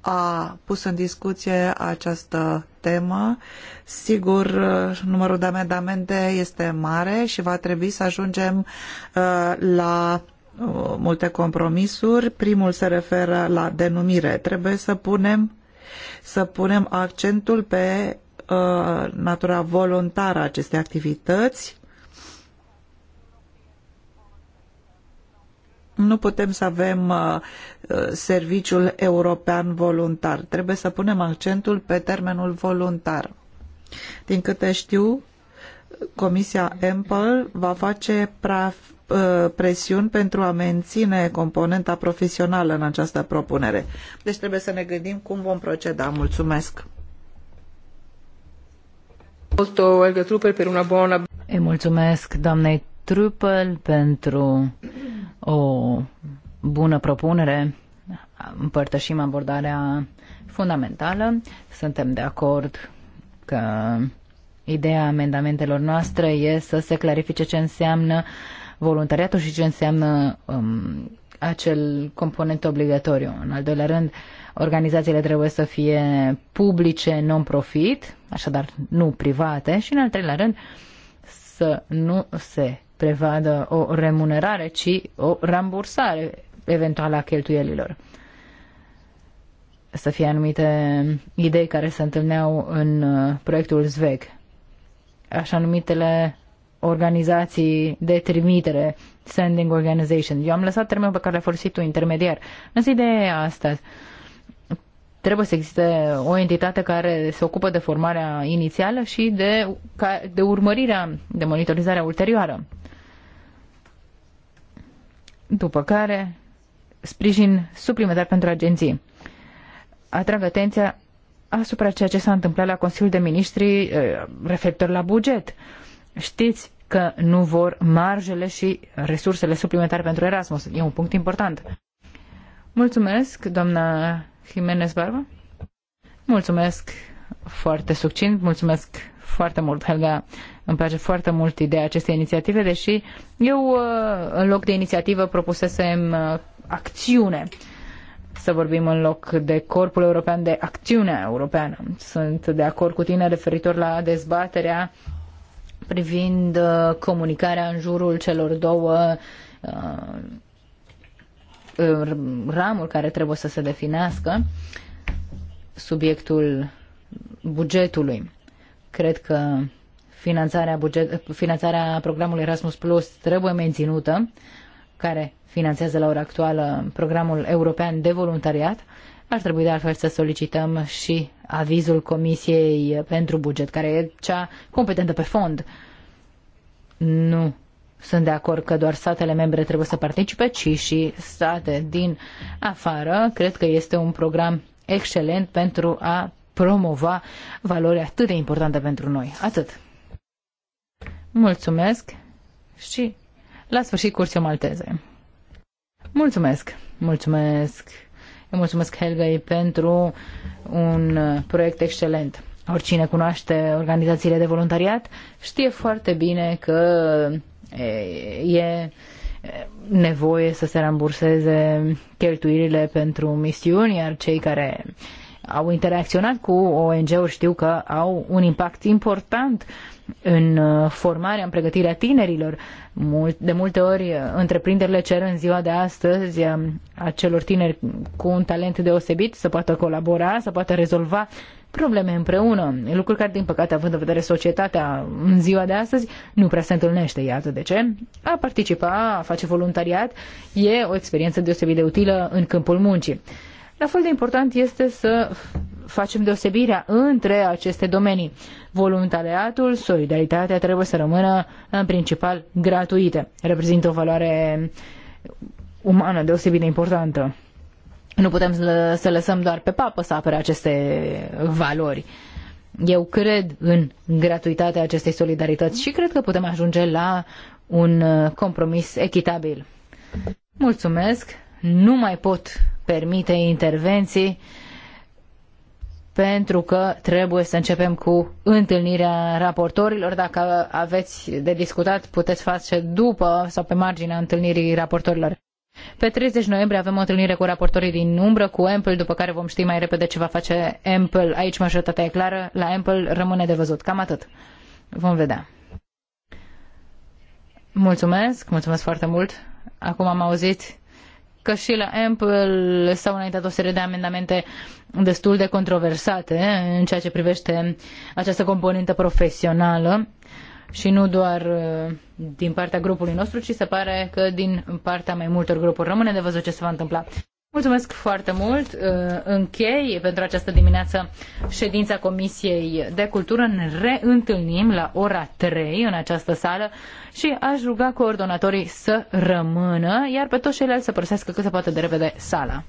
a pus în discuție această temă. Sigur, uh, numărul de amendamente este mare și va trebui să ajungem la multe compromisuri. Primul se referă la denumire. Trebuie să punem, să punem accentul pe natura voluntară a acestei activități nu putem să avem uh, uh, serviciul european voluntar. Trebuie să punem accentul pe termenul voluntar. Din câte știu, Comisia Ample va face praf, uh, presiuni pentru a menține componenta profesională în această propunere. Deci trebuie să ne gândim cum vom proceda. Mulțumesc!
mulțumesc doamnei Trupel pentru o bună propunere. Împărtășim abordarea fundamentală. Suntem de acord că ideea amendamentelor noastre e să se clarifice ce înseamnă voluntariatul și ce înseamnă um, acel component obligatoriu. În al doilea rând, organizațiile trebuie să fie publice, non-profit, așadar nu private, și în al treilea rând, să nu se prevadă o remunerare, ci o rambursare eventuală a cheltuielilor. Să fie anumite idei care se întâlneau în uh, proiectul ZVEG, așa numitele organizații de trimitere, sending organization. Eu am lăsat termenul pe care l-ai folosit tu, intermediar. Însă ideea e asta. Trebuie să existe o entitate care se ocupă de formarea inițială și de, de urmărirea, de monitorizarea ulterioară după care sprijin suplimentar pentru agenții. Atrag atenția asupra ceea ce s-a întâmplat la Consiliul de Ministri eh, referitor la buget. Știți că nu vor marjele și resursele suplimentare pentru Erasmus. E un punct important. Mulțumesc, doamna Jimenez Barba. Mulțumesc foarte succint, mulțumesc foarte mult, Helga, îmi place foarte mult ideea acestei inițiative, deși eu, uh, în loc de inițiativă, propusesem uh, acțiune să vorbim în loc de Corpul European de Acțiune Europeană. Sunt de acord cu tine referitor la dezbaterea privind uh, comunicarea în jurul celor două uh, ramuri care trebuie să se definească subiectul bugetului. Cred că finanțarea, buget, finanțarea programului Erasmus Plus trebuie menținută, care finanțează la ora actuală programul european de voluntariat. Ar trebui de altfel să solicităm și avizul Comisiei pentru buget, care e cea competentă pe fond. Nu sunt de acord că doar statele membre trebuie să participe, ci și state din afară. Cred că este un program excelent pentru a promova valori atât de importante pentru noi. Atât. Mulțumesc și la sfârșit cursul malteze. Mulțumesc! Mulțumesc! Eu mulțumesc Helgei pentru un proiect excelent. Oricine cunoaște organizațiile de voluntariat știe foarte bine că e nevoie să se ramburseze cheltuirile pentru misiuni, iar cei care uh, au interacționat cu ONG-uri știu că au un impact important în uh, formarea, în pregătirea tinerilor. De multe ori, uh, întreprinderile cer în ziua de astăzi um, acelor tineri cu un talent deosebit să poată colabora, să poată rezolva probleme împreună, lucruri care, din păcate, având în vedere societatea în ziua de astăzi, nu prea se întâlnește, iată de ce. A participa, a face voluntariat, e o experiență deosebit de utilă în câmpul muncii. La fel de important este să facem deosebirea între aceste domenii. Voluntariatul, solidaritatea trebuie să rămână în principal gratuite. Reprezintă o valoare umană deosebit de importantă. Nu putem să lăsăm doar pe papă să apere aceste valori. Eu cred în gratuitatea acestei solidarități și cred că putem ajunge la un uh, compromis echitabil. Mulțumesc! nu mai pot permite intervenții pentru că trebuie să începem cu întâlnirea raportorilor. Dacă aveți de discutat, puteți face după sau pe marginea întâlnirii raportorilor. Pe 30 noiembrie avem o întâlnire cu raportorii din umbră, cu Ample, după care vom ști mai repede ce va face Ample. Aici majoritatea e clară, la Ample rămâne de văzut. Cam atât. Vom vedea. Mulțumesc, mulțumesc foarte mult. Acum am auzit că și la Ample s-au înaintat o serie de amendamente destul de controversate în ceea ce privește această componentă profesională și nu doar uh, din partea grupului nostru, ci se pare că din partea mai multor grupuri. Rămâne de văzut ce se va întâmpla. Mulțumesc foarte mult. Uh, închei pentru această dimineață ședința Comisiei de Cultură. Ne reîntâlnim la ora 3 în această sală și aș ruga coordonatorii să rămână, iar pe toți ceilalți să părăsească cât se poate de repede sala.